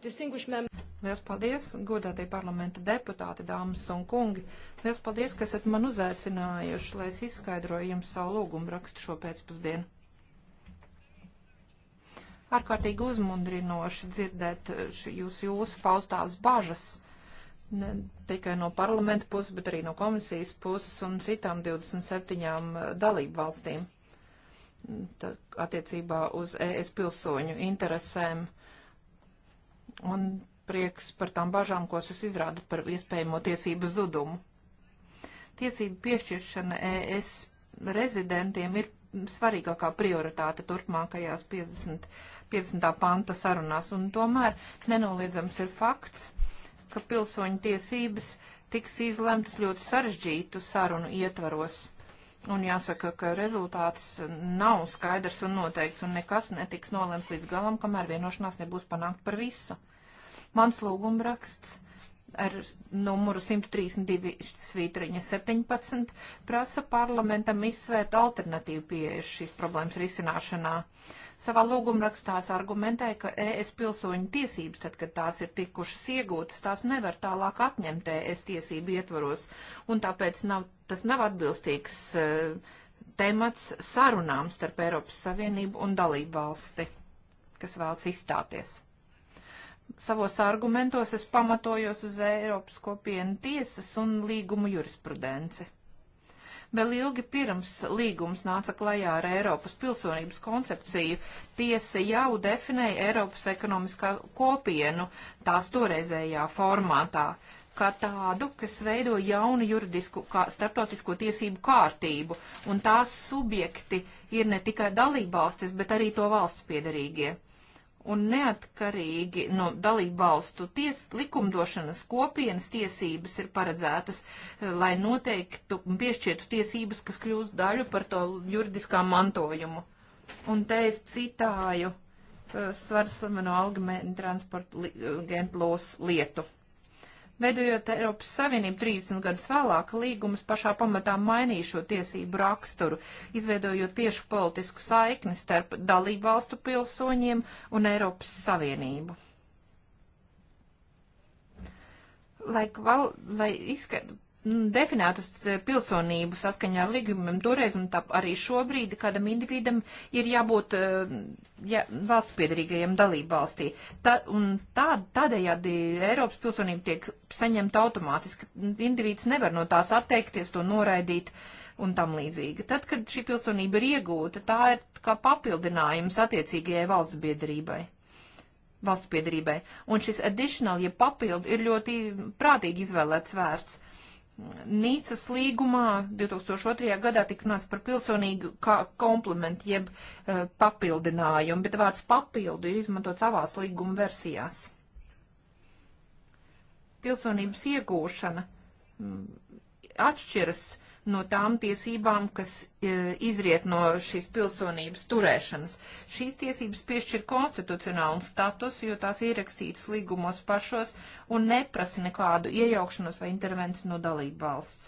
distinguished member. Liels paldies, godātie parlamenta deputāti, dāmas un kungi. Liels paldies, ka esat man uzaicinājuši, lai es izskaidroju jums savu lūgumu rakstu šo pēcpusdienu. Ārkārtīgi uzmundrinoši dzirdēt jūs, jūsu paustās bažas ne tikai no parlamenta puses, bet arī no komisijas puses un citām 27 uh, dalību valstīm tā, attiecībā uz ES pilsoņu interesēm. Un prieks par tām bažām, ko jūs izrādat par iespējamo tiesību zudumu. Tiesību piešķiršana ES rezidentiem ir svarīgākā prioritāte turpmākajās 50, 50. panta sarunās, un tomēr nenoliedzams ir fakts, ka pilsoņu tiesības tiks izlemtas ļoti sarežģītu sarunu ietvaros Un jāsaka, ka rezultāts nav skaidrs un noteikts, un nekas netiks nolemts līdz galam, kamēr vienošanās nebūs panākt par visu. Mans lūgumraksts ar numuru 132 svītriņa 17 prasa parlamentam izsvērt alternatīvu pieeju šīs problēmas risināšanā. Uh, Savā lūgumrakstās argumentēja, ka ES pilsoņu tiesības, tad, kad tās ir tikušas iegūtas, tās nevar tālāk atņemt ES tiesību ietvaros, un tāpēc nav, tas nav atbilstīgs uh, temats sarunām starp Eiropas Savienību un dalību valsti, kas vēlas izstāties savos argumentos es pamatojos uz Eiropas kopienu tiesas un līgumu jurisprudenci. Vēl ilgi pirms līgums nāca klajā ar Eiropas pilsonības koncepciju, tiesa jau definēja Eiropas ekonomiskā kopienu tās toreizējā formātā kā tādu, kas veido jaunu juridisku kā, starptautisko tiesību kārtību, un tās subjekti ir ne tikai dalībvalstis, bet arī to valsts piedarīgie un neatkarīgi no nu, dalību valstu ties, likumdošanas kopienas tiesības ir paredzētas, eh, lai noteiktu un piešķietu tiesības, kas kļūst daļu par to juridiskā mantojumu. Un te es citāju eh, Svarsumeno Algemēnu transportu li, Gentlūs lietu. Veidojot Eiropas Savienību 30 gadus vēlāk, līgums pašā pamatā mainīja šo tiesību raksturu, izveidojot tiešu politisku saikni starp dalību valstu pilsoņiem un Eiropas Savienību. Lai, kval, lai izskaidrotu Mm, definētas eh, pilsonību saskaņā ar līgumiem toreiz un tā arī šobrīd, kādam individam ir jābūt eh, ja, valsts piedarīgajiem dalībvalstī. Tā, un tā, tādējādi Eiropas pilsonība tiek saņemta automātiski. Individs nevar no tās atteikties, to noraidīt un tam līdzīgi. Tad, kad šī pilsonība ir iegūta, tā ir kā papildinājums attiecīgajai valsts biedrībai valsts piedarībai, un šis additional, ja papildu, ir ļoti prātīgi izvēlēts vērts. Uh, Nīcas līgumā 2002. gadā tika runāts par pilsonīgu komplementu jeb uh, papildinājumu, bet vārds papildu ir izmantots avās līguma versijās. Pilsonības iegūšana mm, atšķiras uh, no tām tiesībām, kas e, izriet no šīs pilsonības turēšanas. Šīs tiesības piešķir konstitucionālu statusu, jo tās ierakstītas līgumos pašos un neprasa nekādu iejaukšanos vai intervenciju no dalību valsts.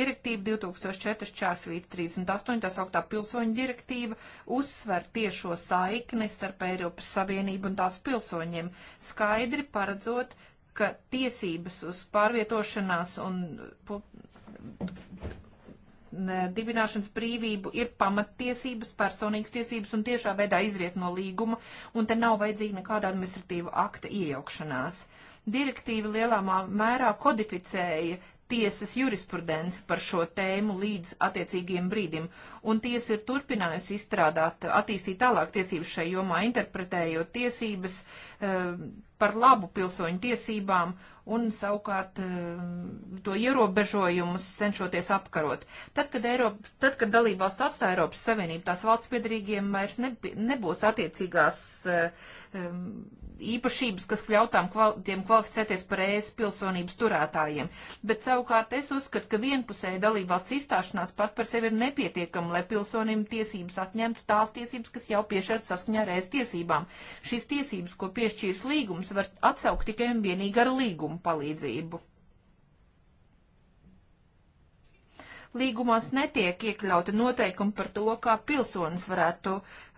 Direktīva 2004.38, tā sauktā pilsoņu direktīva, uzsver tiešo saikni starp Eiropas Savienību un tās pilsoņiem, skaidri paredzot, ka tiesības uz pārvietošanās un dibināšanas brīvību ir pamattiesības, personīgas tiesības un tiešā veidā izriet no līguma, un te nav vajadzīga nekāda administratīva akta iejaukšanās. Direktīva lielā mērā kodificēja tiesas jurisprudence par šo tēmu līdz attiecīgiem brīdim, un tiesa ir turpinājusi izstrādāt, attīstīt tālāk tiesības šai jomā, interpretējot tiesības e, par labu pilsoņu tiesībām un savukārt e, to ierobežojumus cenšoties apkarot. Tad, kad, Eiropa, tad, kad dalībvalsts atstāja Eiropas Savienību, tās valsts piedarīgiem vairs ne, nebūs attiecīgās e, īpašības, kas ļautām kval tiem kvalificēties par ES pilsonības turētājiem. Bet savukārt es uzskatu, ka vienpusēja dalībvalsts izstāšanās pat par sevi ir nepietiekama, lai pilsonim tiesības atņemtu tās tiesības, kas jau piešķirtas saskaņā ar ES tiesībām. Šīs tiesības, ko piešķīrs līgums, var atsaukt tikai un vienīgi ar līgumu palīdzību. Līgumos netiek iekļauti noteikumi par to, kā pilsonis varētu uh,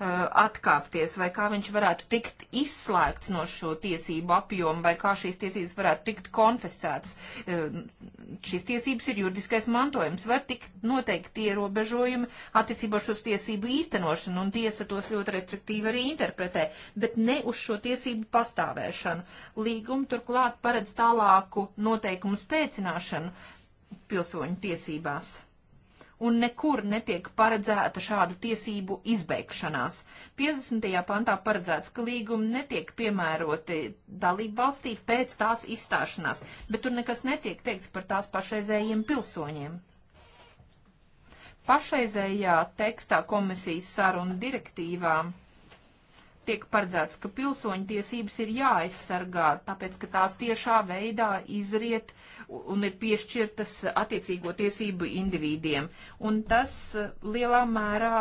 atkāpties vai kā viņš varētu tikt izslēgts no šo tiesību apjomu vai kā šīs tiesības varētu tikt konfiscētas. Uh, šīs tiesības ir juridiskais mantojums, var tikt noteikti ierobežojumi attiecībā uz tiesību īstenošanu un tiesa tos ļoti restriktīvi arī interpretē, bet ne uz šo tiesību pastāvēšanu. Līguma turklāt paredz tālāku noteikumu spēcināšanu, pilsoņu tiesībās. Un nekur netiek paredzēta šādu tiesību izbeigšanās. 50. pantā paredzēts, ka līgumi netiek piemēroti dalību valstī pēc tās izstāšanās, bet tur nekas netiek teikts par tās pašreizējiem pilsoņiem. Pašreizējā tekstā komisijas saruna direktīvām tiek paredzēts, ka pilsoņu tiesības ir jāaizsargā, tāpēc, ka tās tiešā veidā izriet un ir piešķirtas attiecīgo tiesību individiem. Un tas eh, lielā mērā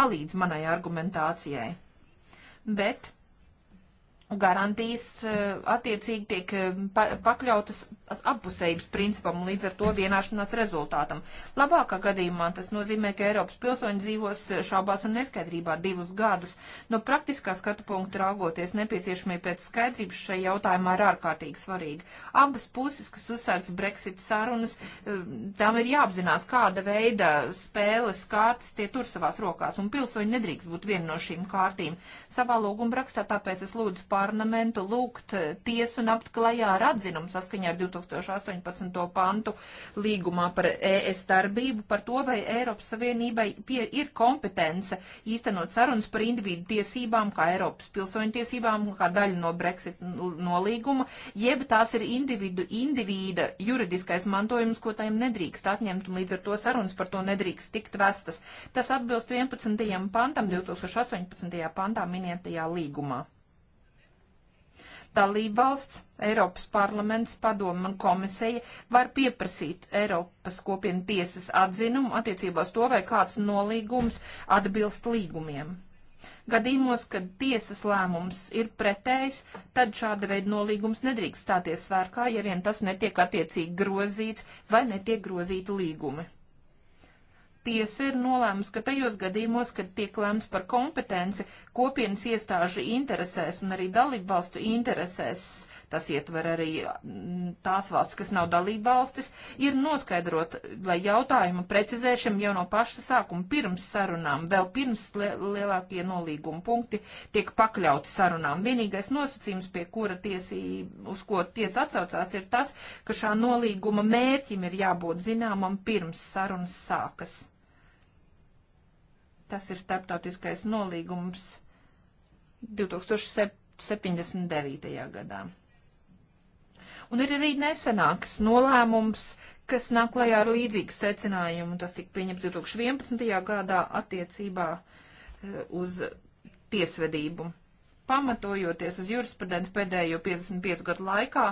palīdz manai argumentācijai. Bet garantijas eh, attiecīgi tiek eh, pakļautas abpusējības principam un līdz ar to vienāšanās rezultātam. Labākā gadījumā tas nozīmē, ka Eiropas pilsoņi dzīvos eh, šābās un neskaidrībā divus gadus. No praktiskā skatu punkta raugoties nepieciešamie pēc skaidrības šai jautājumā ir ārkārtīgi svarīgi. Abas puses, kas uzsērts Brexit sarunas, tam ir jāapzinās, kāda veida spēles kārtas tie tur savās rokās, un pilsoņi nedrīkst būt viena no šīm kārtīm. Savā lūguma rakstā tāpēc es lūdzu pār parlamentu lūgt tiesu nakt klajā ar atzinumu saskaņā ar 2018. pantu līgumā par ES darbību par to, vai Eiropas Savienībai pie, ir kompetence īstenot sarunas par individu tiesībām, kā Eiropas pilsoņu tiesībām, kā daļu no Brexit nolīguma, jeb tās ir individu, individa juridiskais mantojums, ko tajam nedrīkst atņemt, un līdz ar to sarunas par to nedrīkst tikt vestas. Tas atbilst 11. pantam 2018. pantā minētajā līgumā. Dalībvalsts, Eiropas parlaments, padoma un komisija var pieprasīt Eiropas kopienu tiesas atzinumu attiecībās to, vai kāds nolīgums atbilst līgumiem. Gadījumos, kad tiesas lēmums ir pretējs, tad šāda veida nolīgums nedrīkst stāties svērkā, ja vien tas netiek attiecīgi grozīts vai netiek grozīti līgumi tiesa ir nolēmusi, ka tajos gadījumos, kad tiek lēmts par kompetenci kopienas iestāžu interesēs un arī dalību valstu interesēs, tas ietver arī mm, tās valsts, kas nav dalība valstis, ir noskaidrot, lai jautājumu precizēšam jau no paša sākuma pirms sarunām, vēl pirms lielākie nolīguma punkti tiek pakļauti sarunām. Vienīgais nosacījums, pie kura tiesī, uz ko tiesa atsaucās, ir tas, ka šā nolīguma mērķim ir jābūt zināmam pirms sarunas sākas. Tas ir starptautiskais nolīgums 2079. gadā. Un ir arī nesenāks nolēmums, kas nāk klajā ar līdzīgu secinājumu. Tas tika pieņemts 2011. gadā attiecībā eh, uz tiesvedību pamatojoties uz jurisprudences pēdējo 55 gadu laikā,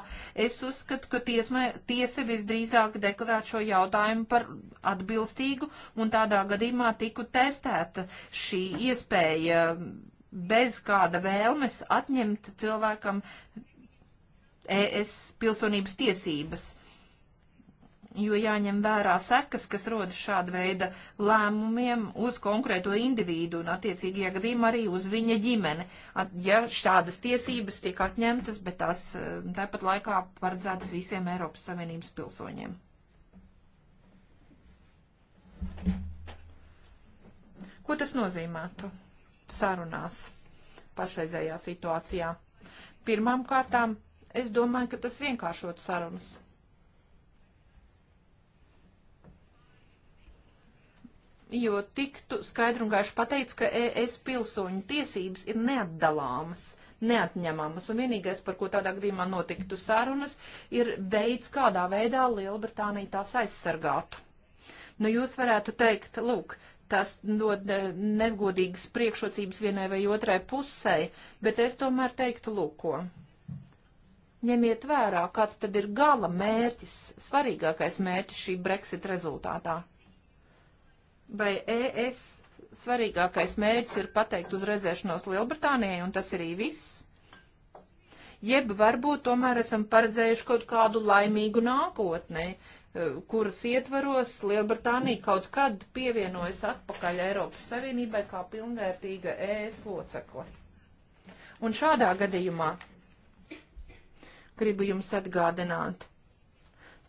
es uzskatu, ka tiesmē, tiesa visdrīzāk deklarētu šo jautājumu par atbilstīgu, un tādā gadījumā tiku testēta šī iespēja bez kāda vēlmes atņemt cilvēkam ES pilsonības tiesības, jo jāņem vērā sekas, kas rodas šāda veida lēmumiem uz konkrēto individu un attiecīgajā gadījumā arī uz viņa ģimene. At, ja šādas tiesības tiek atņemtas, bet tās eh, tāpat laikā paredzētas visiem Eiropas Savienības pilsoņiem. Ko tas nozīmētu sarunās pašreizējā situācijā? Pirmām kārtām Es domāju, ka tas vienkāršot sarunas. Jo tiktu skaidri un gaiši pateicis, ka ES pilsoņu tiesības ir neatdalāmas neatņemamas. Un vienīgais, par ko tādā gadījumā notiktu sarunas, ir veids, kādā veidā Lielbritānija tās aizsargātu. Nu, jūs varētu teikt, lūk, tas dod eh, negodīgas priekšrocības vienai vai otrai pusē, bet es tomēr teiktu, lūk, ko ņemiet vērā, kāds tad ir gala mērķis, svarīgākais mērķis šī Brexit rezultātā. Vai ES svarīgākais mērķis ir pateikt uz redzēšanos Lielbritānijai, un tas arī viss? Jeb varbūt tomēr esam paredzējuši kaut kādu laimīgu nākotnē, eh, kuras ietvaros Lielbritānija kaut kad pievienojas atpakaļ Eiropas Savienībai kā pilnvērtīga ES locekle. Un šādā gadījumā gribu jums atgādināt,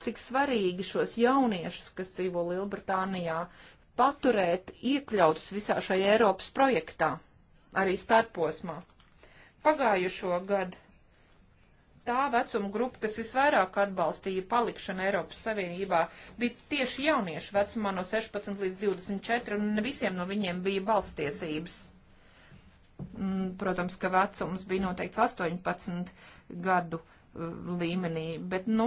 cik svarīgi šos jauniešus, kas dzīvo Lielbritānijā, paturēt iekļautus visā šajā Eiropas projektā, arī starposmā. Pagājušo gadu tā vecuma grupa, kas visvairāk atbalstīja palikšanu Eiropas Savienībā, bija tieši jauniešu vecumā no 16 līdz 24, un ne visiem no viņiem bija balstiesības. Mm, protams, ka vecums bija noteikts 18 gadu līmenī, bet, nu,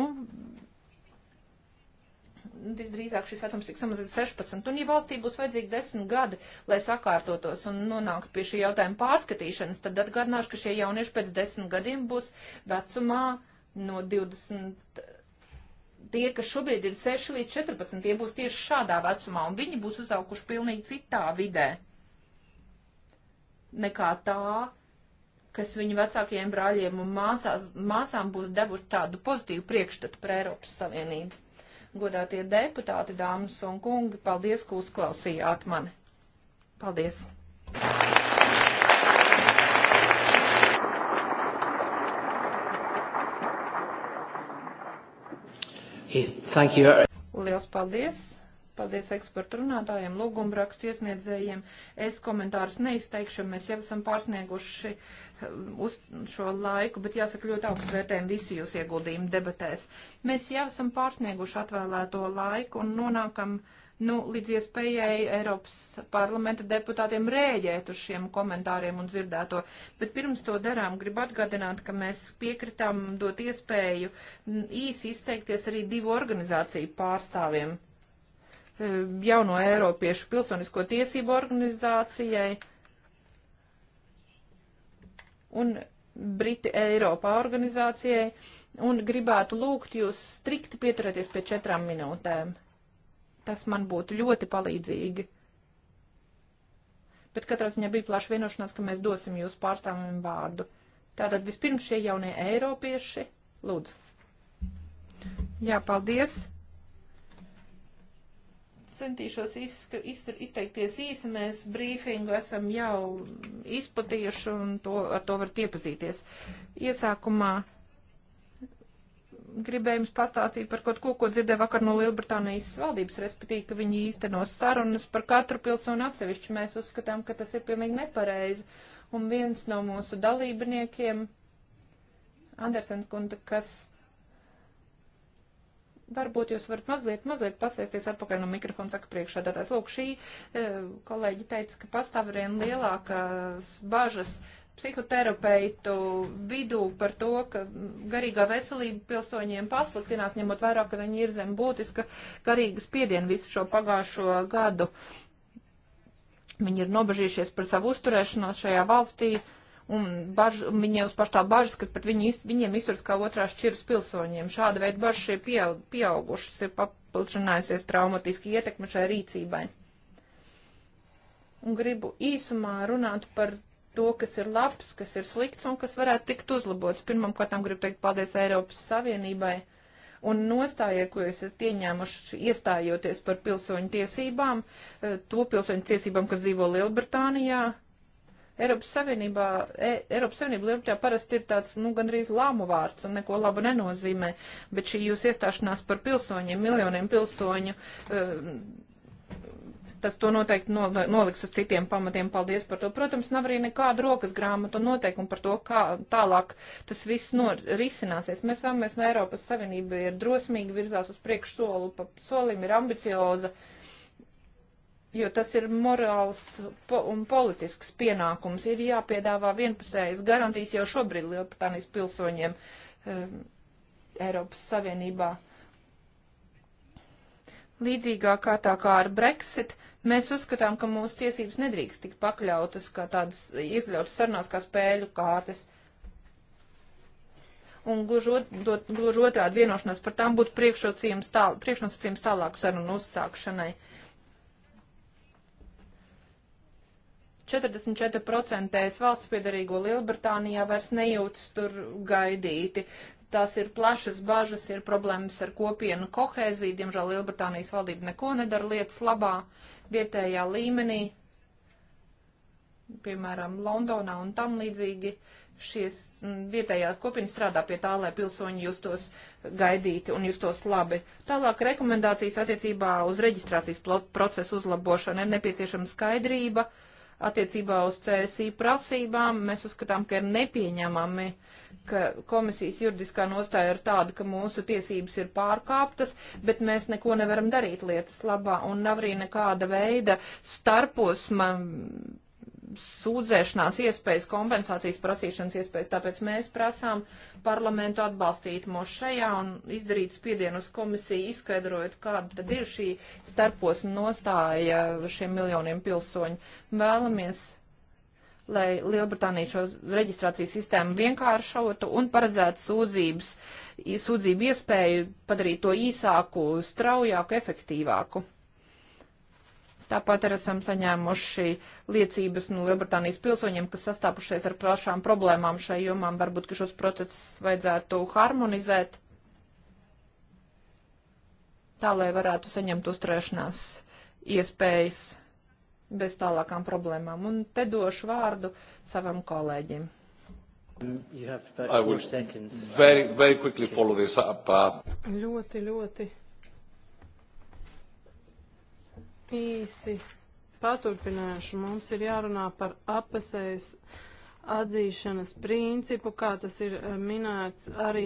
visdrīzāk šis vecums tiks samazināts 16, un ja valstī būs vajadzīgi 10 gadi, lai sakārtotos un nonāktu pie šī jautājuma pārskatīšanas, tad atgādināšu, ka šie jaunieši pēc 10 gadiem būs vecumā no 20. Tie, kas šobrīd ir 6 līdz 14, tie būs tieši šādā vecumā, un viņi būs uzauguši pilnīgi citā vidē nekā tā, kas viņu vecākajiem brāļiem un māsās, māsām būs devuši tādu pozitīvu priekšstatu par Eiropas Savienību. Godātie deputāti, dāmas un kungi, paldies, ka uzklausījāt mani. Paldies! Thank you. Liels paldies! Paldies ekspertu runātājiem, lūgumrakstu iesniedzējiem. Es komentārus neizteikšu, mēs jau esam pārsnieguši eh, uz šo laiku, bet jāsaka ļoti augstu vērtējumu visi jūs ieguldījumi debatēs. Mēs jau esam pārsnieguši atvēlēto laiku un nonākam nu, līdz iespējai Eiropas parlamenta deputātiem rēģēt uz šiem komentāriem un dzirdēto. Bet pirms to darām, gribu atgādināt, ka mēs piekritām dot iespēju īsi izteikties arī divu organizāciju pārstāvjiem. Eh, jauno Eiropiešu pilsonisko tiesību organizācijai un Briti Eiropā organizācijai un gribētu lūgt jūs strikti pieturēties pie četrām minūtēm. Tas man būtu ļoti palīdzīgi. Bet katrā ziņā bija plaša vienošanās, ka mēs dosim jūsu pārstāvjiem vārdu. Tātad vispirms šie jaunie eiropieši. Lūdzu. Jā, paldies centīšos izska, iz, izteikties īsi. Mēs brīfingu esam jau izplatījuši un to, ar to varat iepazīties. Iesākumā gribēju jums pastāstīt par kaut ko, ko dzirdēju vakar no Lielbritānijas valdības, respektīvi, ka viņi īstenos sarunas par katru pilsonu atsevišķi. Mēs uzskatām, ka tas ir pilnīgi nepareizi. Un viens no mūsu dalībniekiem, Andersens Kunda, kas varbūt jūs varat mazliet, mazliet pasēsties atpakaļ no mikrofona, saka priekšādātājs. Lūk, šī e, kolēģi teica, ka pastāv arvien lielākas bažas psihoterapeitu vidū par to, ka garīgā veselība pilsoņiem pasliktinās, ņemot vairāk, ka viņi ir zem būtiska garīgas piediena visu šo pagājušo gadu. Viņi ir nobežījušies par savu uzturēšanos šajā valstī. Uh, un, baž, un viņiem uz paštā bažas, ka pret viņu, viņiem izsurs kā otrās šķiras pilsoņiem. Šāda veida bažas ir pieaug, pieaugušas, ir paplašinājusies traumatiski ietekme šai rīcībai. Un gribu īsumā runāt par to, kas ir labs, kas ir slikts un kas varētu tikt uzlabots. Pirmkārt, gribu teikt paldies Eiropas Savienībai un nostājai, ko esat ieņēmuši iestājoties par pilsoņu tiesībām, eh, to pilsoņu tiesībām, kas dzīvo Lielbritānijā, Eiropas Savienībā, e, Eiropas Savienība Lietuvā parasti ir tāds, nu, gandrīz lāmu vārds un neko labu nenozīmē, bet šī jūs iestāšanās par pilsoņiem, miljoniem pilsoņu, eh, tas to noteikti no, noliks uz citiem pamatiem. Paldies par to. Protams, nav arī nekāda rokas grāmata un noteikuma par to, kā tālāk tas viss nor, risināsies. Mēs vēlamies, lai Eiropas Savienība ir drosmīgi virzās uz priekšu soli, pa solim ir ambicioza. Uh, jo tas ir morāls po un politisks pienākums. Ir jāpiedāvā vienpusējas garantijas jau šobrīd Lielbritānijas pilsoņiem um, Eiropas Savienībā. Līdzīgā kārtā kā ar Brexit, mēs uzskatām, ka mūsu tiesības nedrīkst tikt pakļautas kā tādas iekļautas sarunās kā spēļu kārtas. Un gluži, ot, gluži otrādi vienošanās par tām būtu priekšnosacījums tālāk sarunu uzsākšanai. Uh, 44% es valsts piedarīgo Lielbritānijā vairs nejūtas tur gaidīti. Tās ir plašas bažas, ir problēmas ar kopienu kohēziju. Diemžēl Lielbritānijas valdība neko nedara lietas labā vietējā līmenī. Piemēram, Londonā un tam līdzīgi šies vietējā kopiena strādā pie tā, lai pilsoņi justos gaidīti un justos labi. Tālāk rekomendācijas attiecībā uz reģistrācijas procesu uzlabošanu ir nepieciešama skaidrība. Uh, attiecībā uz CSI prasībām mēs uzskatām, ka ir nepieņemami, ka komisijas juridiskā nostāja ir tāda, ka mūsu tiesības ir pārkāptas, bet mēs neko nevaram darīt lietas labā un nav arī nekāda veida starposma sūdzēšanās iespējas, kompensācijas prasīšanas iespējas, tāpēc mēs prasām parlamentu atbalstīt mūs šajā un izdarīt spiedienu uz komisiju, izskaidrojot, kāda tad ir šī starposma nostāja šiem miljoniem pilsoņu. Vēlamies lai Lielbritānija šo reģistrācijas sistēmu vienkāršotu un paredzētu sūdzības, sūdzību iespēju padarīt to īsāku, straujāku, efektīvāku. Tāpat arī esam saņēmuši liecības no Lielbritānijas pilsoņiem, kas sastāpušies ar plašām problēmām šai jomām. Varbūt, ka šos procesus vajadzētu harmonizēt, tā lai varētu saņemt uzturēšanās iespējas bez tālākām problēmām. Un te došu vārdu savam kolēģim. Very, very uh, ļoti, ļoti īsi paturpināšu. Mums ir jārunā par apasējas atzīšanas principu, kā tas ir eh, minēts arī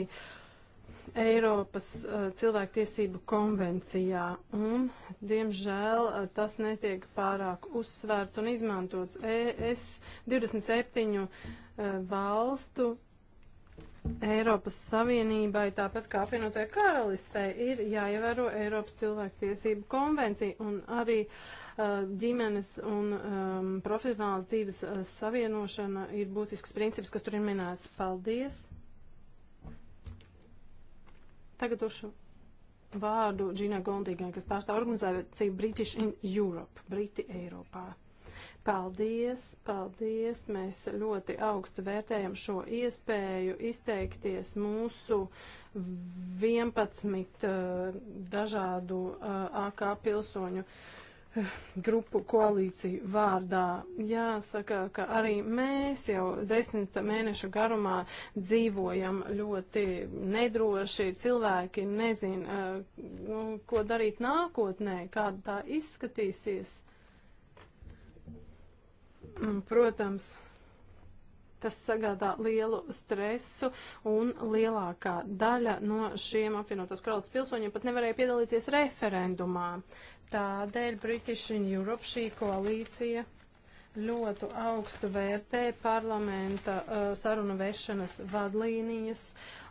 Eiropas eh, cilvēktiesību konvencijā. Un, diemžēl, eh, tas netiek pārāk uzsvērts un izmantots. E ES 27 valstu Eiropas Savienībai, tāpat kā apvienotajai karalistei, ir jāievēro Eiropas cilvēktiesību konvencija un arī uh, ģimenes un um, profesionālas dzīves uh, savienošana ir būtisks princips, kas tur ir minēts. Paldies! Tagad došu vārdu Džina Gondīgai, kas pārstāv organizāciju British in Europe, Briti Eiropā. Paldies, paldies. Mēs ļoti augstu vērtējam šo iespēju izteikties mūsu 11 uh, eh, dažādu uh, eh, AK pilsoņu uh, grupu koalīciju vārdā. Jāsaka, ka arī mēs jau desmit mēnešu garumā dzīvojam ļoti nedroši. Cilvēki nezin, nu, ko darīt nākotnē, kāda tā izskatīsies. Uh, Mm, protams, tas sagādā lielu stresu un lielākā daļa no šiem apvienotās karalists pilsoņiem pat nevarēja piedalīties referendumā. Tādēļ British in Europe šī koalīcija ļoti augstu vērtē parlamenta uh, sarunu vešanas vadlīnijas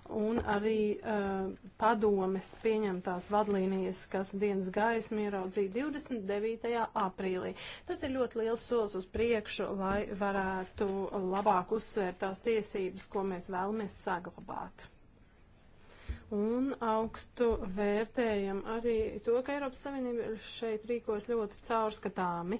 un arī uh, padomes pieņemtās vadlīnijas, kas dienas gaismu ieraudzīja 29. aprīlī. Tas ir ļoti liels solis uz priekšu, lai varētu labāk uzsvērt tās tiesības, ko mēs vēlamies saglabāt un augstu vērtējam arī to, ka Eiropas Savienība šeit rīkos ļoti caurskatāmi.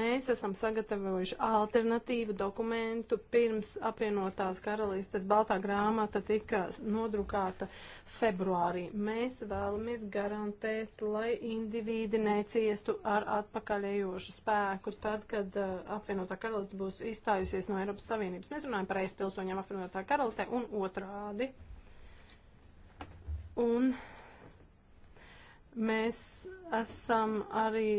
Mēs esam sagatavojuši alternatīvu dokumentu pirms apvienotās karalistes baltā grāmata tika nodrukāta februārī. Mēs vēlamies garantēt, lai indivīdi neciestu ar atpakaļējošu spēku tad, kad uh, apvienotā karalista būs izstājusies no Eiropas Savienības. Mēs runājam par aizpilsoņiem apvienotā karalistē un otrādi. Un mēs esam arī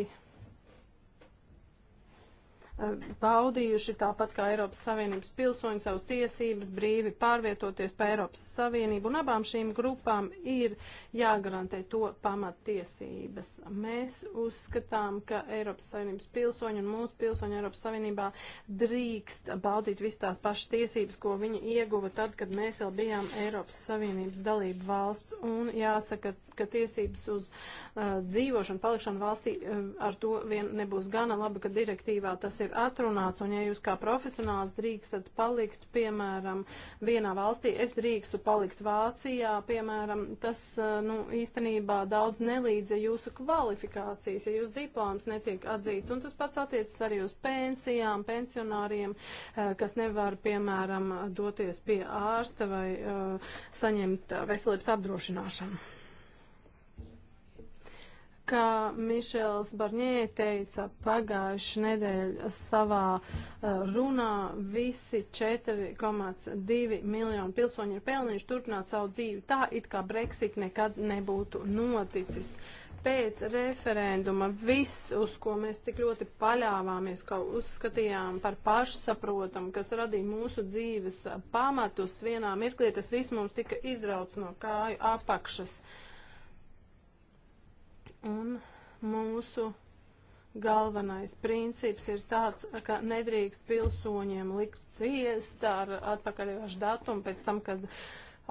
baudījuši, tāpat kā Eiropas Savienības pilsoņi, savas tiesības brīvi pārvietoties pa Eiropas Savienību. Un abām šīm grupām ir jāgarantē to pamattiesības. Mēs uzskatām, ka Eiropas Savienības pilsoņi un mūsu pilsoņi Eiropas Savienībā drīkst baudīt visas tās pašas tiesības, ko viņi ieguva tad, kad mēs vēl bijām Eiropas Savienības dalība valsts. Un jāsaka, ka tiesības uz uh, dzīvošanu, palikšanu valstī uh, ar to vien nebūs gana labi, ka direktīvā tas ir ir atrunāts, un ja jūs kā profesionāls drīkstat palikt, piemēram, vienā valstī, es drīkstu palikt Vācijā, piemēram, tas, eh, nu, īstenībā daudz nelīdz, ja jūsu kvalifikācijas, ja jūsu diploms netiek atzīts, un tas pats attiecas arī uz pensijām, pensionāriem, eh, kas nevar, piemēram, doties pie ārsta vai eh, saņemt veselības apdrošināšanu kā Mišels Barņē teica pagājuši nedēļ savā uh, runā, visi 4,2 miljonu pilsoņi ir pelnījuši turpināt savu dzīvi tā, it kā Brexit nekad nebūtu noticis. Pēc referenduma viss, uz ko mēs tik ļoti paļāvāmies, ko uzskatījām par pašsaprotamu, kas radīja mūsu dzīves pamatus vienā mirklī, tas viss mums tika izrauts no kāju apakšas. Uh, Un mūsu galvenais princips ir tāds, ka nedrīkst pilsoņiem likt ciest ar atpakaļošu datumu pēc tam, kad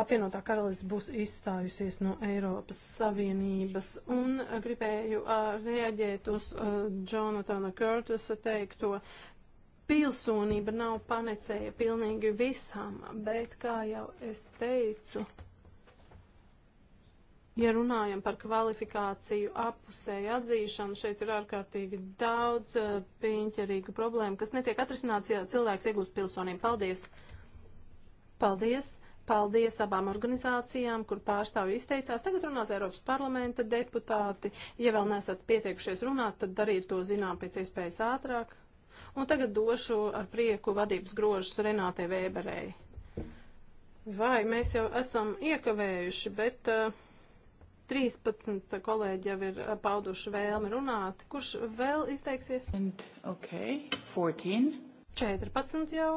apvienotā karalista būs izstājusies no Eiropas Savienības. Un gribēju uh, reaģēt uz uh, Jonatana Curtisa teikto. Pilsonība nav panecēja pilnīgi visam, bet, kā jau es teicu, Ja runājam par kvalifikāciju apusēju atzīšanu, šeit ir ārkārtīgi daudz eh, piņķerīgu problēmu, kas netiek atrisināts, ja cilvēks iegūst pilsonību. Paldies! Paldies! Paldies abām organizācijām, kur pārstāvji izteicās. Tagad runās Eiropas parlamenta deputāti. Ja vēl nesat pietiekušies runāt, tad dariet to zinām pēc iespējas ātrāk. Un tagad došu ar prieku vadības grožus Renātei Vēberei. Vai mēs jau esam iekavējuši, bet. Uh, 13 kolēģi jau ir eh, pauduši vēlmi runāt. Kurš vēl izteiksies? And, okay, 14. 14 jau.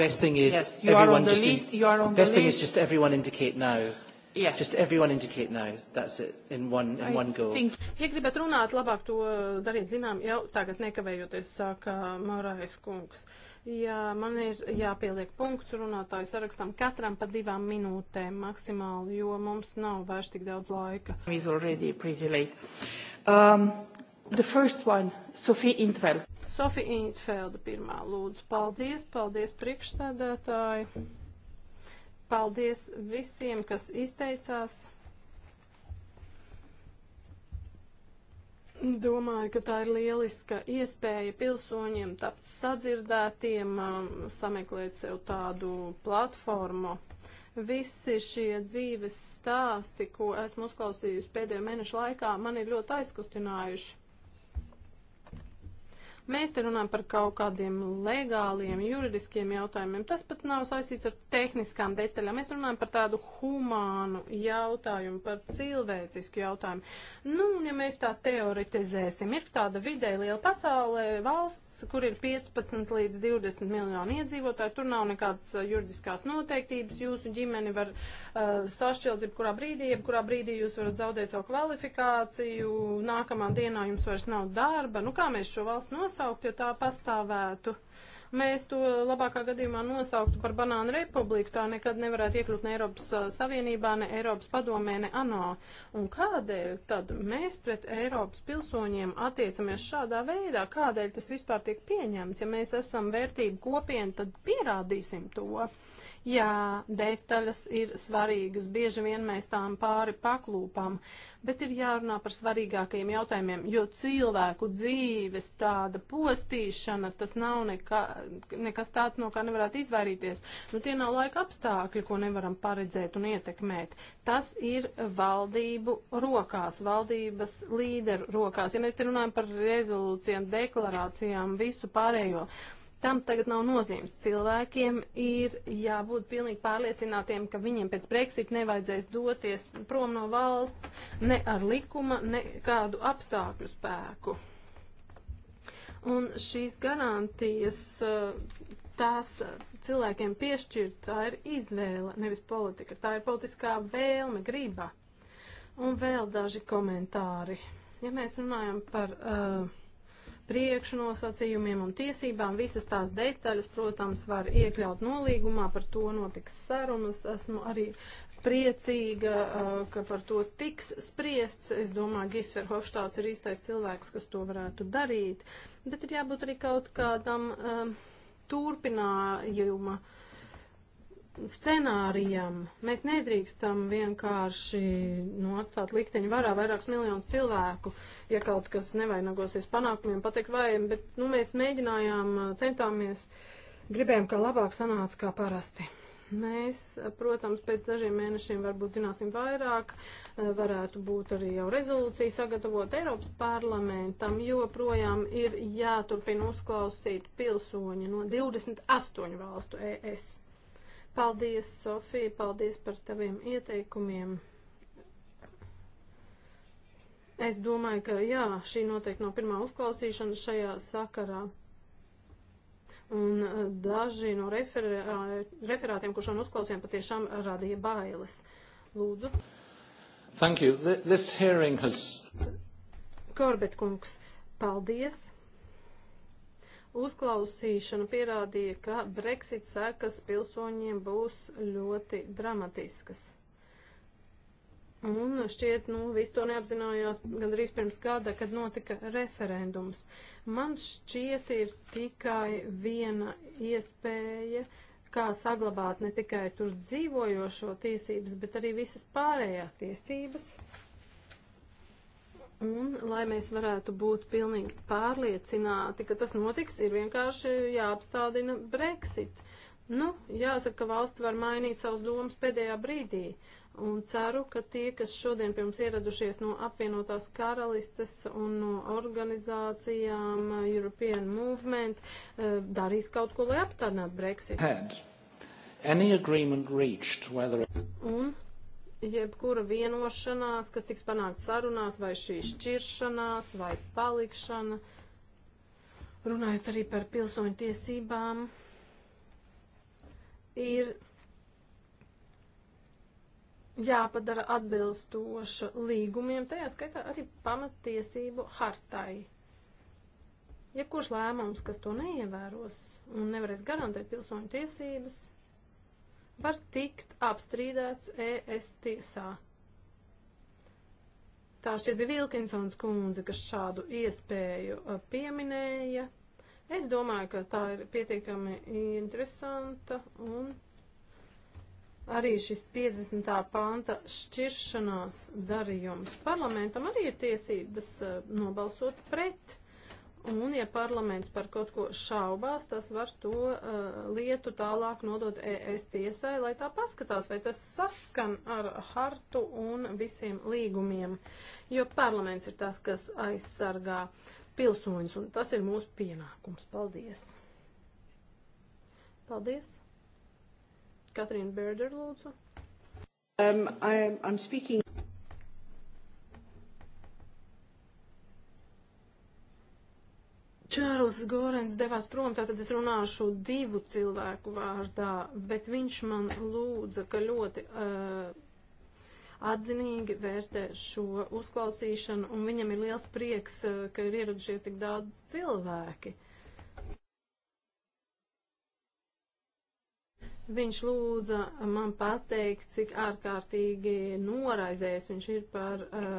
Best thing is yes, you everyone are on the just list, in, you are on best the thing list. is just everyone indicate now. Yes. Just everyone indicate now. That's it. In one, in I one go. Think. Ja gribat runāt, labāk to uh, darīt zinām jau tagad nekavējoties, saka uh, Marais kungs. Jā, man ir jāpieliek punkts runātāju sarakstam katram pa divām minūtēm maksimāli, jo mums nav vairs tik daudz laika. He's already pretty late. Um, the first one, Sophie Intveld. Sophie Intveld pirmā, lūdzu. Paldies, paldies priekšsēdētāji. Paldies visiem, kas izteicās. Domāju, ka tā ir lieliska iespēja pilsoņiem tapt sadzirdētiem, um, sameklēt sev tādu platformu. Visi šie dzīves stāsti, ko esmu uzklausījusi pēdējo mēnešu laikā, man ir ļoti aizkustinājuši. Mēs te runājam par kaut kādiem legāliem, juridiskiem jautājumiem. Tas pat nav saistīts ar tehniskām detaļām. Mēs runājam par tādu humānu jautājumu, par cilvēcisku jautājumu. Nu, ja mēs tā teoretizēsim, ir tāda vidē liela pasaulē valsts, kur ir 15 līdz 20 miljoni iedzīvotāji, tur nav nekādas uh, juridiskās noteiktības, jūsu ģimeni var uh, sašķelt jebkurā brīdī, jebkurā brīdī jūs varat zaudēt savu kvalifikāciju, nākamā dienā jums vairs nav darba. Nu, kā mēs šo valsts nos nosaukt, ja tā pastāvētu. Mēs to labākā gadījumā nosauktu par banānu republiku, tā nekad nevarētu iekļūt ne Eiropas Savienībā, ne Eiropas padomē, ne ANO. Un kādēļ tad mēs pret Eiropas pilsoņiem attiecamies šādā veidā? Kādēļ tas vispār tiek pieņemts? Ja mēs esam vērtību kopiena, tad pierādīsim to. Jā, detaļas ir svarīgas, bieži vien mēs tām pāri paklūpam, bet ir jārunā par svarīgākajiem jautājumiem, jo cilvēku dzīves tāda postīšana, tas nav nekā, nekas tāds, no kā nevarētu izvairīties. Nu, tie nav laika apstākļi, ko nevaram paredzēt un ietekmēt. Tas ir valdību rokās, valdības līderu rokās. Ja mēs te runājam par rezolūcijām, deklarācijām, visu pārējo, Tam tagad nav nozīmes. Cilvēkiem ir jābūt pilnīgi pārliecinātiem, ka viņiem pēc Brexit nevajadzēs doties prom no valsts ne ar likuma, ne kādu apstākļu spēku. Un šīs garantijas, eh, tās cilvēkiem piešķirt, tā ir izvēle, nevis politika. Tā ir politiskā vēlme, griba. Un vēl daži komentāri. Ja mēs runājam par uh, priekšnosacījumiem un tiesībām. Visas tās detaļas, protams, var iekļaut nolīgumā, par to notiks sarunas. Esmu arī priecīga, uh, ka par to tiks spriests. Es domāju, Gisver Hofštāts ir īstais cilvēks, kas to varētu darīt, bet ir jābūt arī kaut kādam uh, turpinājuma. Uh, scenārijam. Mēs nedrīkstam vienkārši nu, atstāt likteņu varā vairākus miljonus cilvēku, ja kaut kas nevainagosies panākumiem, pateikt vajag, bet nu, mēs mēģinājām, centāmies, gribējām, kā labāk sanāca kā parasti. Mēs, protams, pēc dažiem mēnešiem varbūt zināsim vairāk, varētu būt arī jau rezolūcija sagatavot Eiropas parlamentam, jo projām ir jāturpina uzklausīt pilsoņi no 28 valstu ES. Paldies, Sofija, paldies par taviem ieteikumiem. Es domāju, ka jā, šī noteikti nav pirmā uzklausīšana šajā sakarā. Un eh, daži no referā, referātiem, kurš man uzklausījām, patiešām radīja bailes. Lūdzu. Thank you. This hearing has... Korbet kungs, paldies. Uzklausīšana pierādīja, ka Brexit sekas pilsoņiem būs ļoti dramatiskas. Un šķiet, nu, visu to neapzinājās gandrīz pirms gada, kad notika referendums. Man šķiet, ir tikai viena iespēja, kā saglabāt ne tikai tur dzīvojošo tiesības, bet arī visas pārējās tiesības. Uh, Un, lai mēs varētu būt pilnīgi pārliecināti, ka tas notiks, ir vienkārši jāapstādina Brexit. Nu, jāsaka, ka valsts var mainīt savus domas pēdējā brīdī. Un ceru, ka tie, kas šodien pie mums ieradušies no apvienotās karalistes un no organizācijām uh, European Movement, uh, darīs kaut ko, lai apstādinātu Brexit. Head. Any agreement reached, whether... Un jebkura vienošanās, kas tiks panākt sarunās, vai šī šķiršanās, vai palikšana, runājot arī par pilsoņu tiesībām, ir jāpadara atbilstoša līgumiem, tajā skaitā arī pamatiesību hartai. Jebkurš lēmums, kas to neievēros un nevarēs garantēt pilsoņu tiesības, var tikt apstrīdēts ES tiesā. Tā šķiet bija Vilkinsons kundze, kas šādu iespēju uh, pieminēja. Es domāju, ka tā ir pietiekami interesanta un arī šis 50. panta šķiršanās darījums. Parlamentam arī ir tiesības uh, nobalsot pret. Un, ja parlaments par kaut ko šaubās, tas var to uh, lietu tālāk nodot ES tiesai, lai tā paskatās, vai tas saskan ar hartu un visiem līgumiem. Jo parlaments ir tas, kas aizsargā pilsoņus, un tas ir mūsu pienākums. Paldies! Paldies! Katrīna Berder, lūdzu. Um, I, I'm speaking... Čārls Gorens devās prom, tātad es runāšu divu cilvēku vārdā, bet viņš man lūdza, ka ļoti uh, atzinīgi vērtē šo uzklausīšanu, un viņam ir liels prieks, uh, ka ir ieradušies tik daudz cilvēki. Viņš lūdza man pateikt, cik ārkārtīgi noraizējis viņš ir par uh,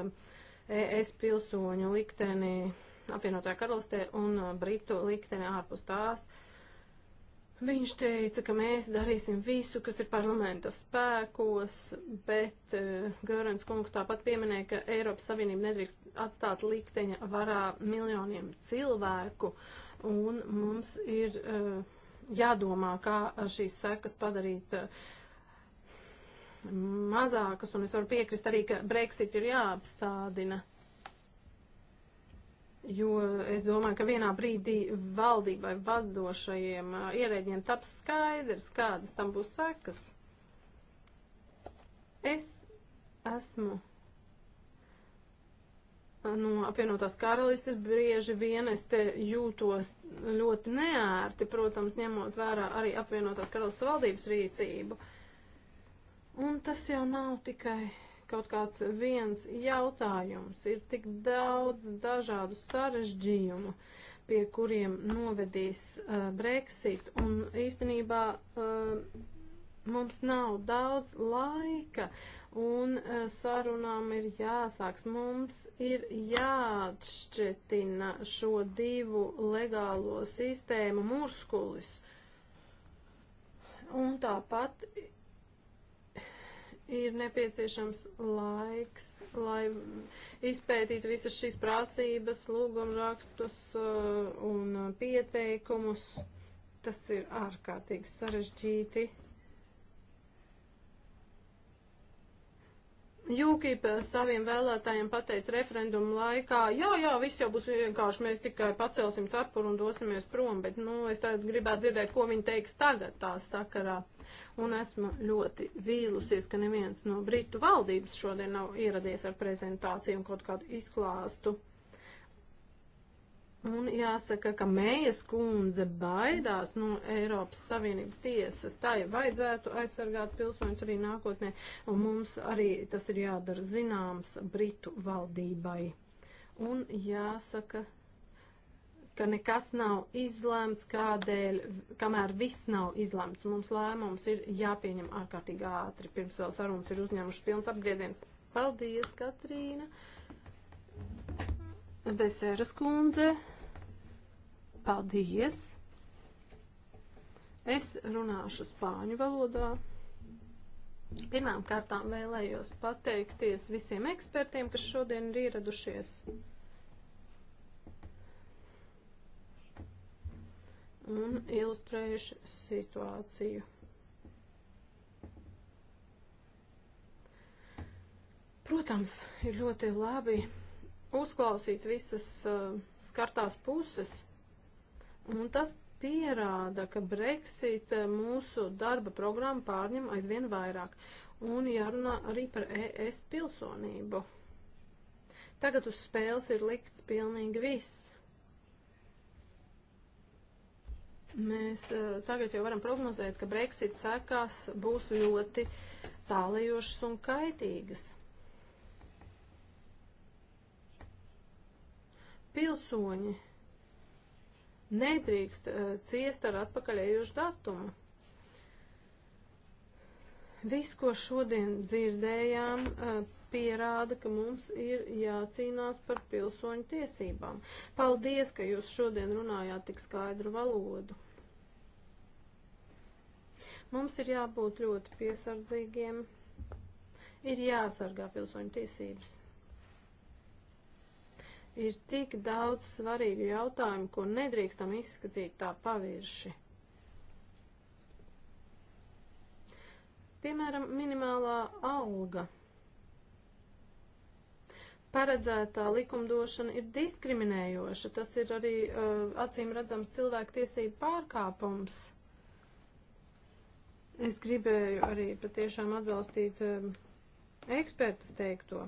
ES pilsoņu likteni. Uh, apvienotajā karalistē un uh, Britu likteni ārpus tās. Viņš teica, ka mēs darīsim visu, kas ir parlamenta spēkos, bet uh, Görens kungs tāpat pieminēja, ka Eiropas Savienība nedrīkst atstāt likteņa varā miljoniem cilvēku, un mums ir uh, jādomā, kā šīs sekas padarīt uh, mazākas, un es varu piekrist arī, ka Brexit ir jāapstādina jo es domāju, ka vienā brīdī valdībai vadošajiem ierēģiem taps skaidrs, kādas tam būs sekas. Es esmu no apvienotās karalistes brieži vien es te jūtos ļoti neērti, protams, ņemot vērā arī apvienotās karalistes valdības rīcību. Un tas jau nav tikai kaut kāds viens jautājums. Ir tik daudz dažādu sarežģījumu, pie kuriem novedīs uh, Brexit, un īstenībā uh, mums nav daudz laika, un uh, sarunām ir jāsāks. Mums ir jāatšķetina šo divu legālo sistēmu muskulis. Un tāpat ir nepieciešams laiks, lai izpētītu visas šīs prasības, lūgumrakstus uh, un uh, pieteikumus. Tas ir ārkārtīgi sarežģīti. UKIP saviem vēlētājiem pateica referendumu laikā, jā, jā, viss jau būs vienkārši, mēs tikai pacelsim cepuru un dosimies prom, bet, nu, es tagad gribētu dzirdēt, ko viņi teiks tagad tā sakarā un esmu ļoti vīlusies, ka neviens no Britu valdības šodien nav ieradies ar prezentāciju un kaut kādu izklāstu. Un jāsaka, ka Mējas kundze baidās no Eiropas Savienības tiesas. Tā jau vajadzētu aizsargāt pilsoņus arī nākotnē, un mums arī tas ir jādara zināms Britu valdībai. Un jāsaka, ka nekas nav izlēmts, kādēļ, kamēr viss nav izlēmts. Mums lēmums ir jāpieņem ārkārtīgi ātri, pirms vēl sarunas ir uzņēmušas pilns apgrieziens. Paldies, Katrīna! Beseras kundze, paldies! Es runāšu spāņu valodā. Pirmām kārtām vēlējos pateikties visiem ekspertiem, kas šodien ir ieradušies. un ilustrējuši situāciju. Protams, ir ļoti labi uzklausīt visas uh, skartās puses, un tas pierāda, ka Brexit uh, mūsu darba programmu pārņem aizvien vairāk, un jārunā arī par ES pilsonību. Tagad uz spēles ir likts pilnīgi viss. Mēs uh, tagad jau varam prognozēt, ka Brexit sekās būs ļoti tālajošas un kaitīgas. Pilsoņi nedrīkst uh, ciest ar atpakaļējušu datumu. Viss, ko šodien dzirdējām, uh, pierāda, ka mums ir jācīnās par pilsoņu tiesībām. Paldies, ka jūs šodien runājāt tik skaidru valodu. Mums ir jābūt ļoti piesardzīgiem, ir jāsargā pilsoņu tiesības. Ir tik daudz svarīgu jautājumu, ko nedrīkstam izskatīt tā pavirši. Piemēram, minimālā alga paredzētā likumdošana ir diskriminējoša. Tas ir arī uh, acīm redzams cilvēku tiesību pārkāpums. Es gribēju arī patiešām atbalstīt um, ekspertas teikto.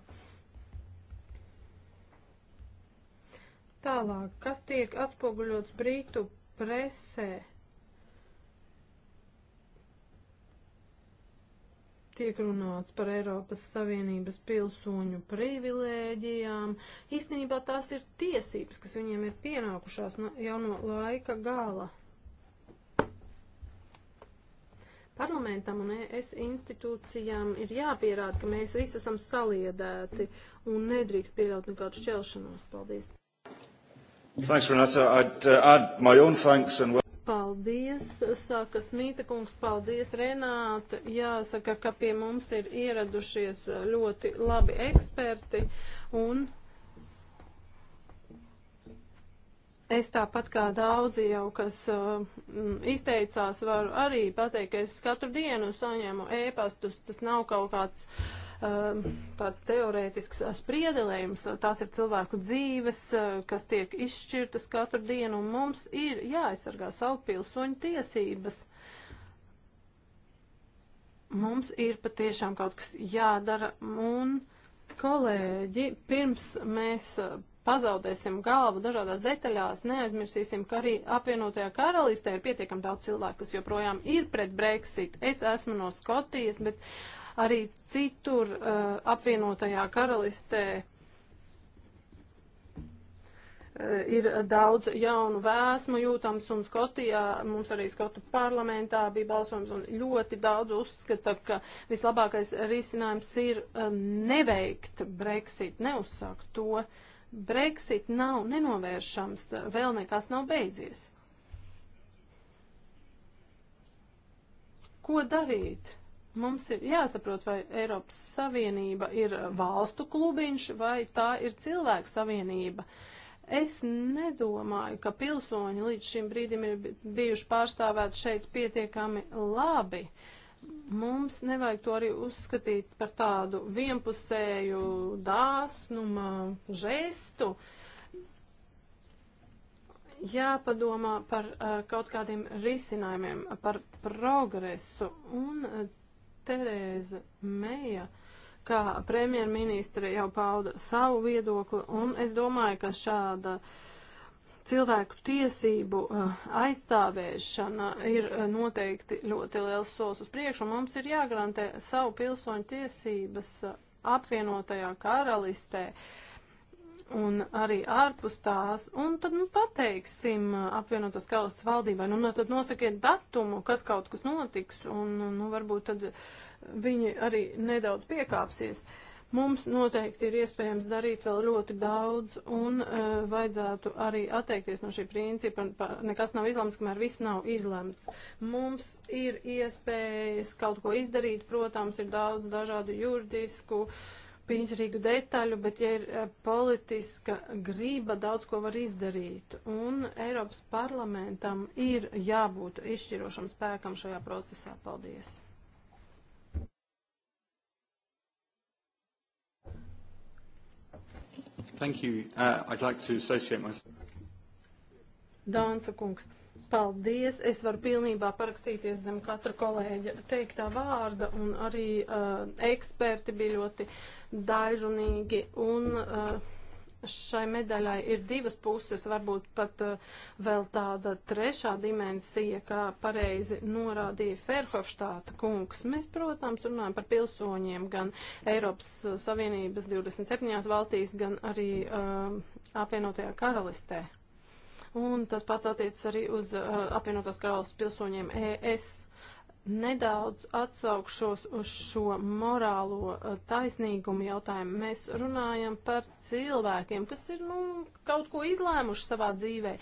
Tālāk, kas tiek atspoguļots Brītu presē, tiek runāts par Eiropas Savienības pilsoņu privilēģijām. Īstenībā tās ir tiesības, kas viņiem ir pienākušās jau no laika gala. Parlamentam un es institūcijām ir jāpierāda, ka mēs visi esam saliedēti un nedrīkst pieļaut nekādu šķelšanos. Paldies! Thanks, Renata. I'd uh, add my own thanks and Paldies, saka Smīta kungs, paldies Renāta. Jāsaka, ka pie mums ir ieradušies ļoti labi eksperti un Es tāpat kā daudzi jau, kas uh, izteicās, varu arī pateikt, ka es katru dienu saņemu ēpastus. Tas nav kaut kāds uh, tāds teorētisks spriedelējums. Tās ir cilvēku dzīves, uh, kas tiek izšķirtas katru dienu, un mums ir jāaizsargā savu pilsoņu tiesības. Mums ir patiešām kaut kas jādara, un kolēģi, pirms mēs uh, pazaudēsim galvu dažādās detaļās, neaizmirsīsim, ka arī apvienotajā karalistē ir pietiekami daudz cilvēku, kas joprojām ir pret Brexit. Es esmu no Skotijas, bet arī citur uh, apvienotajā karalistē uh, ir daudz jaunu vēsmu jūtams, un Skotijā, mums arī Skotu parlamentā bija balsojums, un ļoti daudz uzskata, ka vislabākais risinājums ir uh, neveikt Brexit, neuzsākt to. Uh, Brexit nav nenovēršams, vēl nekas nav beidzies. Ko darīt? Mums ir jāsaprot, vai Eiropas Savienība ir valstu klubiņš vai tā ir cilvēku savienība. Es nedomāju, ka pilsoņi līdz šim brīdim ir bijuši pārstāvēti šeit pietiekami labi. Uh, Mums nevajag to arī uzskatīt par tādu vienpusēju dāsnuma žestu. Jāpadomā par uh, kaut kādiem risinājumiem, par progresu. Un uh, Terēza Meija uh, kā premjerministre jau pauda savu viedokli, un es domāju, ka šāda uh, cilvēku tiesību eh, aizstāvēšana ir eh, noteikti ļoti liels solis uz priekšu, un mums ir jāgarantē savu pilsoņu tiesības eh, apvienotajā karalistē un arī ārpus tās, un tad, nu, pateiksim apvienotās karalists valdībai, nu, nu, tad nosakiet datumu, kad kaut kas notiks, un, nu, varbūt tad viņi arī nedaudz piekāpsies. Uh, Mums noteikti ir iespējams darīt vēl ļoti daudz un uh, vajadzētu arī atteikties no šī principa. Pa, nekas nav izlemts, kamēr viss nav izlemts. Mums ir iespējas kaut ko izdarīt, protams, ir daudz dažādu juridisku. Uh, piņķerīgu detaļu, bet ja ir e, politiska grība, daudz ko var izdarīt. Un Eiropas parlamentam ir jābūt izšķirošam spēkam šajā procesā. Paldies! Thank you. Uh, I'd like to associate myself. Dānsa kungs. Paldies! Es varu pilnībā parakstīties zem katra kolēģa teiktā vārda, un arī uh, eksperti bija ļoti daļrunīgi. Un, uh, šai medaļai ir divas puses, varbūt pat uh, vēl tāda trešā dimensija, kā pareizi norādīja Ferhofštāta kungs. Mēs, protams, runājam par pilsoņiem gan Eiropas eh, Savienības 27 valstīs, gan arī uh, apvienotajā karalistē. Un tas pats attiecas arī uz uh, apvienotās karalistas pilsoņiem ES. Nedaudz atsaukšos uz šo morālo eh, taisnīgumu jautājumu. Mēs runājam par cilvēkiem, kas ir nu, kaut ko izlēmuši savā dzīvē.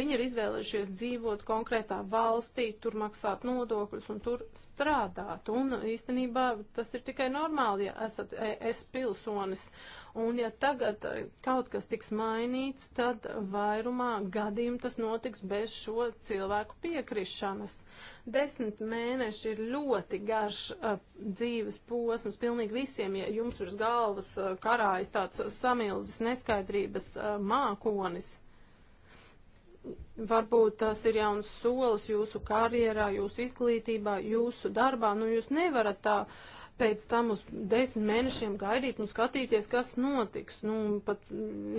Viņi ir izvēlējušies dzīvot konkrētā valstī, tur maksāt nodokļus un tur strādāt. Un īstenībā tas ir tikai normāli, ja esat es pilsonis. Uh, Un ja tagad eh, kaut kas tiks mainīts, tad vairumā gadījumu tas notiks bez šo cilvēku piekrišanas. Desmit mēneši ir ļoti garš uh, dzīves posms pilnīgi visiem, ja jums virs galvas uh, karājas tāds samilzis neskaidrības uh, mākonis. Varbūt tas ir jauns solis jūsu karjerā, jūsu izglītībā, jūsu darbā. Nu, jūs nevarat tā uh, pēc tam uz desmit mēnešiem gaidīt un skatīties, kas notiks. Nu, pat,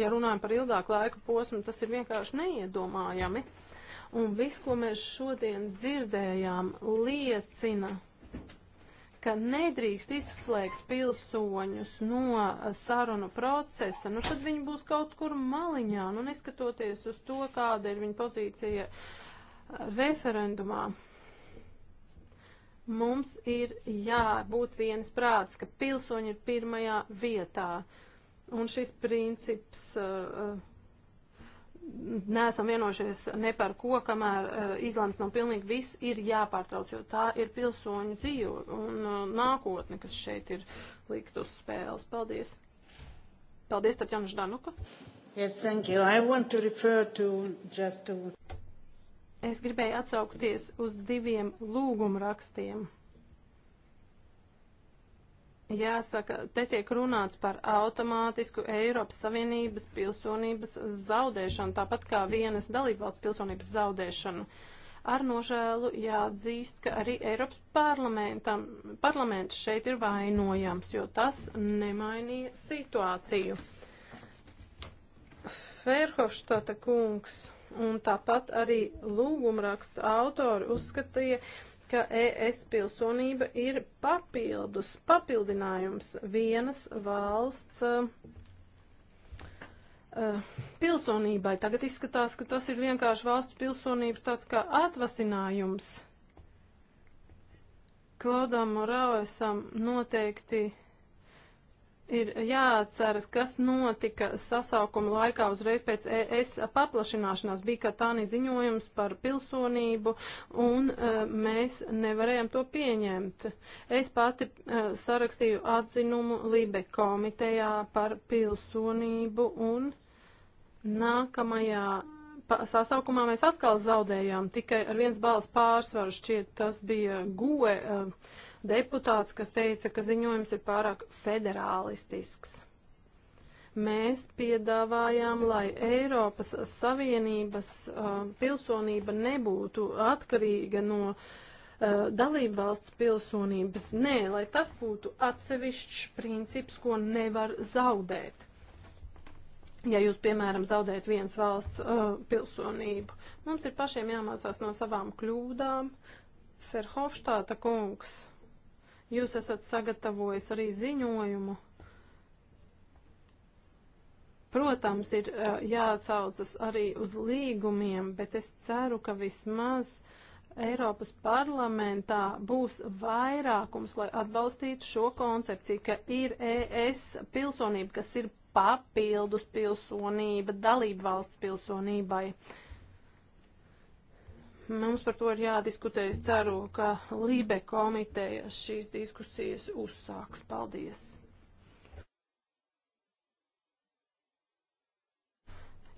ja runājam par ilgāku laiku posmu, tas ir vienkārši neiedomājami. Un viss, ko mēs šodien dzirdējām, liecina, ka nedrīkst izslēgt pilsoņus no sarunu procesa, nu tad viņi būs kaut kur maliņā, nu neskatoties uz to, kāda ir viņa pozīcija referendumā. Mums ir jābūt vienas prāts, ka pilsoņi ir pirmajā vietā. Un šis princips uh, neesam vienojušies ne par ko, kamēr uh, izlemts nav pilnīgi viss, ir jāpārtrauc, jo tā ir pilsoņu dzīve un uh, nākotne, kas šeit ir likt uz spēles. Paldies! Paldies, Tatjana Ždanuka! Yes, thank you. I want to refer to just to... Es gribēju atsaukties uz diviem lūgumrakstiem. Jāsaka, te tiek runāts par automātisku Eiropas Savienības pilsonības zaudēšanu, tāpat kā vienas dalībvalsts pilsonības zaudēšanu. Ar nožēlu jāatzīst, ka arī Eiropas parlaments šeit ir vainojams, jo tas nemainīja situāciju. Ferhofštata kungs Un tāpat arī lūgumrakstu autori uzskatīja, ka ES pilsonība ir papildus, papildinājums vienas valsts uh, pilsonībai. Tagad izskatās, ka tas ir vienkārši valsts pilsonības tāds kā atvasinājums. Klaudam Rausam noteikti ir jāatceras, kas notika sasaukuma laikā uzreiz pēc ES paplašināšanās. Bija Katāni ziņojums par pilsonību, un uh, mēs nevarējām to pieņemt. Es pati uh, sarakstīju atzinumu Libe komitejā par pilsonību, un nākamajā sasaukumā mēs atkal zaudējām tikai ar viens balss pārsvaru. Šķiet, tas bija goe. Uh, e, deputāts, kas teica, ka ziņojums ir pārāk federālistisks. Mēs piedāvājām, lai Eiropas Savienības uh, pilsonība nebūtu atkarīga no uh, dalību valsts pilsonības. Nē, lai tas būtu atsevišķs princips, ko nevar zaudēt. Ja jūs, piemēram, zaudējat vienas valsts uh, pilsonību, mums ir pašiem jāmācās no savām kļūdām. Ferhofštāta kungs Jūs esat sagatavojis arī ziņojumu. Protams, ir jāatsaucas arī uz līgumiem, bet es ceru, ka vismaz Eiropas parlamentā būs vairākums, lai atbalstītu šo koncepciju, ka ir ES pilsonība, kas ir papildus pilsonība, dalība valsts pilsonībai. Uh, Mums par to ir jādiskutē. Es ceru, ka Lībe komiteja šīs diskusijas uzsāks. Paldies!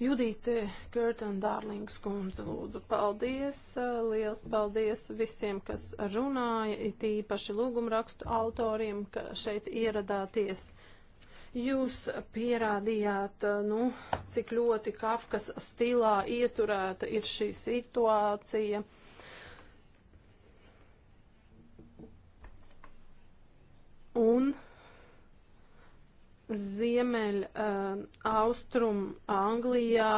Judīte Kirtan Dārlings kundze lūdzu paldies, liels paldies visiem, kas runāja, it īpaši lūgumrakstu autoriem, ka šeit ieradāties. Jūs pierādījāt, eh, nu, cik ļoti Kafkas stilā ieturēta ir šī situācija. Un Ziemeļ uh, austrum Anglijā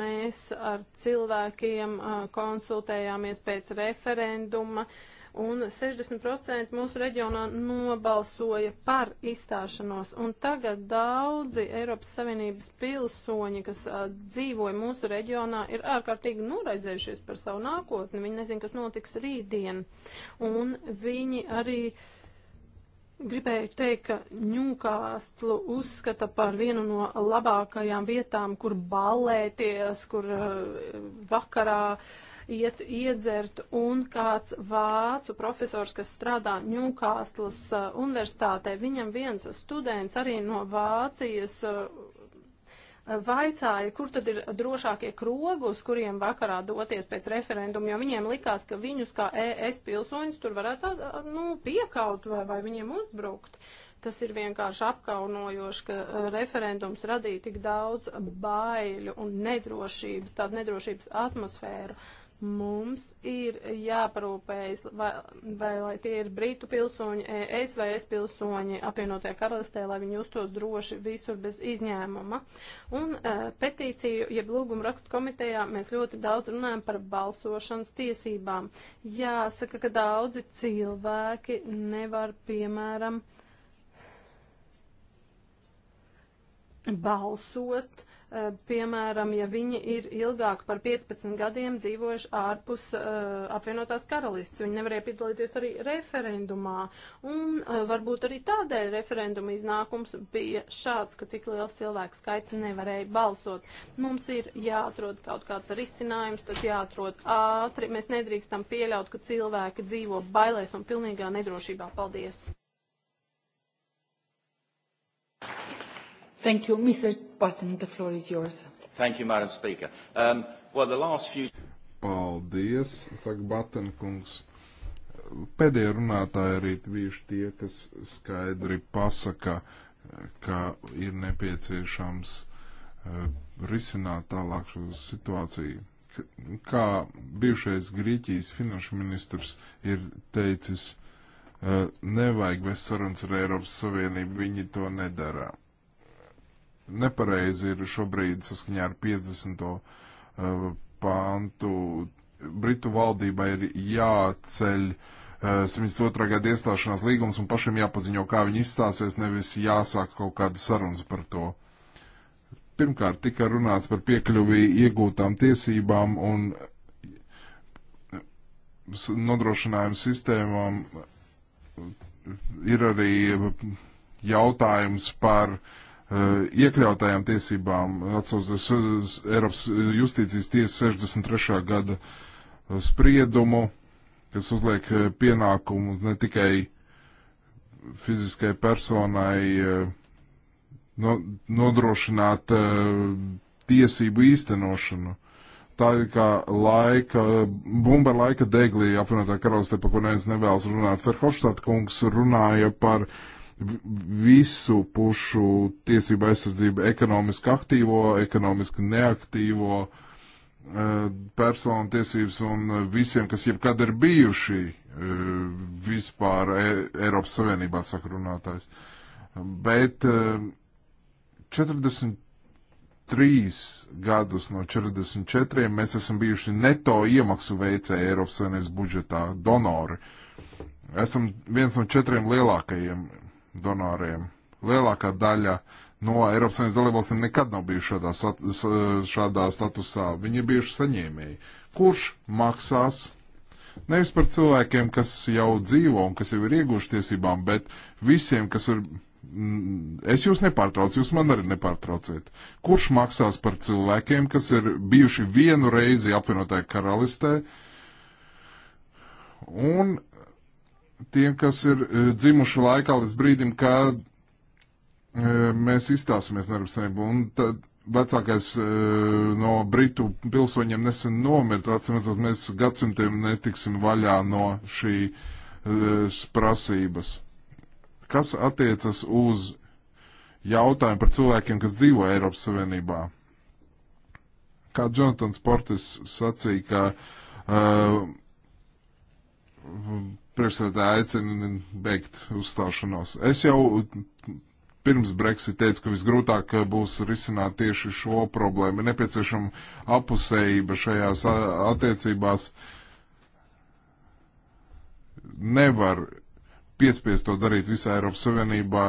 mēs ar cilvēkiem uh, konsultējāmies pēc referenduma. Uh, un 60% mūsu reģionā nobalsoja par izstāšanos. Un tagad daudzi Eiropas Savienības pilsoņi, kas uh, dzīvoja mūsu reģionā, ir ārkārtīgi noraizējušies par savu nākotni. Viņi nezin, kas notiks rītdien. Un viņi arī gribēju teikt, ka Ņūkāstlu uzskata par vienu no labākajām vietām, kur ballēties, kur uh, vakarā uh, iet iedzert, un kāds vācu profesors, kas strādā Ņūkāstlas uh, universitātē, viņam viens students arī no Vācijas uh, vaicāja, kur tad ir drošākie krogi, uz kuriem vakarā doties pēc referenduma, jo viņiem likās, ka viņus kā ES pilsoņus tur varētu nu, piekaut vai, vai viņiem uzbrukt. Tas ir vienkārši apkaunojoši, ka uh, referendums radīja tik daudz baiļu un nedrošības, tādu nedrošības atmosfēru. Uh, Mums ir jāparūpējas, vai, vai lai tie ir Britu pilsoņi, ES vai ES pilsoņi apvienotajā karalistē, lai viņi justos droši visur bez izņēmuma. Un uh, petīciju, jeb lūgumu rakstu komitejā, mēs ļoti daudz runājam par balsošanas tiesībām. Jāsaka, ka daudzi cilvēki nevar, piemēram, balsot Eh, piemēram, ja viņi ir ilgāk par 15 gadiem dzīvojuši ārpus uh, apvienotās karalists, viņi nevarēja piedalīties arī referendumā. Un uh, varbūt arī tādēļ referenduma iznākums bija šāds, ka tik liels cilvēks skaits nevarēja balsot. Mums ir jāatrod kaut kāds risinājums, tas jāatrod ātri. Mēs nedrīkstam pieļaut, ka cilvēki dzīvo bailēs un pilnīgā nedrošībā. Paldies! Thank you. Mr. Patten, the floor is yours. Thank you, Madam Speaker. Um, well, the last few... Paldies, saka Batten kungs. Pēdējie runātāji arī bijuši tie, kas skaidri pasaka, ka ir nepieciešams uh, risināt tālāk šo situāciju. K kā bijušais Grieķijas finanšu ministrs ir teicis, uh, nevajag vest sarunas ar Eiropas Savienību, viņi to nedara nepareizi ir šobrīd saskaņā ar 50. Eh, pāntu. Britu valdībai ir jāceļ 102. Eh, gada iestāšanās līgums un pašiem jāpaziņo, kā viņi izstāsies, nevis jāsāk kaut kādas sarunas par to. Pirmkārt, tika runāts par piekļuvi iegūtām tiesībām un eh, nodrošinājumu sistēmām. Ir arī jautājums par uh, Eh, iekļautajām tiesībām, atsaucas uz eh, Eiropas eh, justīcijas tiesas 63. gada spriedumu, kas uzliek pienākumu ne tikai fiziskai personai nodrošināt tiesību īstenošanu. Tā ir kā laika, bumba laika deglī apvienotā karalistē, par ko neviens nevēlas runāt. Ferhofstadt kungs runāja par uh, visu pušu tiesību aizsardzību ekonomiski aktīvo, ekonomiski neaktīvo eh, personu tiesības un visiem, kas jebkad ir bijuši eh, vispār e, Eiropas Savienībā sakrunātājs. Bet 43 eh, gadus no 44 mēs esam bijuši neto iemaksu veicēji Eiropas Savienības budžetā, donori. Esam viens no četriem lielākajiem donoriem. Lielākā daļa no Eiropas Savienības dalībvalstīm nekad nav bijuši šādā, sat, šādā statusā. Viņi ir bijuši saņēmēji. Kurš maksās nevis par cilvēkiem, kas jau dzīvo un kas jau ir ieguvuši tiesībām, bet visiem, kas ir. Mm, es jūs nepārtraucu, jūs man arī nepārtrauciet. Kurš maksās par cilvēkiem, kas ir bijuši vienu reizi apvienotāju karalistē un tiem, kas ir e, dzimuši laikā līdz brīdim, kad e, mēs izstāsimies nervusēm. Un tad vecākais e, no britu pilsoņiem nesen nomirt, atcīmredzot, mēs gadsimtiem netiksim vaļā no šīs prasības. Kas attiecas uz jautājumu par cilvēkiem, kas dzīvo Eiropas Savienībā? Kā Jonatans Portis sacīja, ka uh, priekšsēdētāja aicina beigt uzstāšanos. Es jau pirms Brexit teicu, ka visgrūtāk būs risināt tieši šo problēmu. Ir nepieciešama apusējība šajās attiecībās. Nevar piespiest to darīt visā Eiropas Savienībā.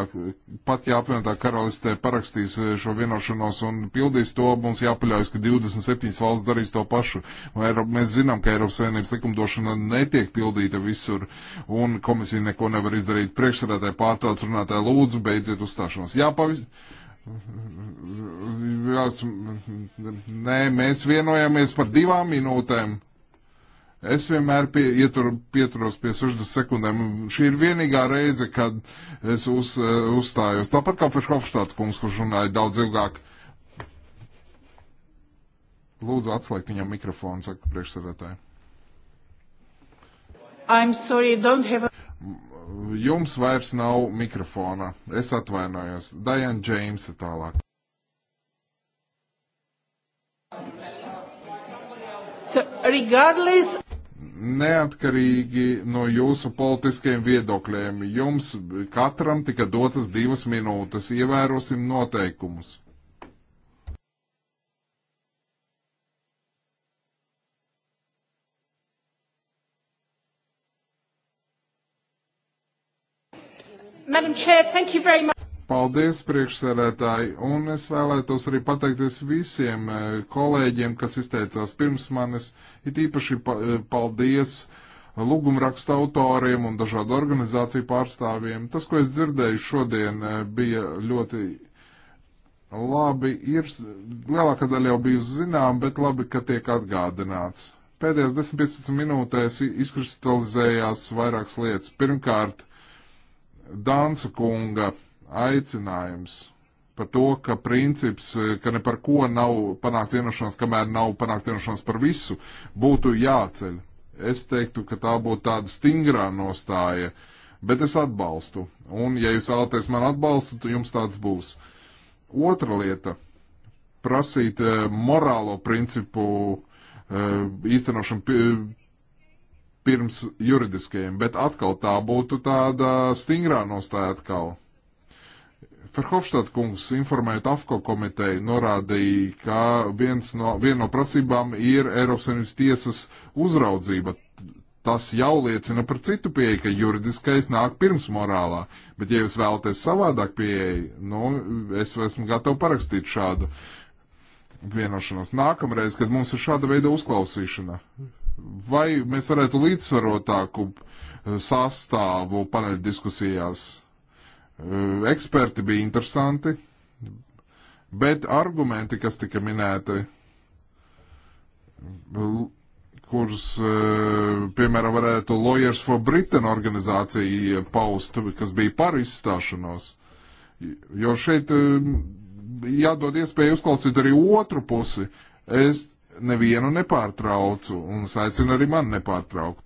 Pat ja apvienotā karalistē parakstīs eh, šo vienošanos un pildīs to, mums jāpaļaujas, ka 27 valsts darīs to pašu. Eiropa, mēs zinām, ka Eiropas Savienības likumdošana netiek pildīta visur, un komisija neko nevar izdarīt. Priekšsēdētāji pārtrauc runātāji, lūdzu, beidziet uzstāšanos. Jā, pavis... Jā, nē, mēs vienojamies par divām minūtēm. Es vienmēr pie, ietur, pieturos pie 60 sekundēm. Šī ir vienīgā reize, kad es uz, eh, uzstājos. Tāpat kā Fešhofštāts kungs, kurš runāja daudz ilgāk. Lūdzu, atslēgt viņam mikrofonu, saka priekšsēdētāji. I'm sorry, don't have a... Jums vairs nav mikrofona. Es atvainojos. Diana Džeimsa tālāk. So, regardless... Neatkarīgi no jūsu politiskajiem viedokļiem, jums katram tika dotas divas minūtes. Ievērosim noteikumus. Madam Chair, thank you very much. Paldies, priekšsēdētāji, un es vēlētos arī pateikties visiem eh, kolēģiem, kas izteicās pirms manis. It īpaši eh, paldies lūgumraksta autoriem un dažādu organizāciju pārstāvjiem. Tas, ko es dzirdēju šodien, eh, bija ļoti labi. Ir, lielākā daļa jau bija zinām, bet labi, ka tiek atgādināts. Pēdējās 10-15 minūtēs izkristalizējās vairākas lietas. Pirmkārt, Dānsa kunga aicinājums par to, ka princips, ka ne par ko nav panākt vienošanās, kamēr nav panākt vienošanās par visu, būtu jāceļ. Es teiktu, ka tā būtu tāda stingrā nostāja, bet es atbalstu. Un, ja jūs vēlaties man atbalstu, tad jums tāds būs. Otra lieta - prasīt eh, morālo principu eh, īstenošanu pirms juridiskajiem, bet atkal tā būtu tāda stingrā nostāja atkal. Ferhofstadt kungs informējot AFCO komiteju norādīja, ka viens no, viena no prasībām ir Eiropas Savienības tiesas uzraudzība. Tas jau liecina par citu pieeju, ka juridiskais nāk pirms morālā, bet ja jūs vēlaties savādāk pieeju, nu, es esmu gatavs parakstīt šādu vienošanos. Nākamreiz, kad mums ir šāda veida uzklausīšana, vai mēs varētu līdzsvarotāku sastāvu paneļu diskusijās Mm, eksperti bija interesanti, bet argumenti, kas tika minēti, kurus, e, piemēram, varētu Lawyers for Britain organizācija paust, kas bija par izstāšanos. Jo šeit e, jādod iespēju uzklausīt arī otru pusi. Es nevienu nepārtraucu, un es aicinu arī man nepārtraukt.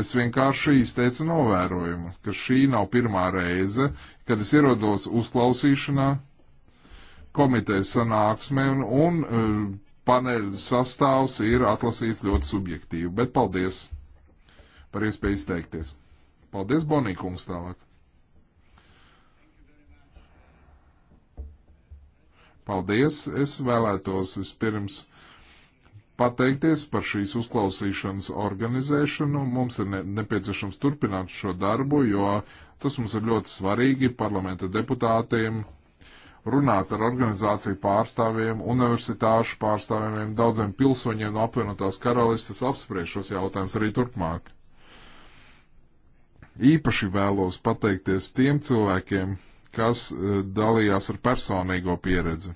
Es vienkārši izteicu novērojumu, ka šī nav pirmā reize, kad es ierados uzklausīšanā, komitejas sanāksmē un, un e, paneļa sastāvs ir atlasīts ļoti subjektīvi. Bet paldies par iespēju izteikties. Paldies, Bonī kungs, tālāk. Paldies! Es vēlētos vispirms pateikties par šīs uzklausīšanas organizēšanu. Mums ir ne, nepieciešams turpināt šo darbu, jo Tas mums ir ļoti svarīgi parlamenta deputātiem runāt ar organizāciju pārstāvjiem, universitāšu pārstāvjiem, daudziem pilsoņiem no apvienotās karalistes apspriež šos jautājumus arī turpmāk. Īpaši vēlos pateikties tiem cilvēkiem, kas eh, dalījās ar personīgo pieredzi.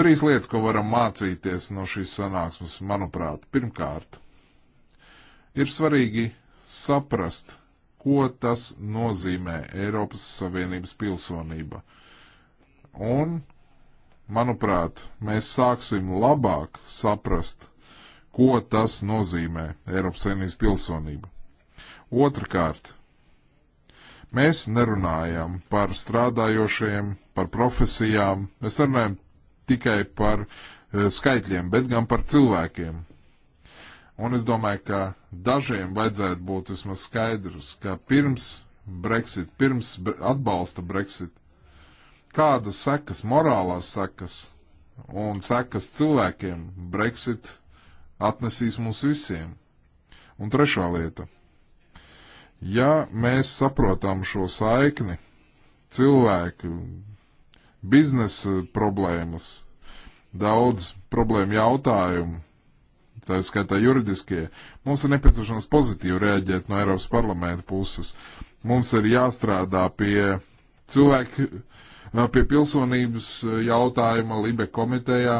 Trīs lietas, ko varam mācīties no šīs sanāksmes, manuprāt, pirmkārt, ir svarīgi saprast, ko tas nozīmē Eiropas Savienības pilsonība. Un, manuprāt, mēs sāksim labāk saprast, ko tas nozīmē Eiropas Savienības pilsonība. Otrakārt, mēs nerunājam par strādājošiem, par profesijām, mēs nerunājam tikai par eh, skaitļiem, bet gan par cilvēkiem. Un es domāju, ka dažiem vajadzētu būt vismaz skaidrs, ka pirms Brexit, pirms atbalsta Brexit, kādas sekas, morālās sekas un sekas cilvēkiem Brexit atnesīs mums visiem. Un trešā lieta. Ja mēs saprotam šo saikni, cilvēku, biznesa problēmas, daudz problēmu jautājumu, tā skaitā juridiskie, mums ir nepieciešams pozitīvi rēģēt no Eiropas parlamenta puses. Mums ir jāstrādā pie cilvēku, pie pilsonības eh, jautājuma Libe komitejā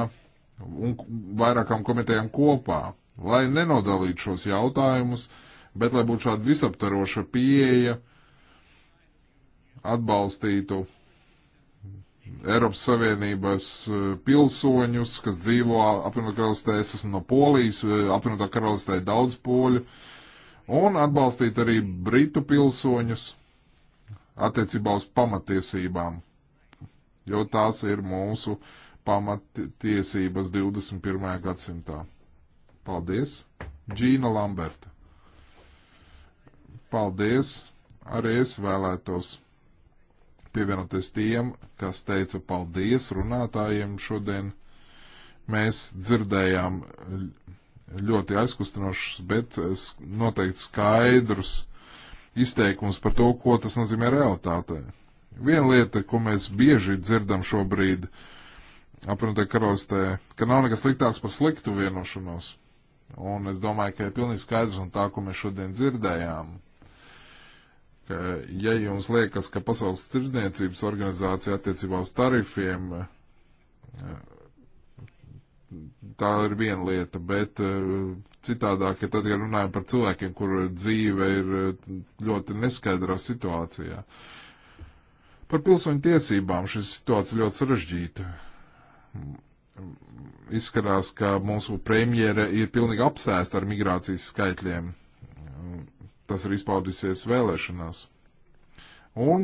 un vairākām komitejām kopā, lai nenodalītu šos jautājumus, bet lai būtu šāda visaptaroša pieeja, atbalstītu Eiropas Savienības eh, pilsoņus, kas dzīvo apvienotā karalistē, es esmu no Polijas, eh, apvienotā karalistē daudz poļu, un atbalstīt arī britu pilsoņus attiecībā uz pamatiesībām, jo tās ir mūsu pamatiesības 21. gadsimtā. Paldies, Džīna Lamberta. Paldies, arī es vēlētos pievienoties tiem, kas teica paldies runātājiem šodien. Mēs dzirdējām ļoti aizkustinošus, bet eh, noteikti skaidrus izteikumus par to, ko tas nozīmē realitātē. Viena lieta, ko mēs bieži dzirdam šobrīd apvienotā karalistē, ka nav nekas sliktāks par sliktu vienošanos. Un es domāju, ka ir pilnīgi skaidrs, un tā, ko mēs šodien dzirdējām, ka, ja jums liekas, ka Pasaules tirdzniecības organizācija attiecībā uz tarifiem, eh, tā ir viena lieta, bet eh, citādāk, ja tad, ja runājam par cilvēkiem, kur dzīve ir eh, ļoti neskaidrā situācijā. Par pilsoņu tiesībām šī situācija ļoti sarežģīta izskatās, ka mūsu premjera ir pilnīgi apsēsta ar migrācijas skaitļiem tas ir izpaudīsies vēlēšanās. Un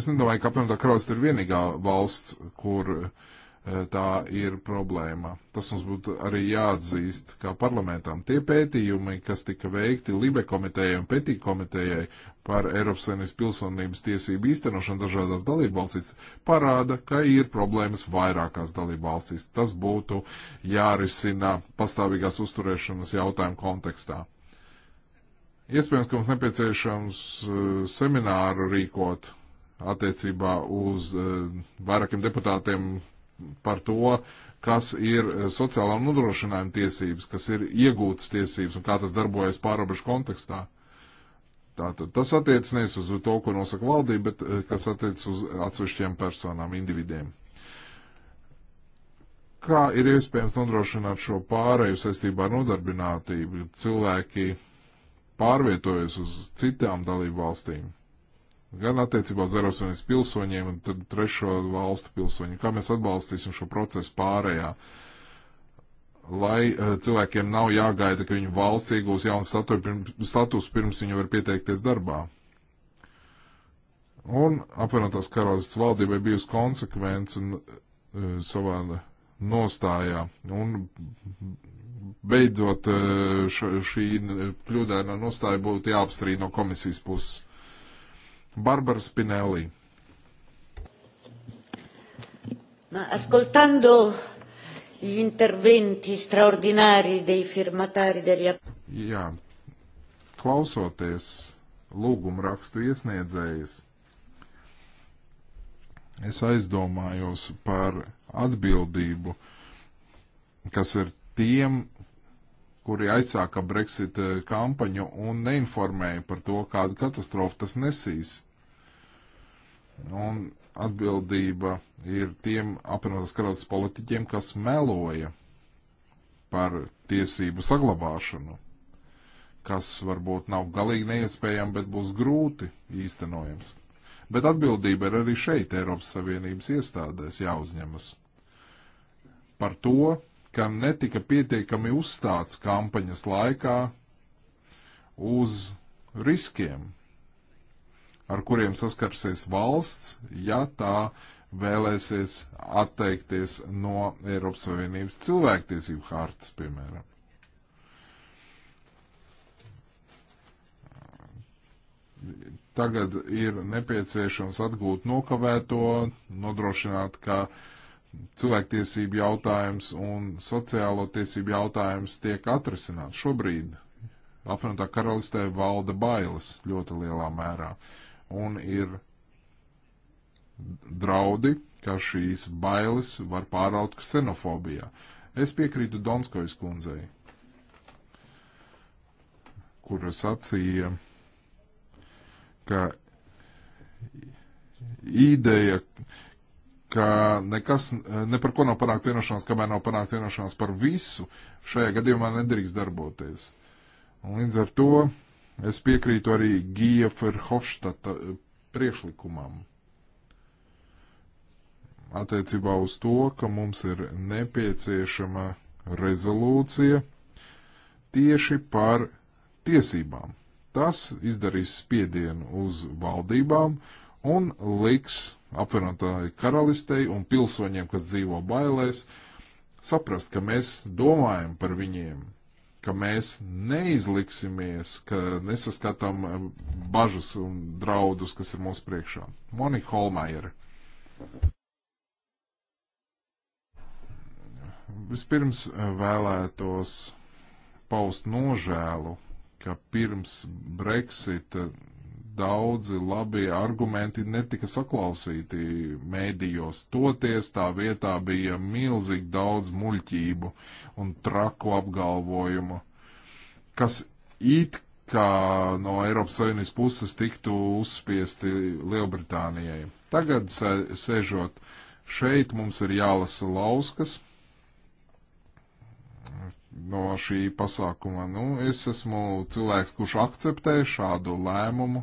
es nedomāju, ka apvienotā karalista ir vienīgā valsts, kur eh, tā ir problēma. Tas mums būtu arī jāatzīst kā parlamentām. Tie pētījumi, kas tika veikti Libe komitejai un Petī komitejai par Eiropas Savienības pilsonības tiesību īstenošanu dažādās dalībvalstīs, parāda, ka ir problēmas vairākās dalībvalstīs. Tas būtu jārisina pastāvīgās uzturēšanas jautājumu kontekstā. Iespējams, ka mums nepieciešams eh, semināru rīkot attiecībā uz eh, vairākiem deputātiem par to, kas ir eh, sociālā nodrošinājuma tiesības, kas ir iegūtas tiesības un kā tas darbojas pārobežu kontekstā. Tātad tas attiec nevis uz to, ko nosaka valdība, bet kas attiec uz atsevišķiem personām, individiem. Kā ir iespējams nodrošināt šo pāreju saistībā ar nodarbinātību? Cilvēki pārvietojas uz citām dalību valstīm, gan attiecībā uz Eiropas Savienības pilsoņiem un trešo valstu pilsoņiem, kā mēs atbalstīsim šo procesu pārējā, lai eh, cilvēkiem nav jāgaida, ka viņu valsts iegūs jaunu statu, status pirms viņi var pieteikties darbā. Un apvienotās karalists valdībai bijusi konsekvence eh, savā nostājā un beidzot eh, š, šī eh, kļūdaina nostāja būtu jāapstrīd no komisijas puses. Barbara Spinelli. Ma ascoltando gli interventi straordinari dei firmatari degli Jā, klausoties lūgumu rakstu iesniedzējus, es aizdomājos par atbildību, kas ir tiem kuri aizsāka Brexit eh, kampaņu un neinformēja par to, kādu katastrofu tas nesīs. Un atbildība ir tiem apvienotās karalistas politiķiem, kas meloja par tiesību saglabāšanu, kas varbūt nav galīgi neiespējami, bet būs grūti īstenojams. Bet atbildība ir arī šeit Eiropas Savienības iestādēs jāuzņemas par to, kam netika pietiekami uzstāts kampaņas laikā uz riskiem, ar kuriem saskarsies valsts, ja tā vēlēsies atteikties no Eiropas Savienības cilvēktiesību hartas, piemēram. Tagad ir nepieciešams atgūt nokavēto, nodrošināt, ka uh, cilvēktiesību jautājums un sociālo tiesību jautājums tiek atrisināts. Šobrīd apvienotā karalistē valda bailes ļoti lielā mērā un ir draudi, ka šīs bailes var pāraut ksenofobijā. Es piekrītu Donskojas kundzei, kura sacīja, ka ideja, uh, ka nekas, eh, ne par ko nav panākt vienošanās, kamēr nav panākt vienošanās par visu, šajā gadījumā nedrīkst darboties. Un līdz ar to es piekrītu arī Gija Ferhofštata eh, priekšlikumam attiecībā uz to, ka mums ir nepieciešama rezolūcija tieši par tiesībām. Tas izdarīs spiedienu uz valdībām, uh, un liks apvienotāji karalistei un pilsoņiem, kas dzīvo bailēs, saprast, ka mēs domājam par viņiem, ka mēs neizliksimies, ka nesaskatām eh, bažas un draudus, kas ir mūsu priekšā. Monika Holmaiere. Vispirms eh, vēlētos paust nožēlu, ka pirms Brexita daudzi labi argumenti netika saklausīti mēdījos. Toties tā vietā bija milzīgi daudz muļķību un traku apgalvojumu, kas it kā no Eiropas Savienības puses tiktu uzspiesti Lielbritānijai. Tagad, sēžot šeit, mums ir jālasa lauskas, no šī pasākuma. Nu, es esmu cilvēks, kurš akceptē šādu lēmumu.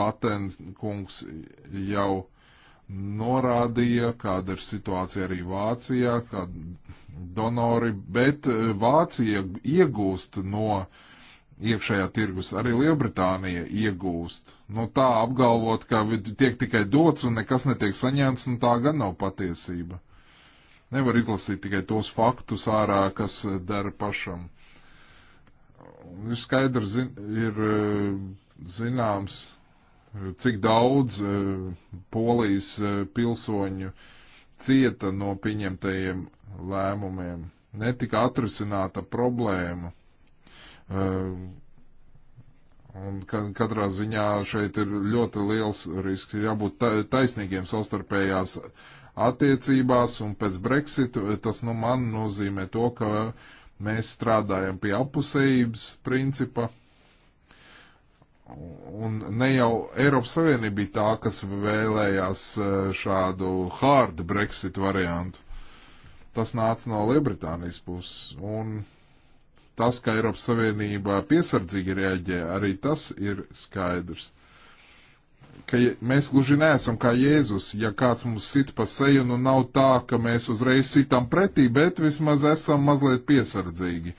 Batens kungs jau norādīja, kāda ir situācija arī Vācijā, kad donori, bet eh, Vācija iegūst no iekšējā tirgus, arī Lielbritānija iegūst. Nu tā apgalvot, ka tiek tikai dots un nekas netiek saņemts, nu tā gan nav patiesība. Nevar izlasīt tikai tos faktus ārā, kas eh, dara pašam. Ir skaidrs, zin, ir eh, zināms, eh, cik daudz polijas pilsoņu cieta no pieņemtajiem lēmumiem. Netika atrisināta problēma. Un katrā ziņā šeit ir ļoti liels risks. Ir jābūt taisnīgiem savstarpējās attiecībās, un pēc Brexit eh, tas nu man nozīmē to, ka mēs strādājam pie apusējības principa. Un ne jau Eiropas Savienība bija tā, kas vēlējās eh, šādu hard Brexit variantu. Tas nāca no Lielbritānijas puses. Un tas, ka Eiropas Savienība piesardzīgi rēģē, arī tas ir skaidrs ka mēs gluži neesam kā Jēzus, ja kāds mums sit pa seju, nu nav tā, ka mēs uzreiz sitam pretī, bet vismaz esam mazliet piesardzīgi.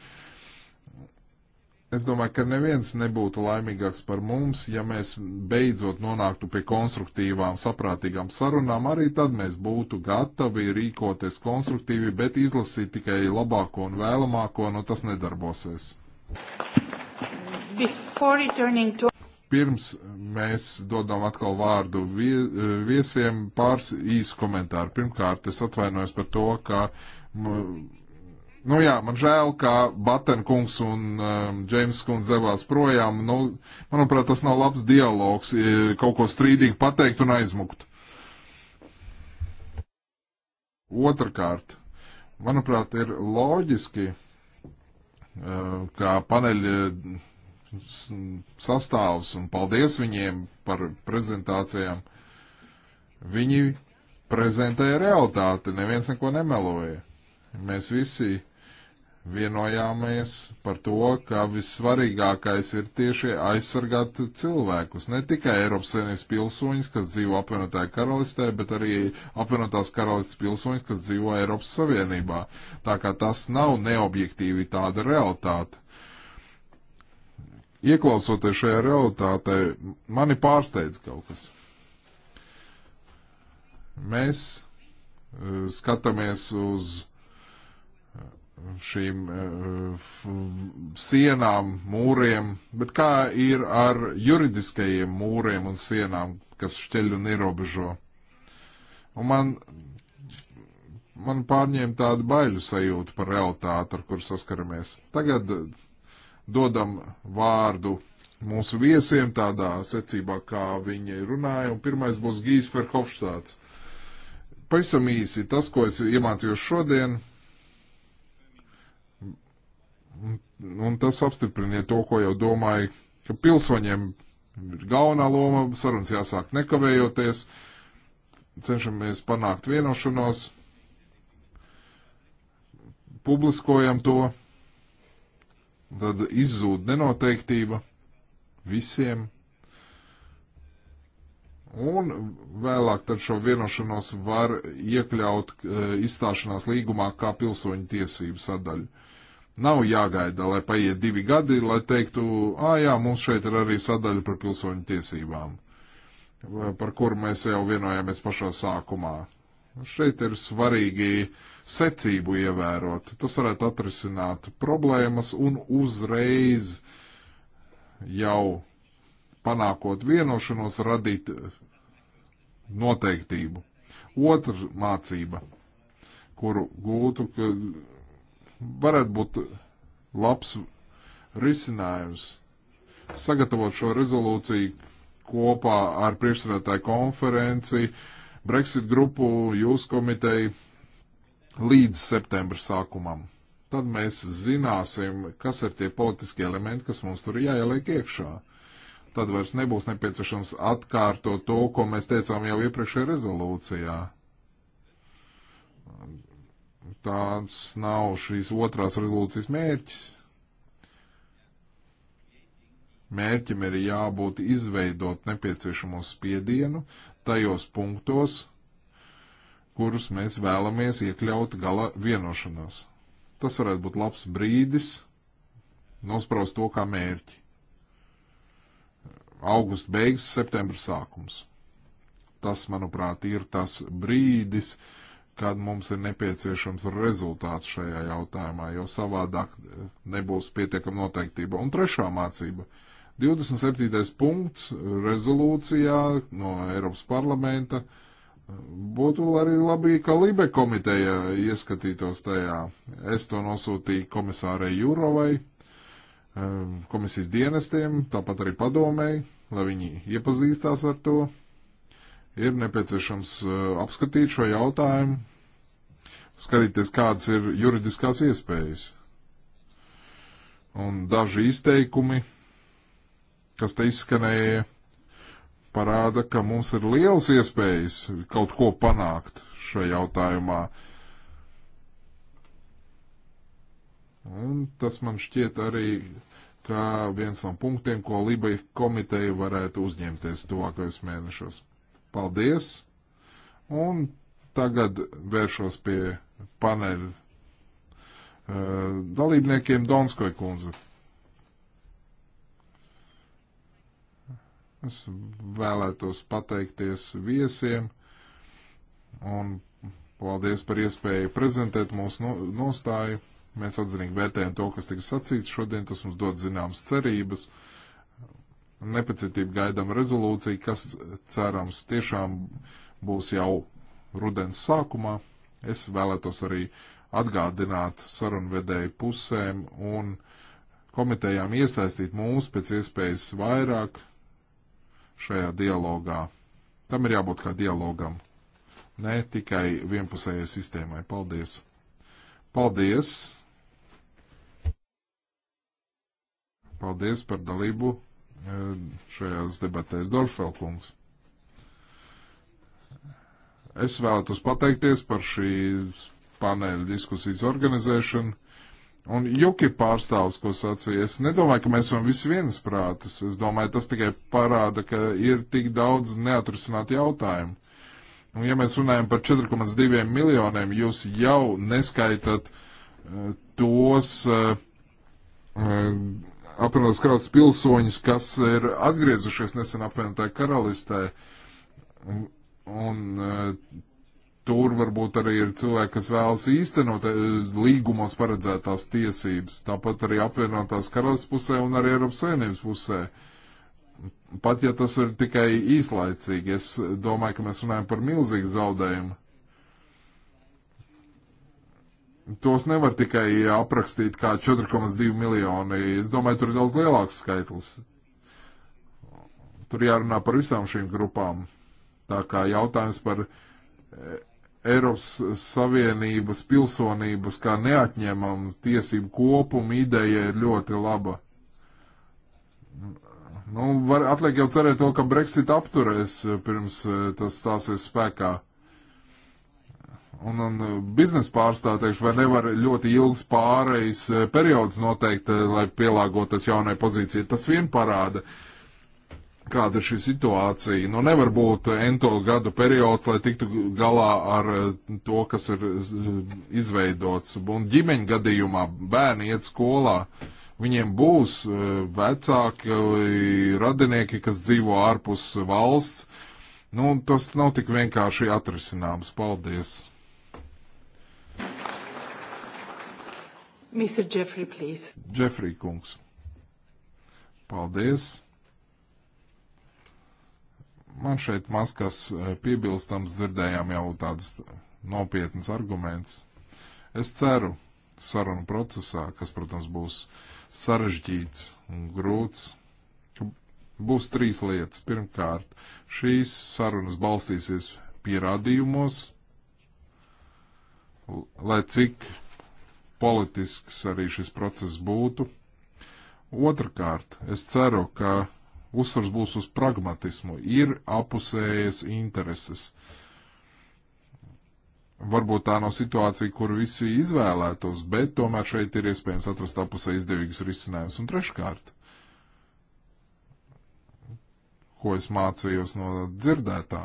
Es domāju, ka neviens nebūtu laimīgāks par mums, ja mēs beidzot nonāktu pie konstruktīvām, saprātīgām sarunām, arī tad mēs būtu gatavi rīkoties konstruktīvi, bet izlasīt tikai labāko un vēlamāko, nu tas nedarbosies. Before returning to pirms mēs dodam atkal vārdu vie, viesiem pāris īsu komentāru. Pirmkārt, es atvainojos par to, ka. Nu jā, man žēl, ka Batenkungs un um, Džeims kungs devās projām. Nu, manuprāt, tas nav labs dialogs, e, kaut ko strīdīgi pateikt un aizmukt. Otrakārt, manuprāt, ir loģiski, uh, ka paneļa sastāvs, un paldies viņiem par prezentācijām. Viņi prezentēja realitāti, neviens neko nemeloja. Mēs visi vienojāmies par to, ka vissvarīgākais ir tieši aizsargāt cilvēkus, ne tikai Eiropas Savienības pilsoņus, kas dzīvo apvienotāja karalistē, bet arī apvienotās karalistes pilsoņus, kas dzīvo Eiropas Savienībā. Tā kā tas nav neobjektīvi tāda realitāte. Ieklausoties šajā realitātē, mani pārsteidz kaut kas. Mēs eh, skatāmies uz eh, šīm eh, sienām, mūriem, bet kā ir ar juridiskajiem mūriem un sienām, kas šķeļ un ierobežo? Un man, man pārņēma tādu baiļu sajūtu par realitāti, ar kur saskaramies. Tagad dodam vārdu mūsu viesiem tādā secībā, kā viņi runāja, un pirmais būs Gijs Ferhofštāts. Pavisam īsi tas, ko es iemācījos šodien, un tas apstipriniet to, ko jau domāju, ka pilsoņiem ir galvenā loma, sarunas jāsāk nekavējoties, cenšamies panākt vienošanos, publiskojam to Tad izzūd nenoteiktība visiem. Un vēlāk tad šo vienošanos var iekļaut e, izstāšanās līgumā kā pilsoņu tiesību sadaļu. Nav jāgaida, lai paiet divi gadi, lai teiktu, ā jā, mums šeit ir arī sadaļa par pilsoņu tiesībām, par kuru mēs jau vienojāmies pašā sākumā. Šeit ir svarīgi secību ievērot. Tas varētu atrisināt problēmas un uzreiz jau panākot vienošanos radīt noteiktību. Otra mācība, kuru gūtu, ka varētu būt labs risinājums sagatavot šo rezolūciju kopā ar priekšsēdētāju konferenci, uh, Brexit grupu, jūsu komiteju līdz septembra sākumam. Tad mēs zināsim, kas ir tie politiskie elementi, kas mums tur jāieliek iekšā. Tad vairs nebūs nepieciešams atkārtot to, ko mēs teicām jau iepriekšējā rezolūcijā. Tāds nav šīs otrās rezolūcijas mērķis. Mērķim ir jābūt izveidot nepieciešamo spiedienu, tajos punktos, kurus mēs vēlamies iekļaut gala vienošanās. Tas varētu būt labs brīdis nospraust to kā mērķi. Augusts beigas, septembris sākums. Tas, manuprāt, ir tas brīdis, kad mums ir nepieciešams rezultāts šajā jautājumā, jo savādāk nebūs pietiekama noteiktība. Un trešā mācība 27. punkts rezolūcijā no Eiropas parlamenta. Būtu arī labi, ka Libe komiteja ieskatītos tajā. Es to nosūtīju komisārai Jurovai, ehm, komisijas dienestiem, tāpat arī padomēji, lai viņi iepazīstās ar to. Ir nepieciešams eh, apskatīt šo jautājumu, skatīties, kādas ir juridiskās iespējas. Un daži izteikumi kas te izskanēja, parāda, ka mums ir liels iespējas kaut ko panākt šajā jautājumā. Un tas man šķiet arī kā viens no punktiem, ko Libai komiteja varētu uzņemties tuvākajos mēnešos. Paldies! Un tagad vēršos pie paneļa uh, dalībniekiem Donskoja kundze. Es vēlētos pateikties viesiem un paldies par iespēju prezentēt mūsu nostāju. Mēs atzinīgi vērtējam to, kas tika sacīts šodien, tas mums dod zināmas cerības. Nepacietību gaidām rezolūciju, kas cerams tiešām būs jau rudens sākumā. Es vēlētos arī atgādināt sarunvedēju pusēm un komitejām iesaistīt mūs pēc iespējas vairāk šajā dialogā. Tam ir jābūt kā dialogam, ne tikai vienpusējai sistēmai. Paldies! Paldies! Paldies par dalību e, šajās debatēs, Dorfelkungs. Es vēlētos pateikties par šīs paneļa diskusijas organizēšanu. Un Juki pārstāvs, ko sacīja, es nedomāju, ka mēs esam visi viensprātis. Es domāju, tas tikai parāda, ka ir tik daudz neatrisināti jautājumi. Un ja mēs runājam par 4,2 miljoniem, jūs jau neskaitat uh, tos uh, apvienotās karalists pilsoņus, kas ir atgriezušies nesen apvienotāju karalistē. Un, un uh, tur varbūt arī ir cilvēki, kas vēlas īstenot eh, līgumos paredzētās tiesības. Tāpat arī apvienotās karalists pusē un arī Eiropas Savienības pusē. Pat ja tas ir tikai īslaicīgi, es domāju, ka mēs runājam par milzīgu zaudējumu. Tos nevar tikai aprakstīt kā 4,2 miljoni. Es domāju, tur ir daudz lielāks skaitlis. Tur jārunā par visām šīm grupām. Tā kā jautājums par Eiropas Savienības pilsonības kā neatņemamu tiesību kopumu ideja ir ļoti laba. Nu, var, atliek jau cerēt to, ka Brexit apturēs eh, pirms eh, tas stāsies spēkā. Un, un eh, biznesa pārstāvja teikšu, vai nevar ļoti ilgs pārejas periods noteikt, lai pielāgotas jaunai pozīcijai. Tas vien parāda, uh, kāda ir šī situācija. Nu, nevar būt ento gadu periods, lai tiktu galā ar eh, to, kas ir eh, izveidots. Un ģimeņa gadījumā bērni iet skolā. Viņiem būs eh, vecāki, radinieki, kas dzīvo ārpus valsts. Nu, tas nav tik vienkārši atrisināms. Paldies! Mr. Jeffrey, please. Jeffrey kungs. Paldies. Man šeit maz kas eh, piebilstams, dzirdējām jau tādas nopietnas arguments. Es ceru sarunu procesā, kas, protams, būs sarežģīts un grūts, būs trīs lietas. Pirmkārt, šīs sarunas balstīsies pierādījumos, lai cik politisks arī šis process būtu. Otrakārt, es ceru, ka uzsvars būs uz pragmatismu. Ir apusējas intereses. Varbūt tā nav situācija, kur visi izvēlētos, bet tomēr šeit ir iespējams atrast apusē izdevīgas risinājumus. Un treškārt, ko es mācījos no dzirdētā,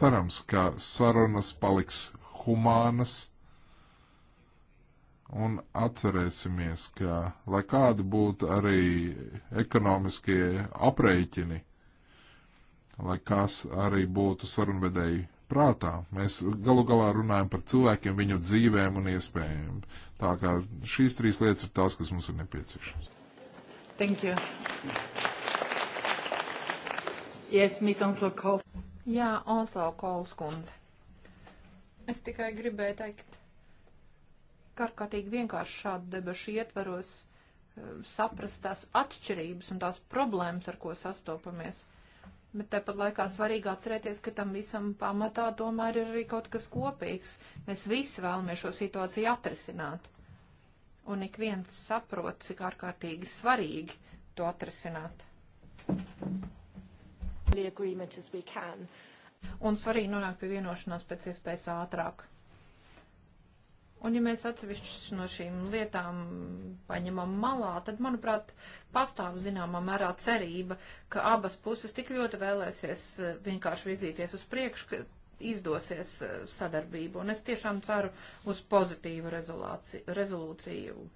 cerams, ka sarunas paliks humānas Un atcerēsimies, ka, lai kādi būtu arī ekonomiskie aprēķini, lai kas arī būtu sarunvedēji prātā, mēs galu galā runājam par cilvēkiem, viņu dzīvēm un iespējām. Tā kā šīs trīs lietas ir tās, kas mums ir nepieciešamas. Thank you. Yes, Miss Onslow Kols. Jā, Onslow Kols kundze. Es tikai gribēju teikt kārkārtīgi vienkārši šādu debašu ietvaros eh, saprast tās atšķirības un tās problēmas, ar ko sastopamies. Bet tāpat laikā svarīgi atcerēties, ka tam visam pamatā tomēr ir arī kaut kas kopīgs. Mēs visi vēlamies šo situāciju atrisināt. Un ik viens saprot, cik ārkārtīgi svarīgi to atrisināt. Un svarīgi nonākt pie vienošanās pēc iespējas ātrāk. Un ja mēs atsevišķus no šīm lietām paņemam malā, tad, manuprāt, pastāv zināmā mērā cerība, ka abas puses tik ļoti vēlēsies eh, vienkārši virzīties uz priekšu, ka izdosies eh, sadarbību. Un es tiešām ceru uz pozitīvu rezolūciju,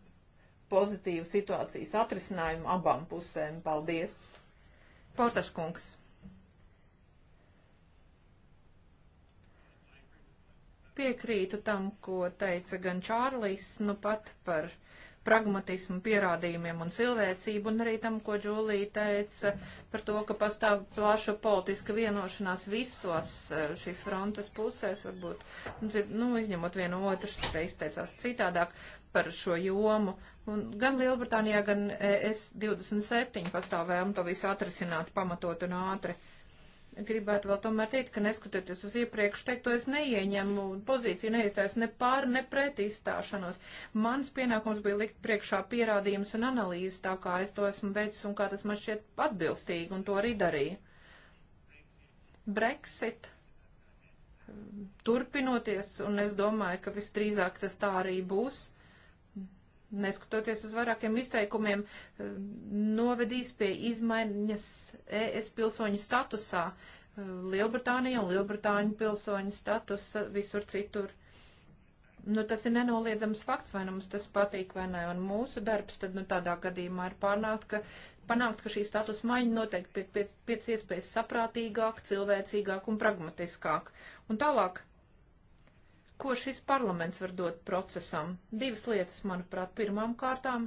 pozitīvu situācijas atrisinājumu abām pusēm. Paldies! Portaškungs! Piekrītu tam, ko teica gan Čārlis, nu pat par pragmatismu, pierādījumiem un cilvēcību, un arī tam, ko Džūlija teica par to, ka pastāv plaša politiska vienošanās visos eh, šīs frontes pusēs, varbūt, nu, nu izņemot vienu otru, te izteicās citādāk par šo jomu. Un gan Lielbritānijā, gan es 27 pastāvēm to visu atrisināt pamatot un ātri. Uh, gribētu vēl tomēr teikt, ka neskatoties uz iepriekš teikto, es neieņemu pozīciju, neizstāju ne pār, ne pret izstāšanos. Mans pienākums bija likt priekšā pierādījums un analīzes, tā kā es to esmu veicis un kā tas man šķiet atbilstīgi, un to arī darīju. Brexit um, turpinoties, un es domāju, ka visdrīzāk tas tā arī būs neskatoties uz vairākiem izteikumiem, novedīs pie izmaiņas ES pilsoņu statusā Lielbritānija un Lielbritāņu pilsoņu status visur citur. Nu, tas ir nenoliedzams fakts, vai nu mums tas patīk vai nē, un mūsu darbs tad, nu, tādā gadījumā ir pārnākt, ka, panākt, ka šī status maiņa noteikti pēc, pēc, pēc iespējas saprātīgāk, cilvēcīgāk un pragmatiskāk. Un tālāk ko šis parlaments var dot procesam. Divas lietas, manuprāt, pirmām kārtām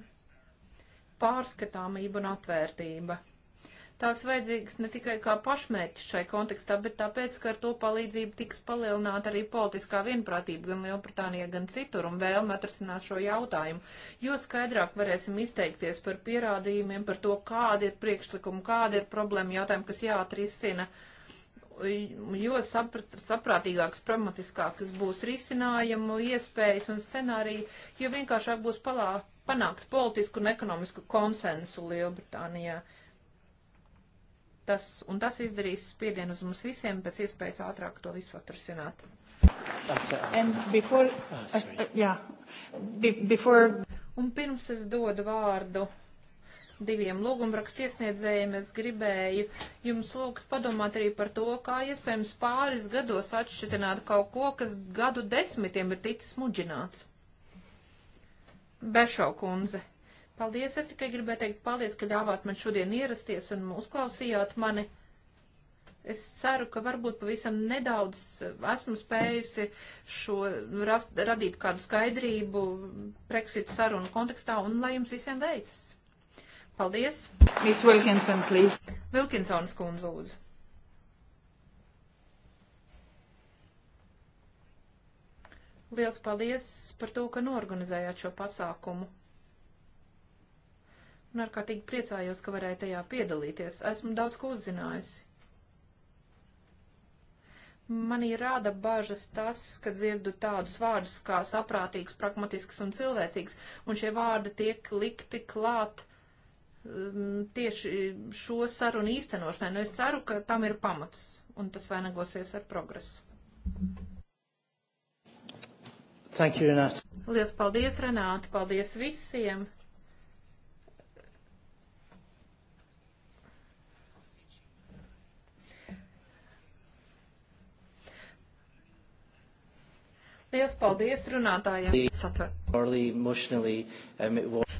- pārskatāmība un atvērtība. Tās vajadzīgas ne tikai kā pašmērķis šai kontekstā, bet tāpēc, ka ar to palīdzību tiks palielināta arī politiskā vienprātība gan Lielbritānijā, gan citur un vēlme atrasināt šo jautājumu, jo skaidrāk varēsim izteikties par pierādījumiem, par to, kāda ir priekšlikuma, kāda ir problēma jautājuma, kas jāatrisina. Uh, jo saprat, saprātīgāks, pragmatiskāks būs risinājumu iespējas un scenāriji, jo vienkāršāk būs palā, panākt politisku un ekonomisku konsensu Lielbritānijā. Tas, un tas izdarīs spiedienu uz mums visiem, pēc iespējas ātrāk to visu atrasināt. Before... Oh, Be, before... Un pirms es dodu vārdu diviem lūgumrakstu iesniedzējiem es gribēju jums lūgt padomāt arī par to, kā iespējams pāris gados atšķitināt kaut ko, kas gadu desmitiem ir ticis muģināts. Bešau kundze. Paldies, es tikai gribēju teikt paldies, ka ļāvāt man šodien ierasties un uzklausījāt mani. Es ceru, ka varbūt pavisam nedaudz esmu spējusi šo rast, radīt kādu skaidrību Brexit sarunu kontekstā un lai jums visiem veicas. Paldies! Miss Wilkinson, please. Wilkinsons kundze, lūdzu. Liels paldies par to, ka norganizējāt šo pasākumu. Un ārkārtīgi priecājos, ka varēju tajā piedalīties. Esmu daudz ko uzzinājusi. Manī rāda bažas tas, ka dzirdu tādus vārdus kā saprātīgs, pragmatisks un cilvēcīgs, un šie vārdi tiek likti klāt uh, Um, tieši šo sarunu īstenošanai. Nu, es ceru, ka tam ir pamats un tas vainagosies ar progresu. Thank you, Renāte. Lielas paldies, Renāte. Paldies visiem. Lielas paldies runātājiem. Satver.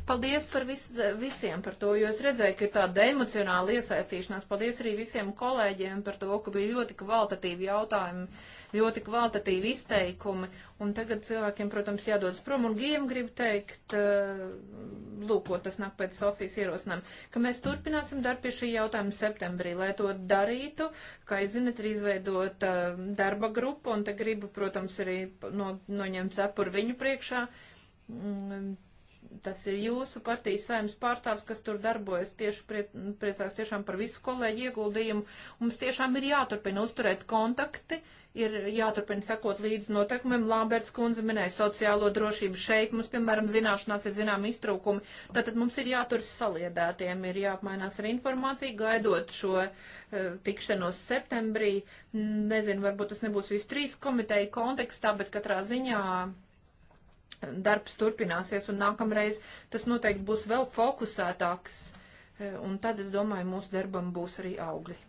Paldies par vis, visiem par to, jo es redzēju, ka ir tāda emocionāla iesaistīšanās. Paldies arī visiem kolēģiem par to, ka bija ļoti kvalitatīvi jautājumi, ļoti kvalitatīvi izteikumi. Un tagad cilvēkiem, protams, jādodas prom. Un Giem grib teikt, eh, lūk, ko tas nāk pēc Sofijas ierosinām, ka mēs turpināsim darbu pie šī jautājuma septembrī. Lai to darītu, kā jūs zinat, ir izveidota eh, darba grupa, un te gribu, protams, arī no, noņemt cepuri viņu priekšā Mm, tas ir jūsu partijas saimnes pārstāvs, kas tur darbojas. Tieši prie, priecājos tiešām par visu kolēģi ieguldījumu. Mums tiešām ir jāturpina uzturēt kontakti, ir jāturpina sekot līdz noteikumiem. Lamberts kundze minēja sociālo drošību šeit. Mums, piemēram, zināšanās ir zinām iztrūkumi. Tātad mums ir jātur saliedētiem, ir jāapmainās ar informāciju, gaidot šo uh, tikšanos septembrī. Nezinu, varbūt tas nebūs viss trīs komiteju kontekstā, bet katrā ziņā. Uh, darbs turpināsies, un nākamreiz tas noteikti būs vēl fokusētāks, e, un tad, es domāju, mūsu darbam būs arī augļi.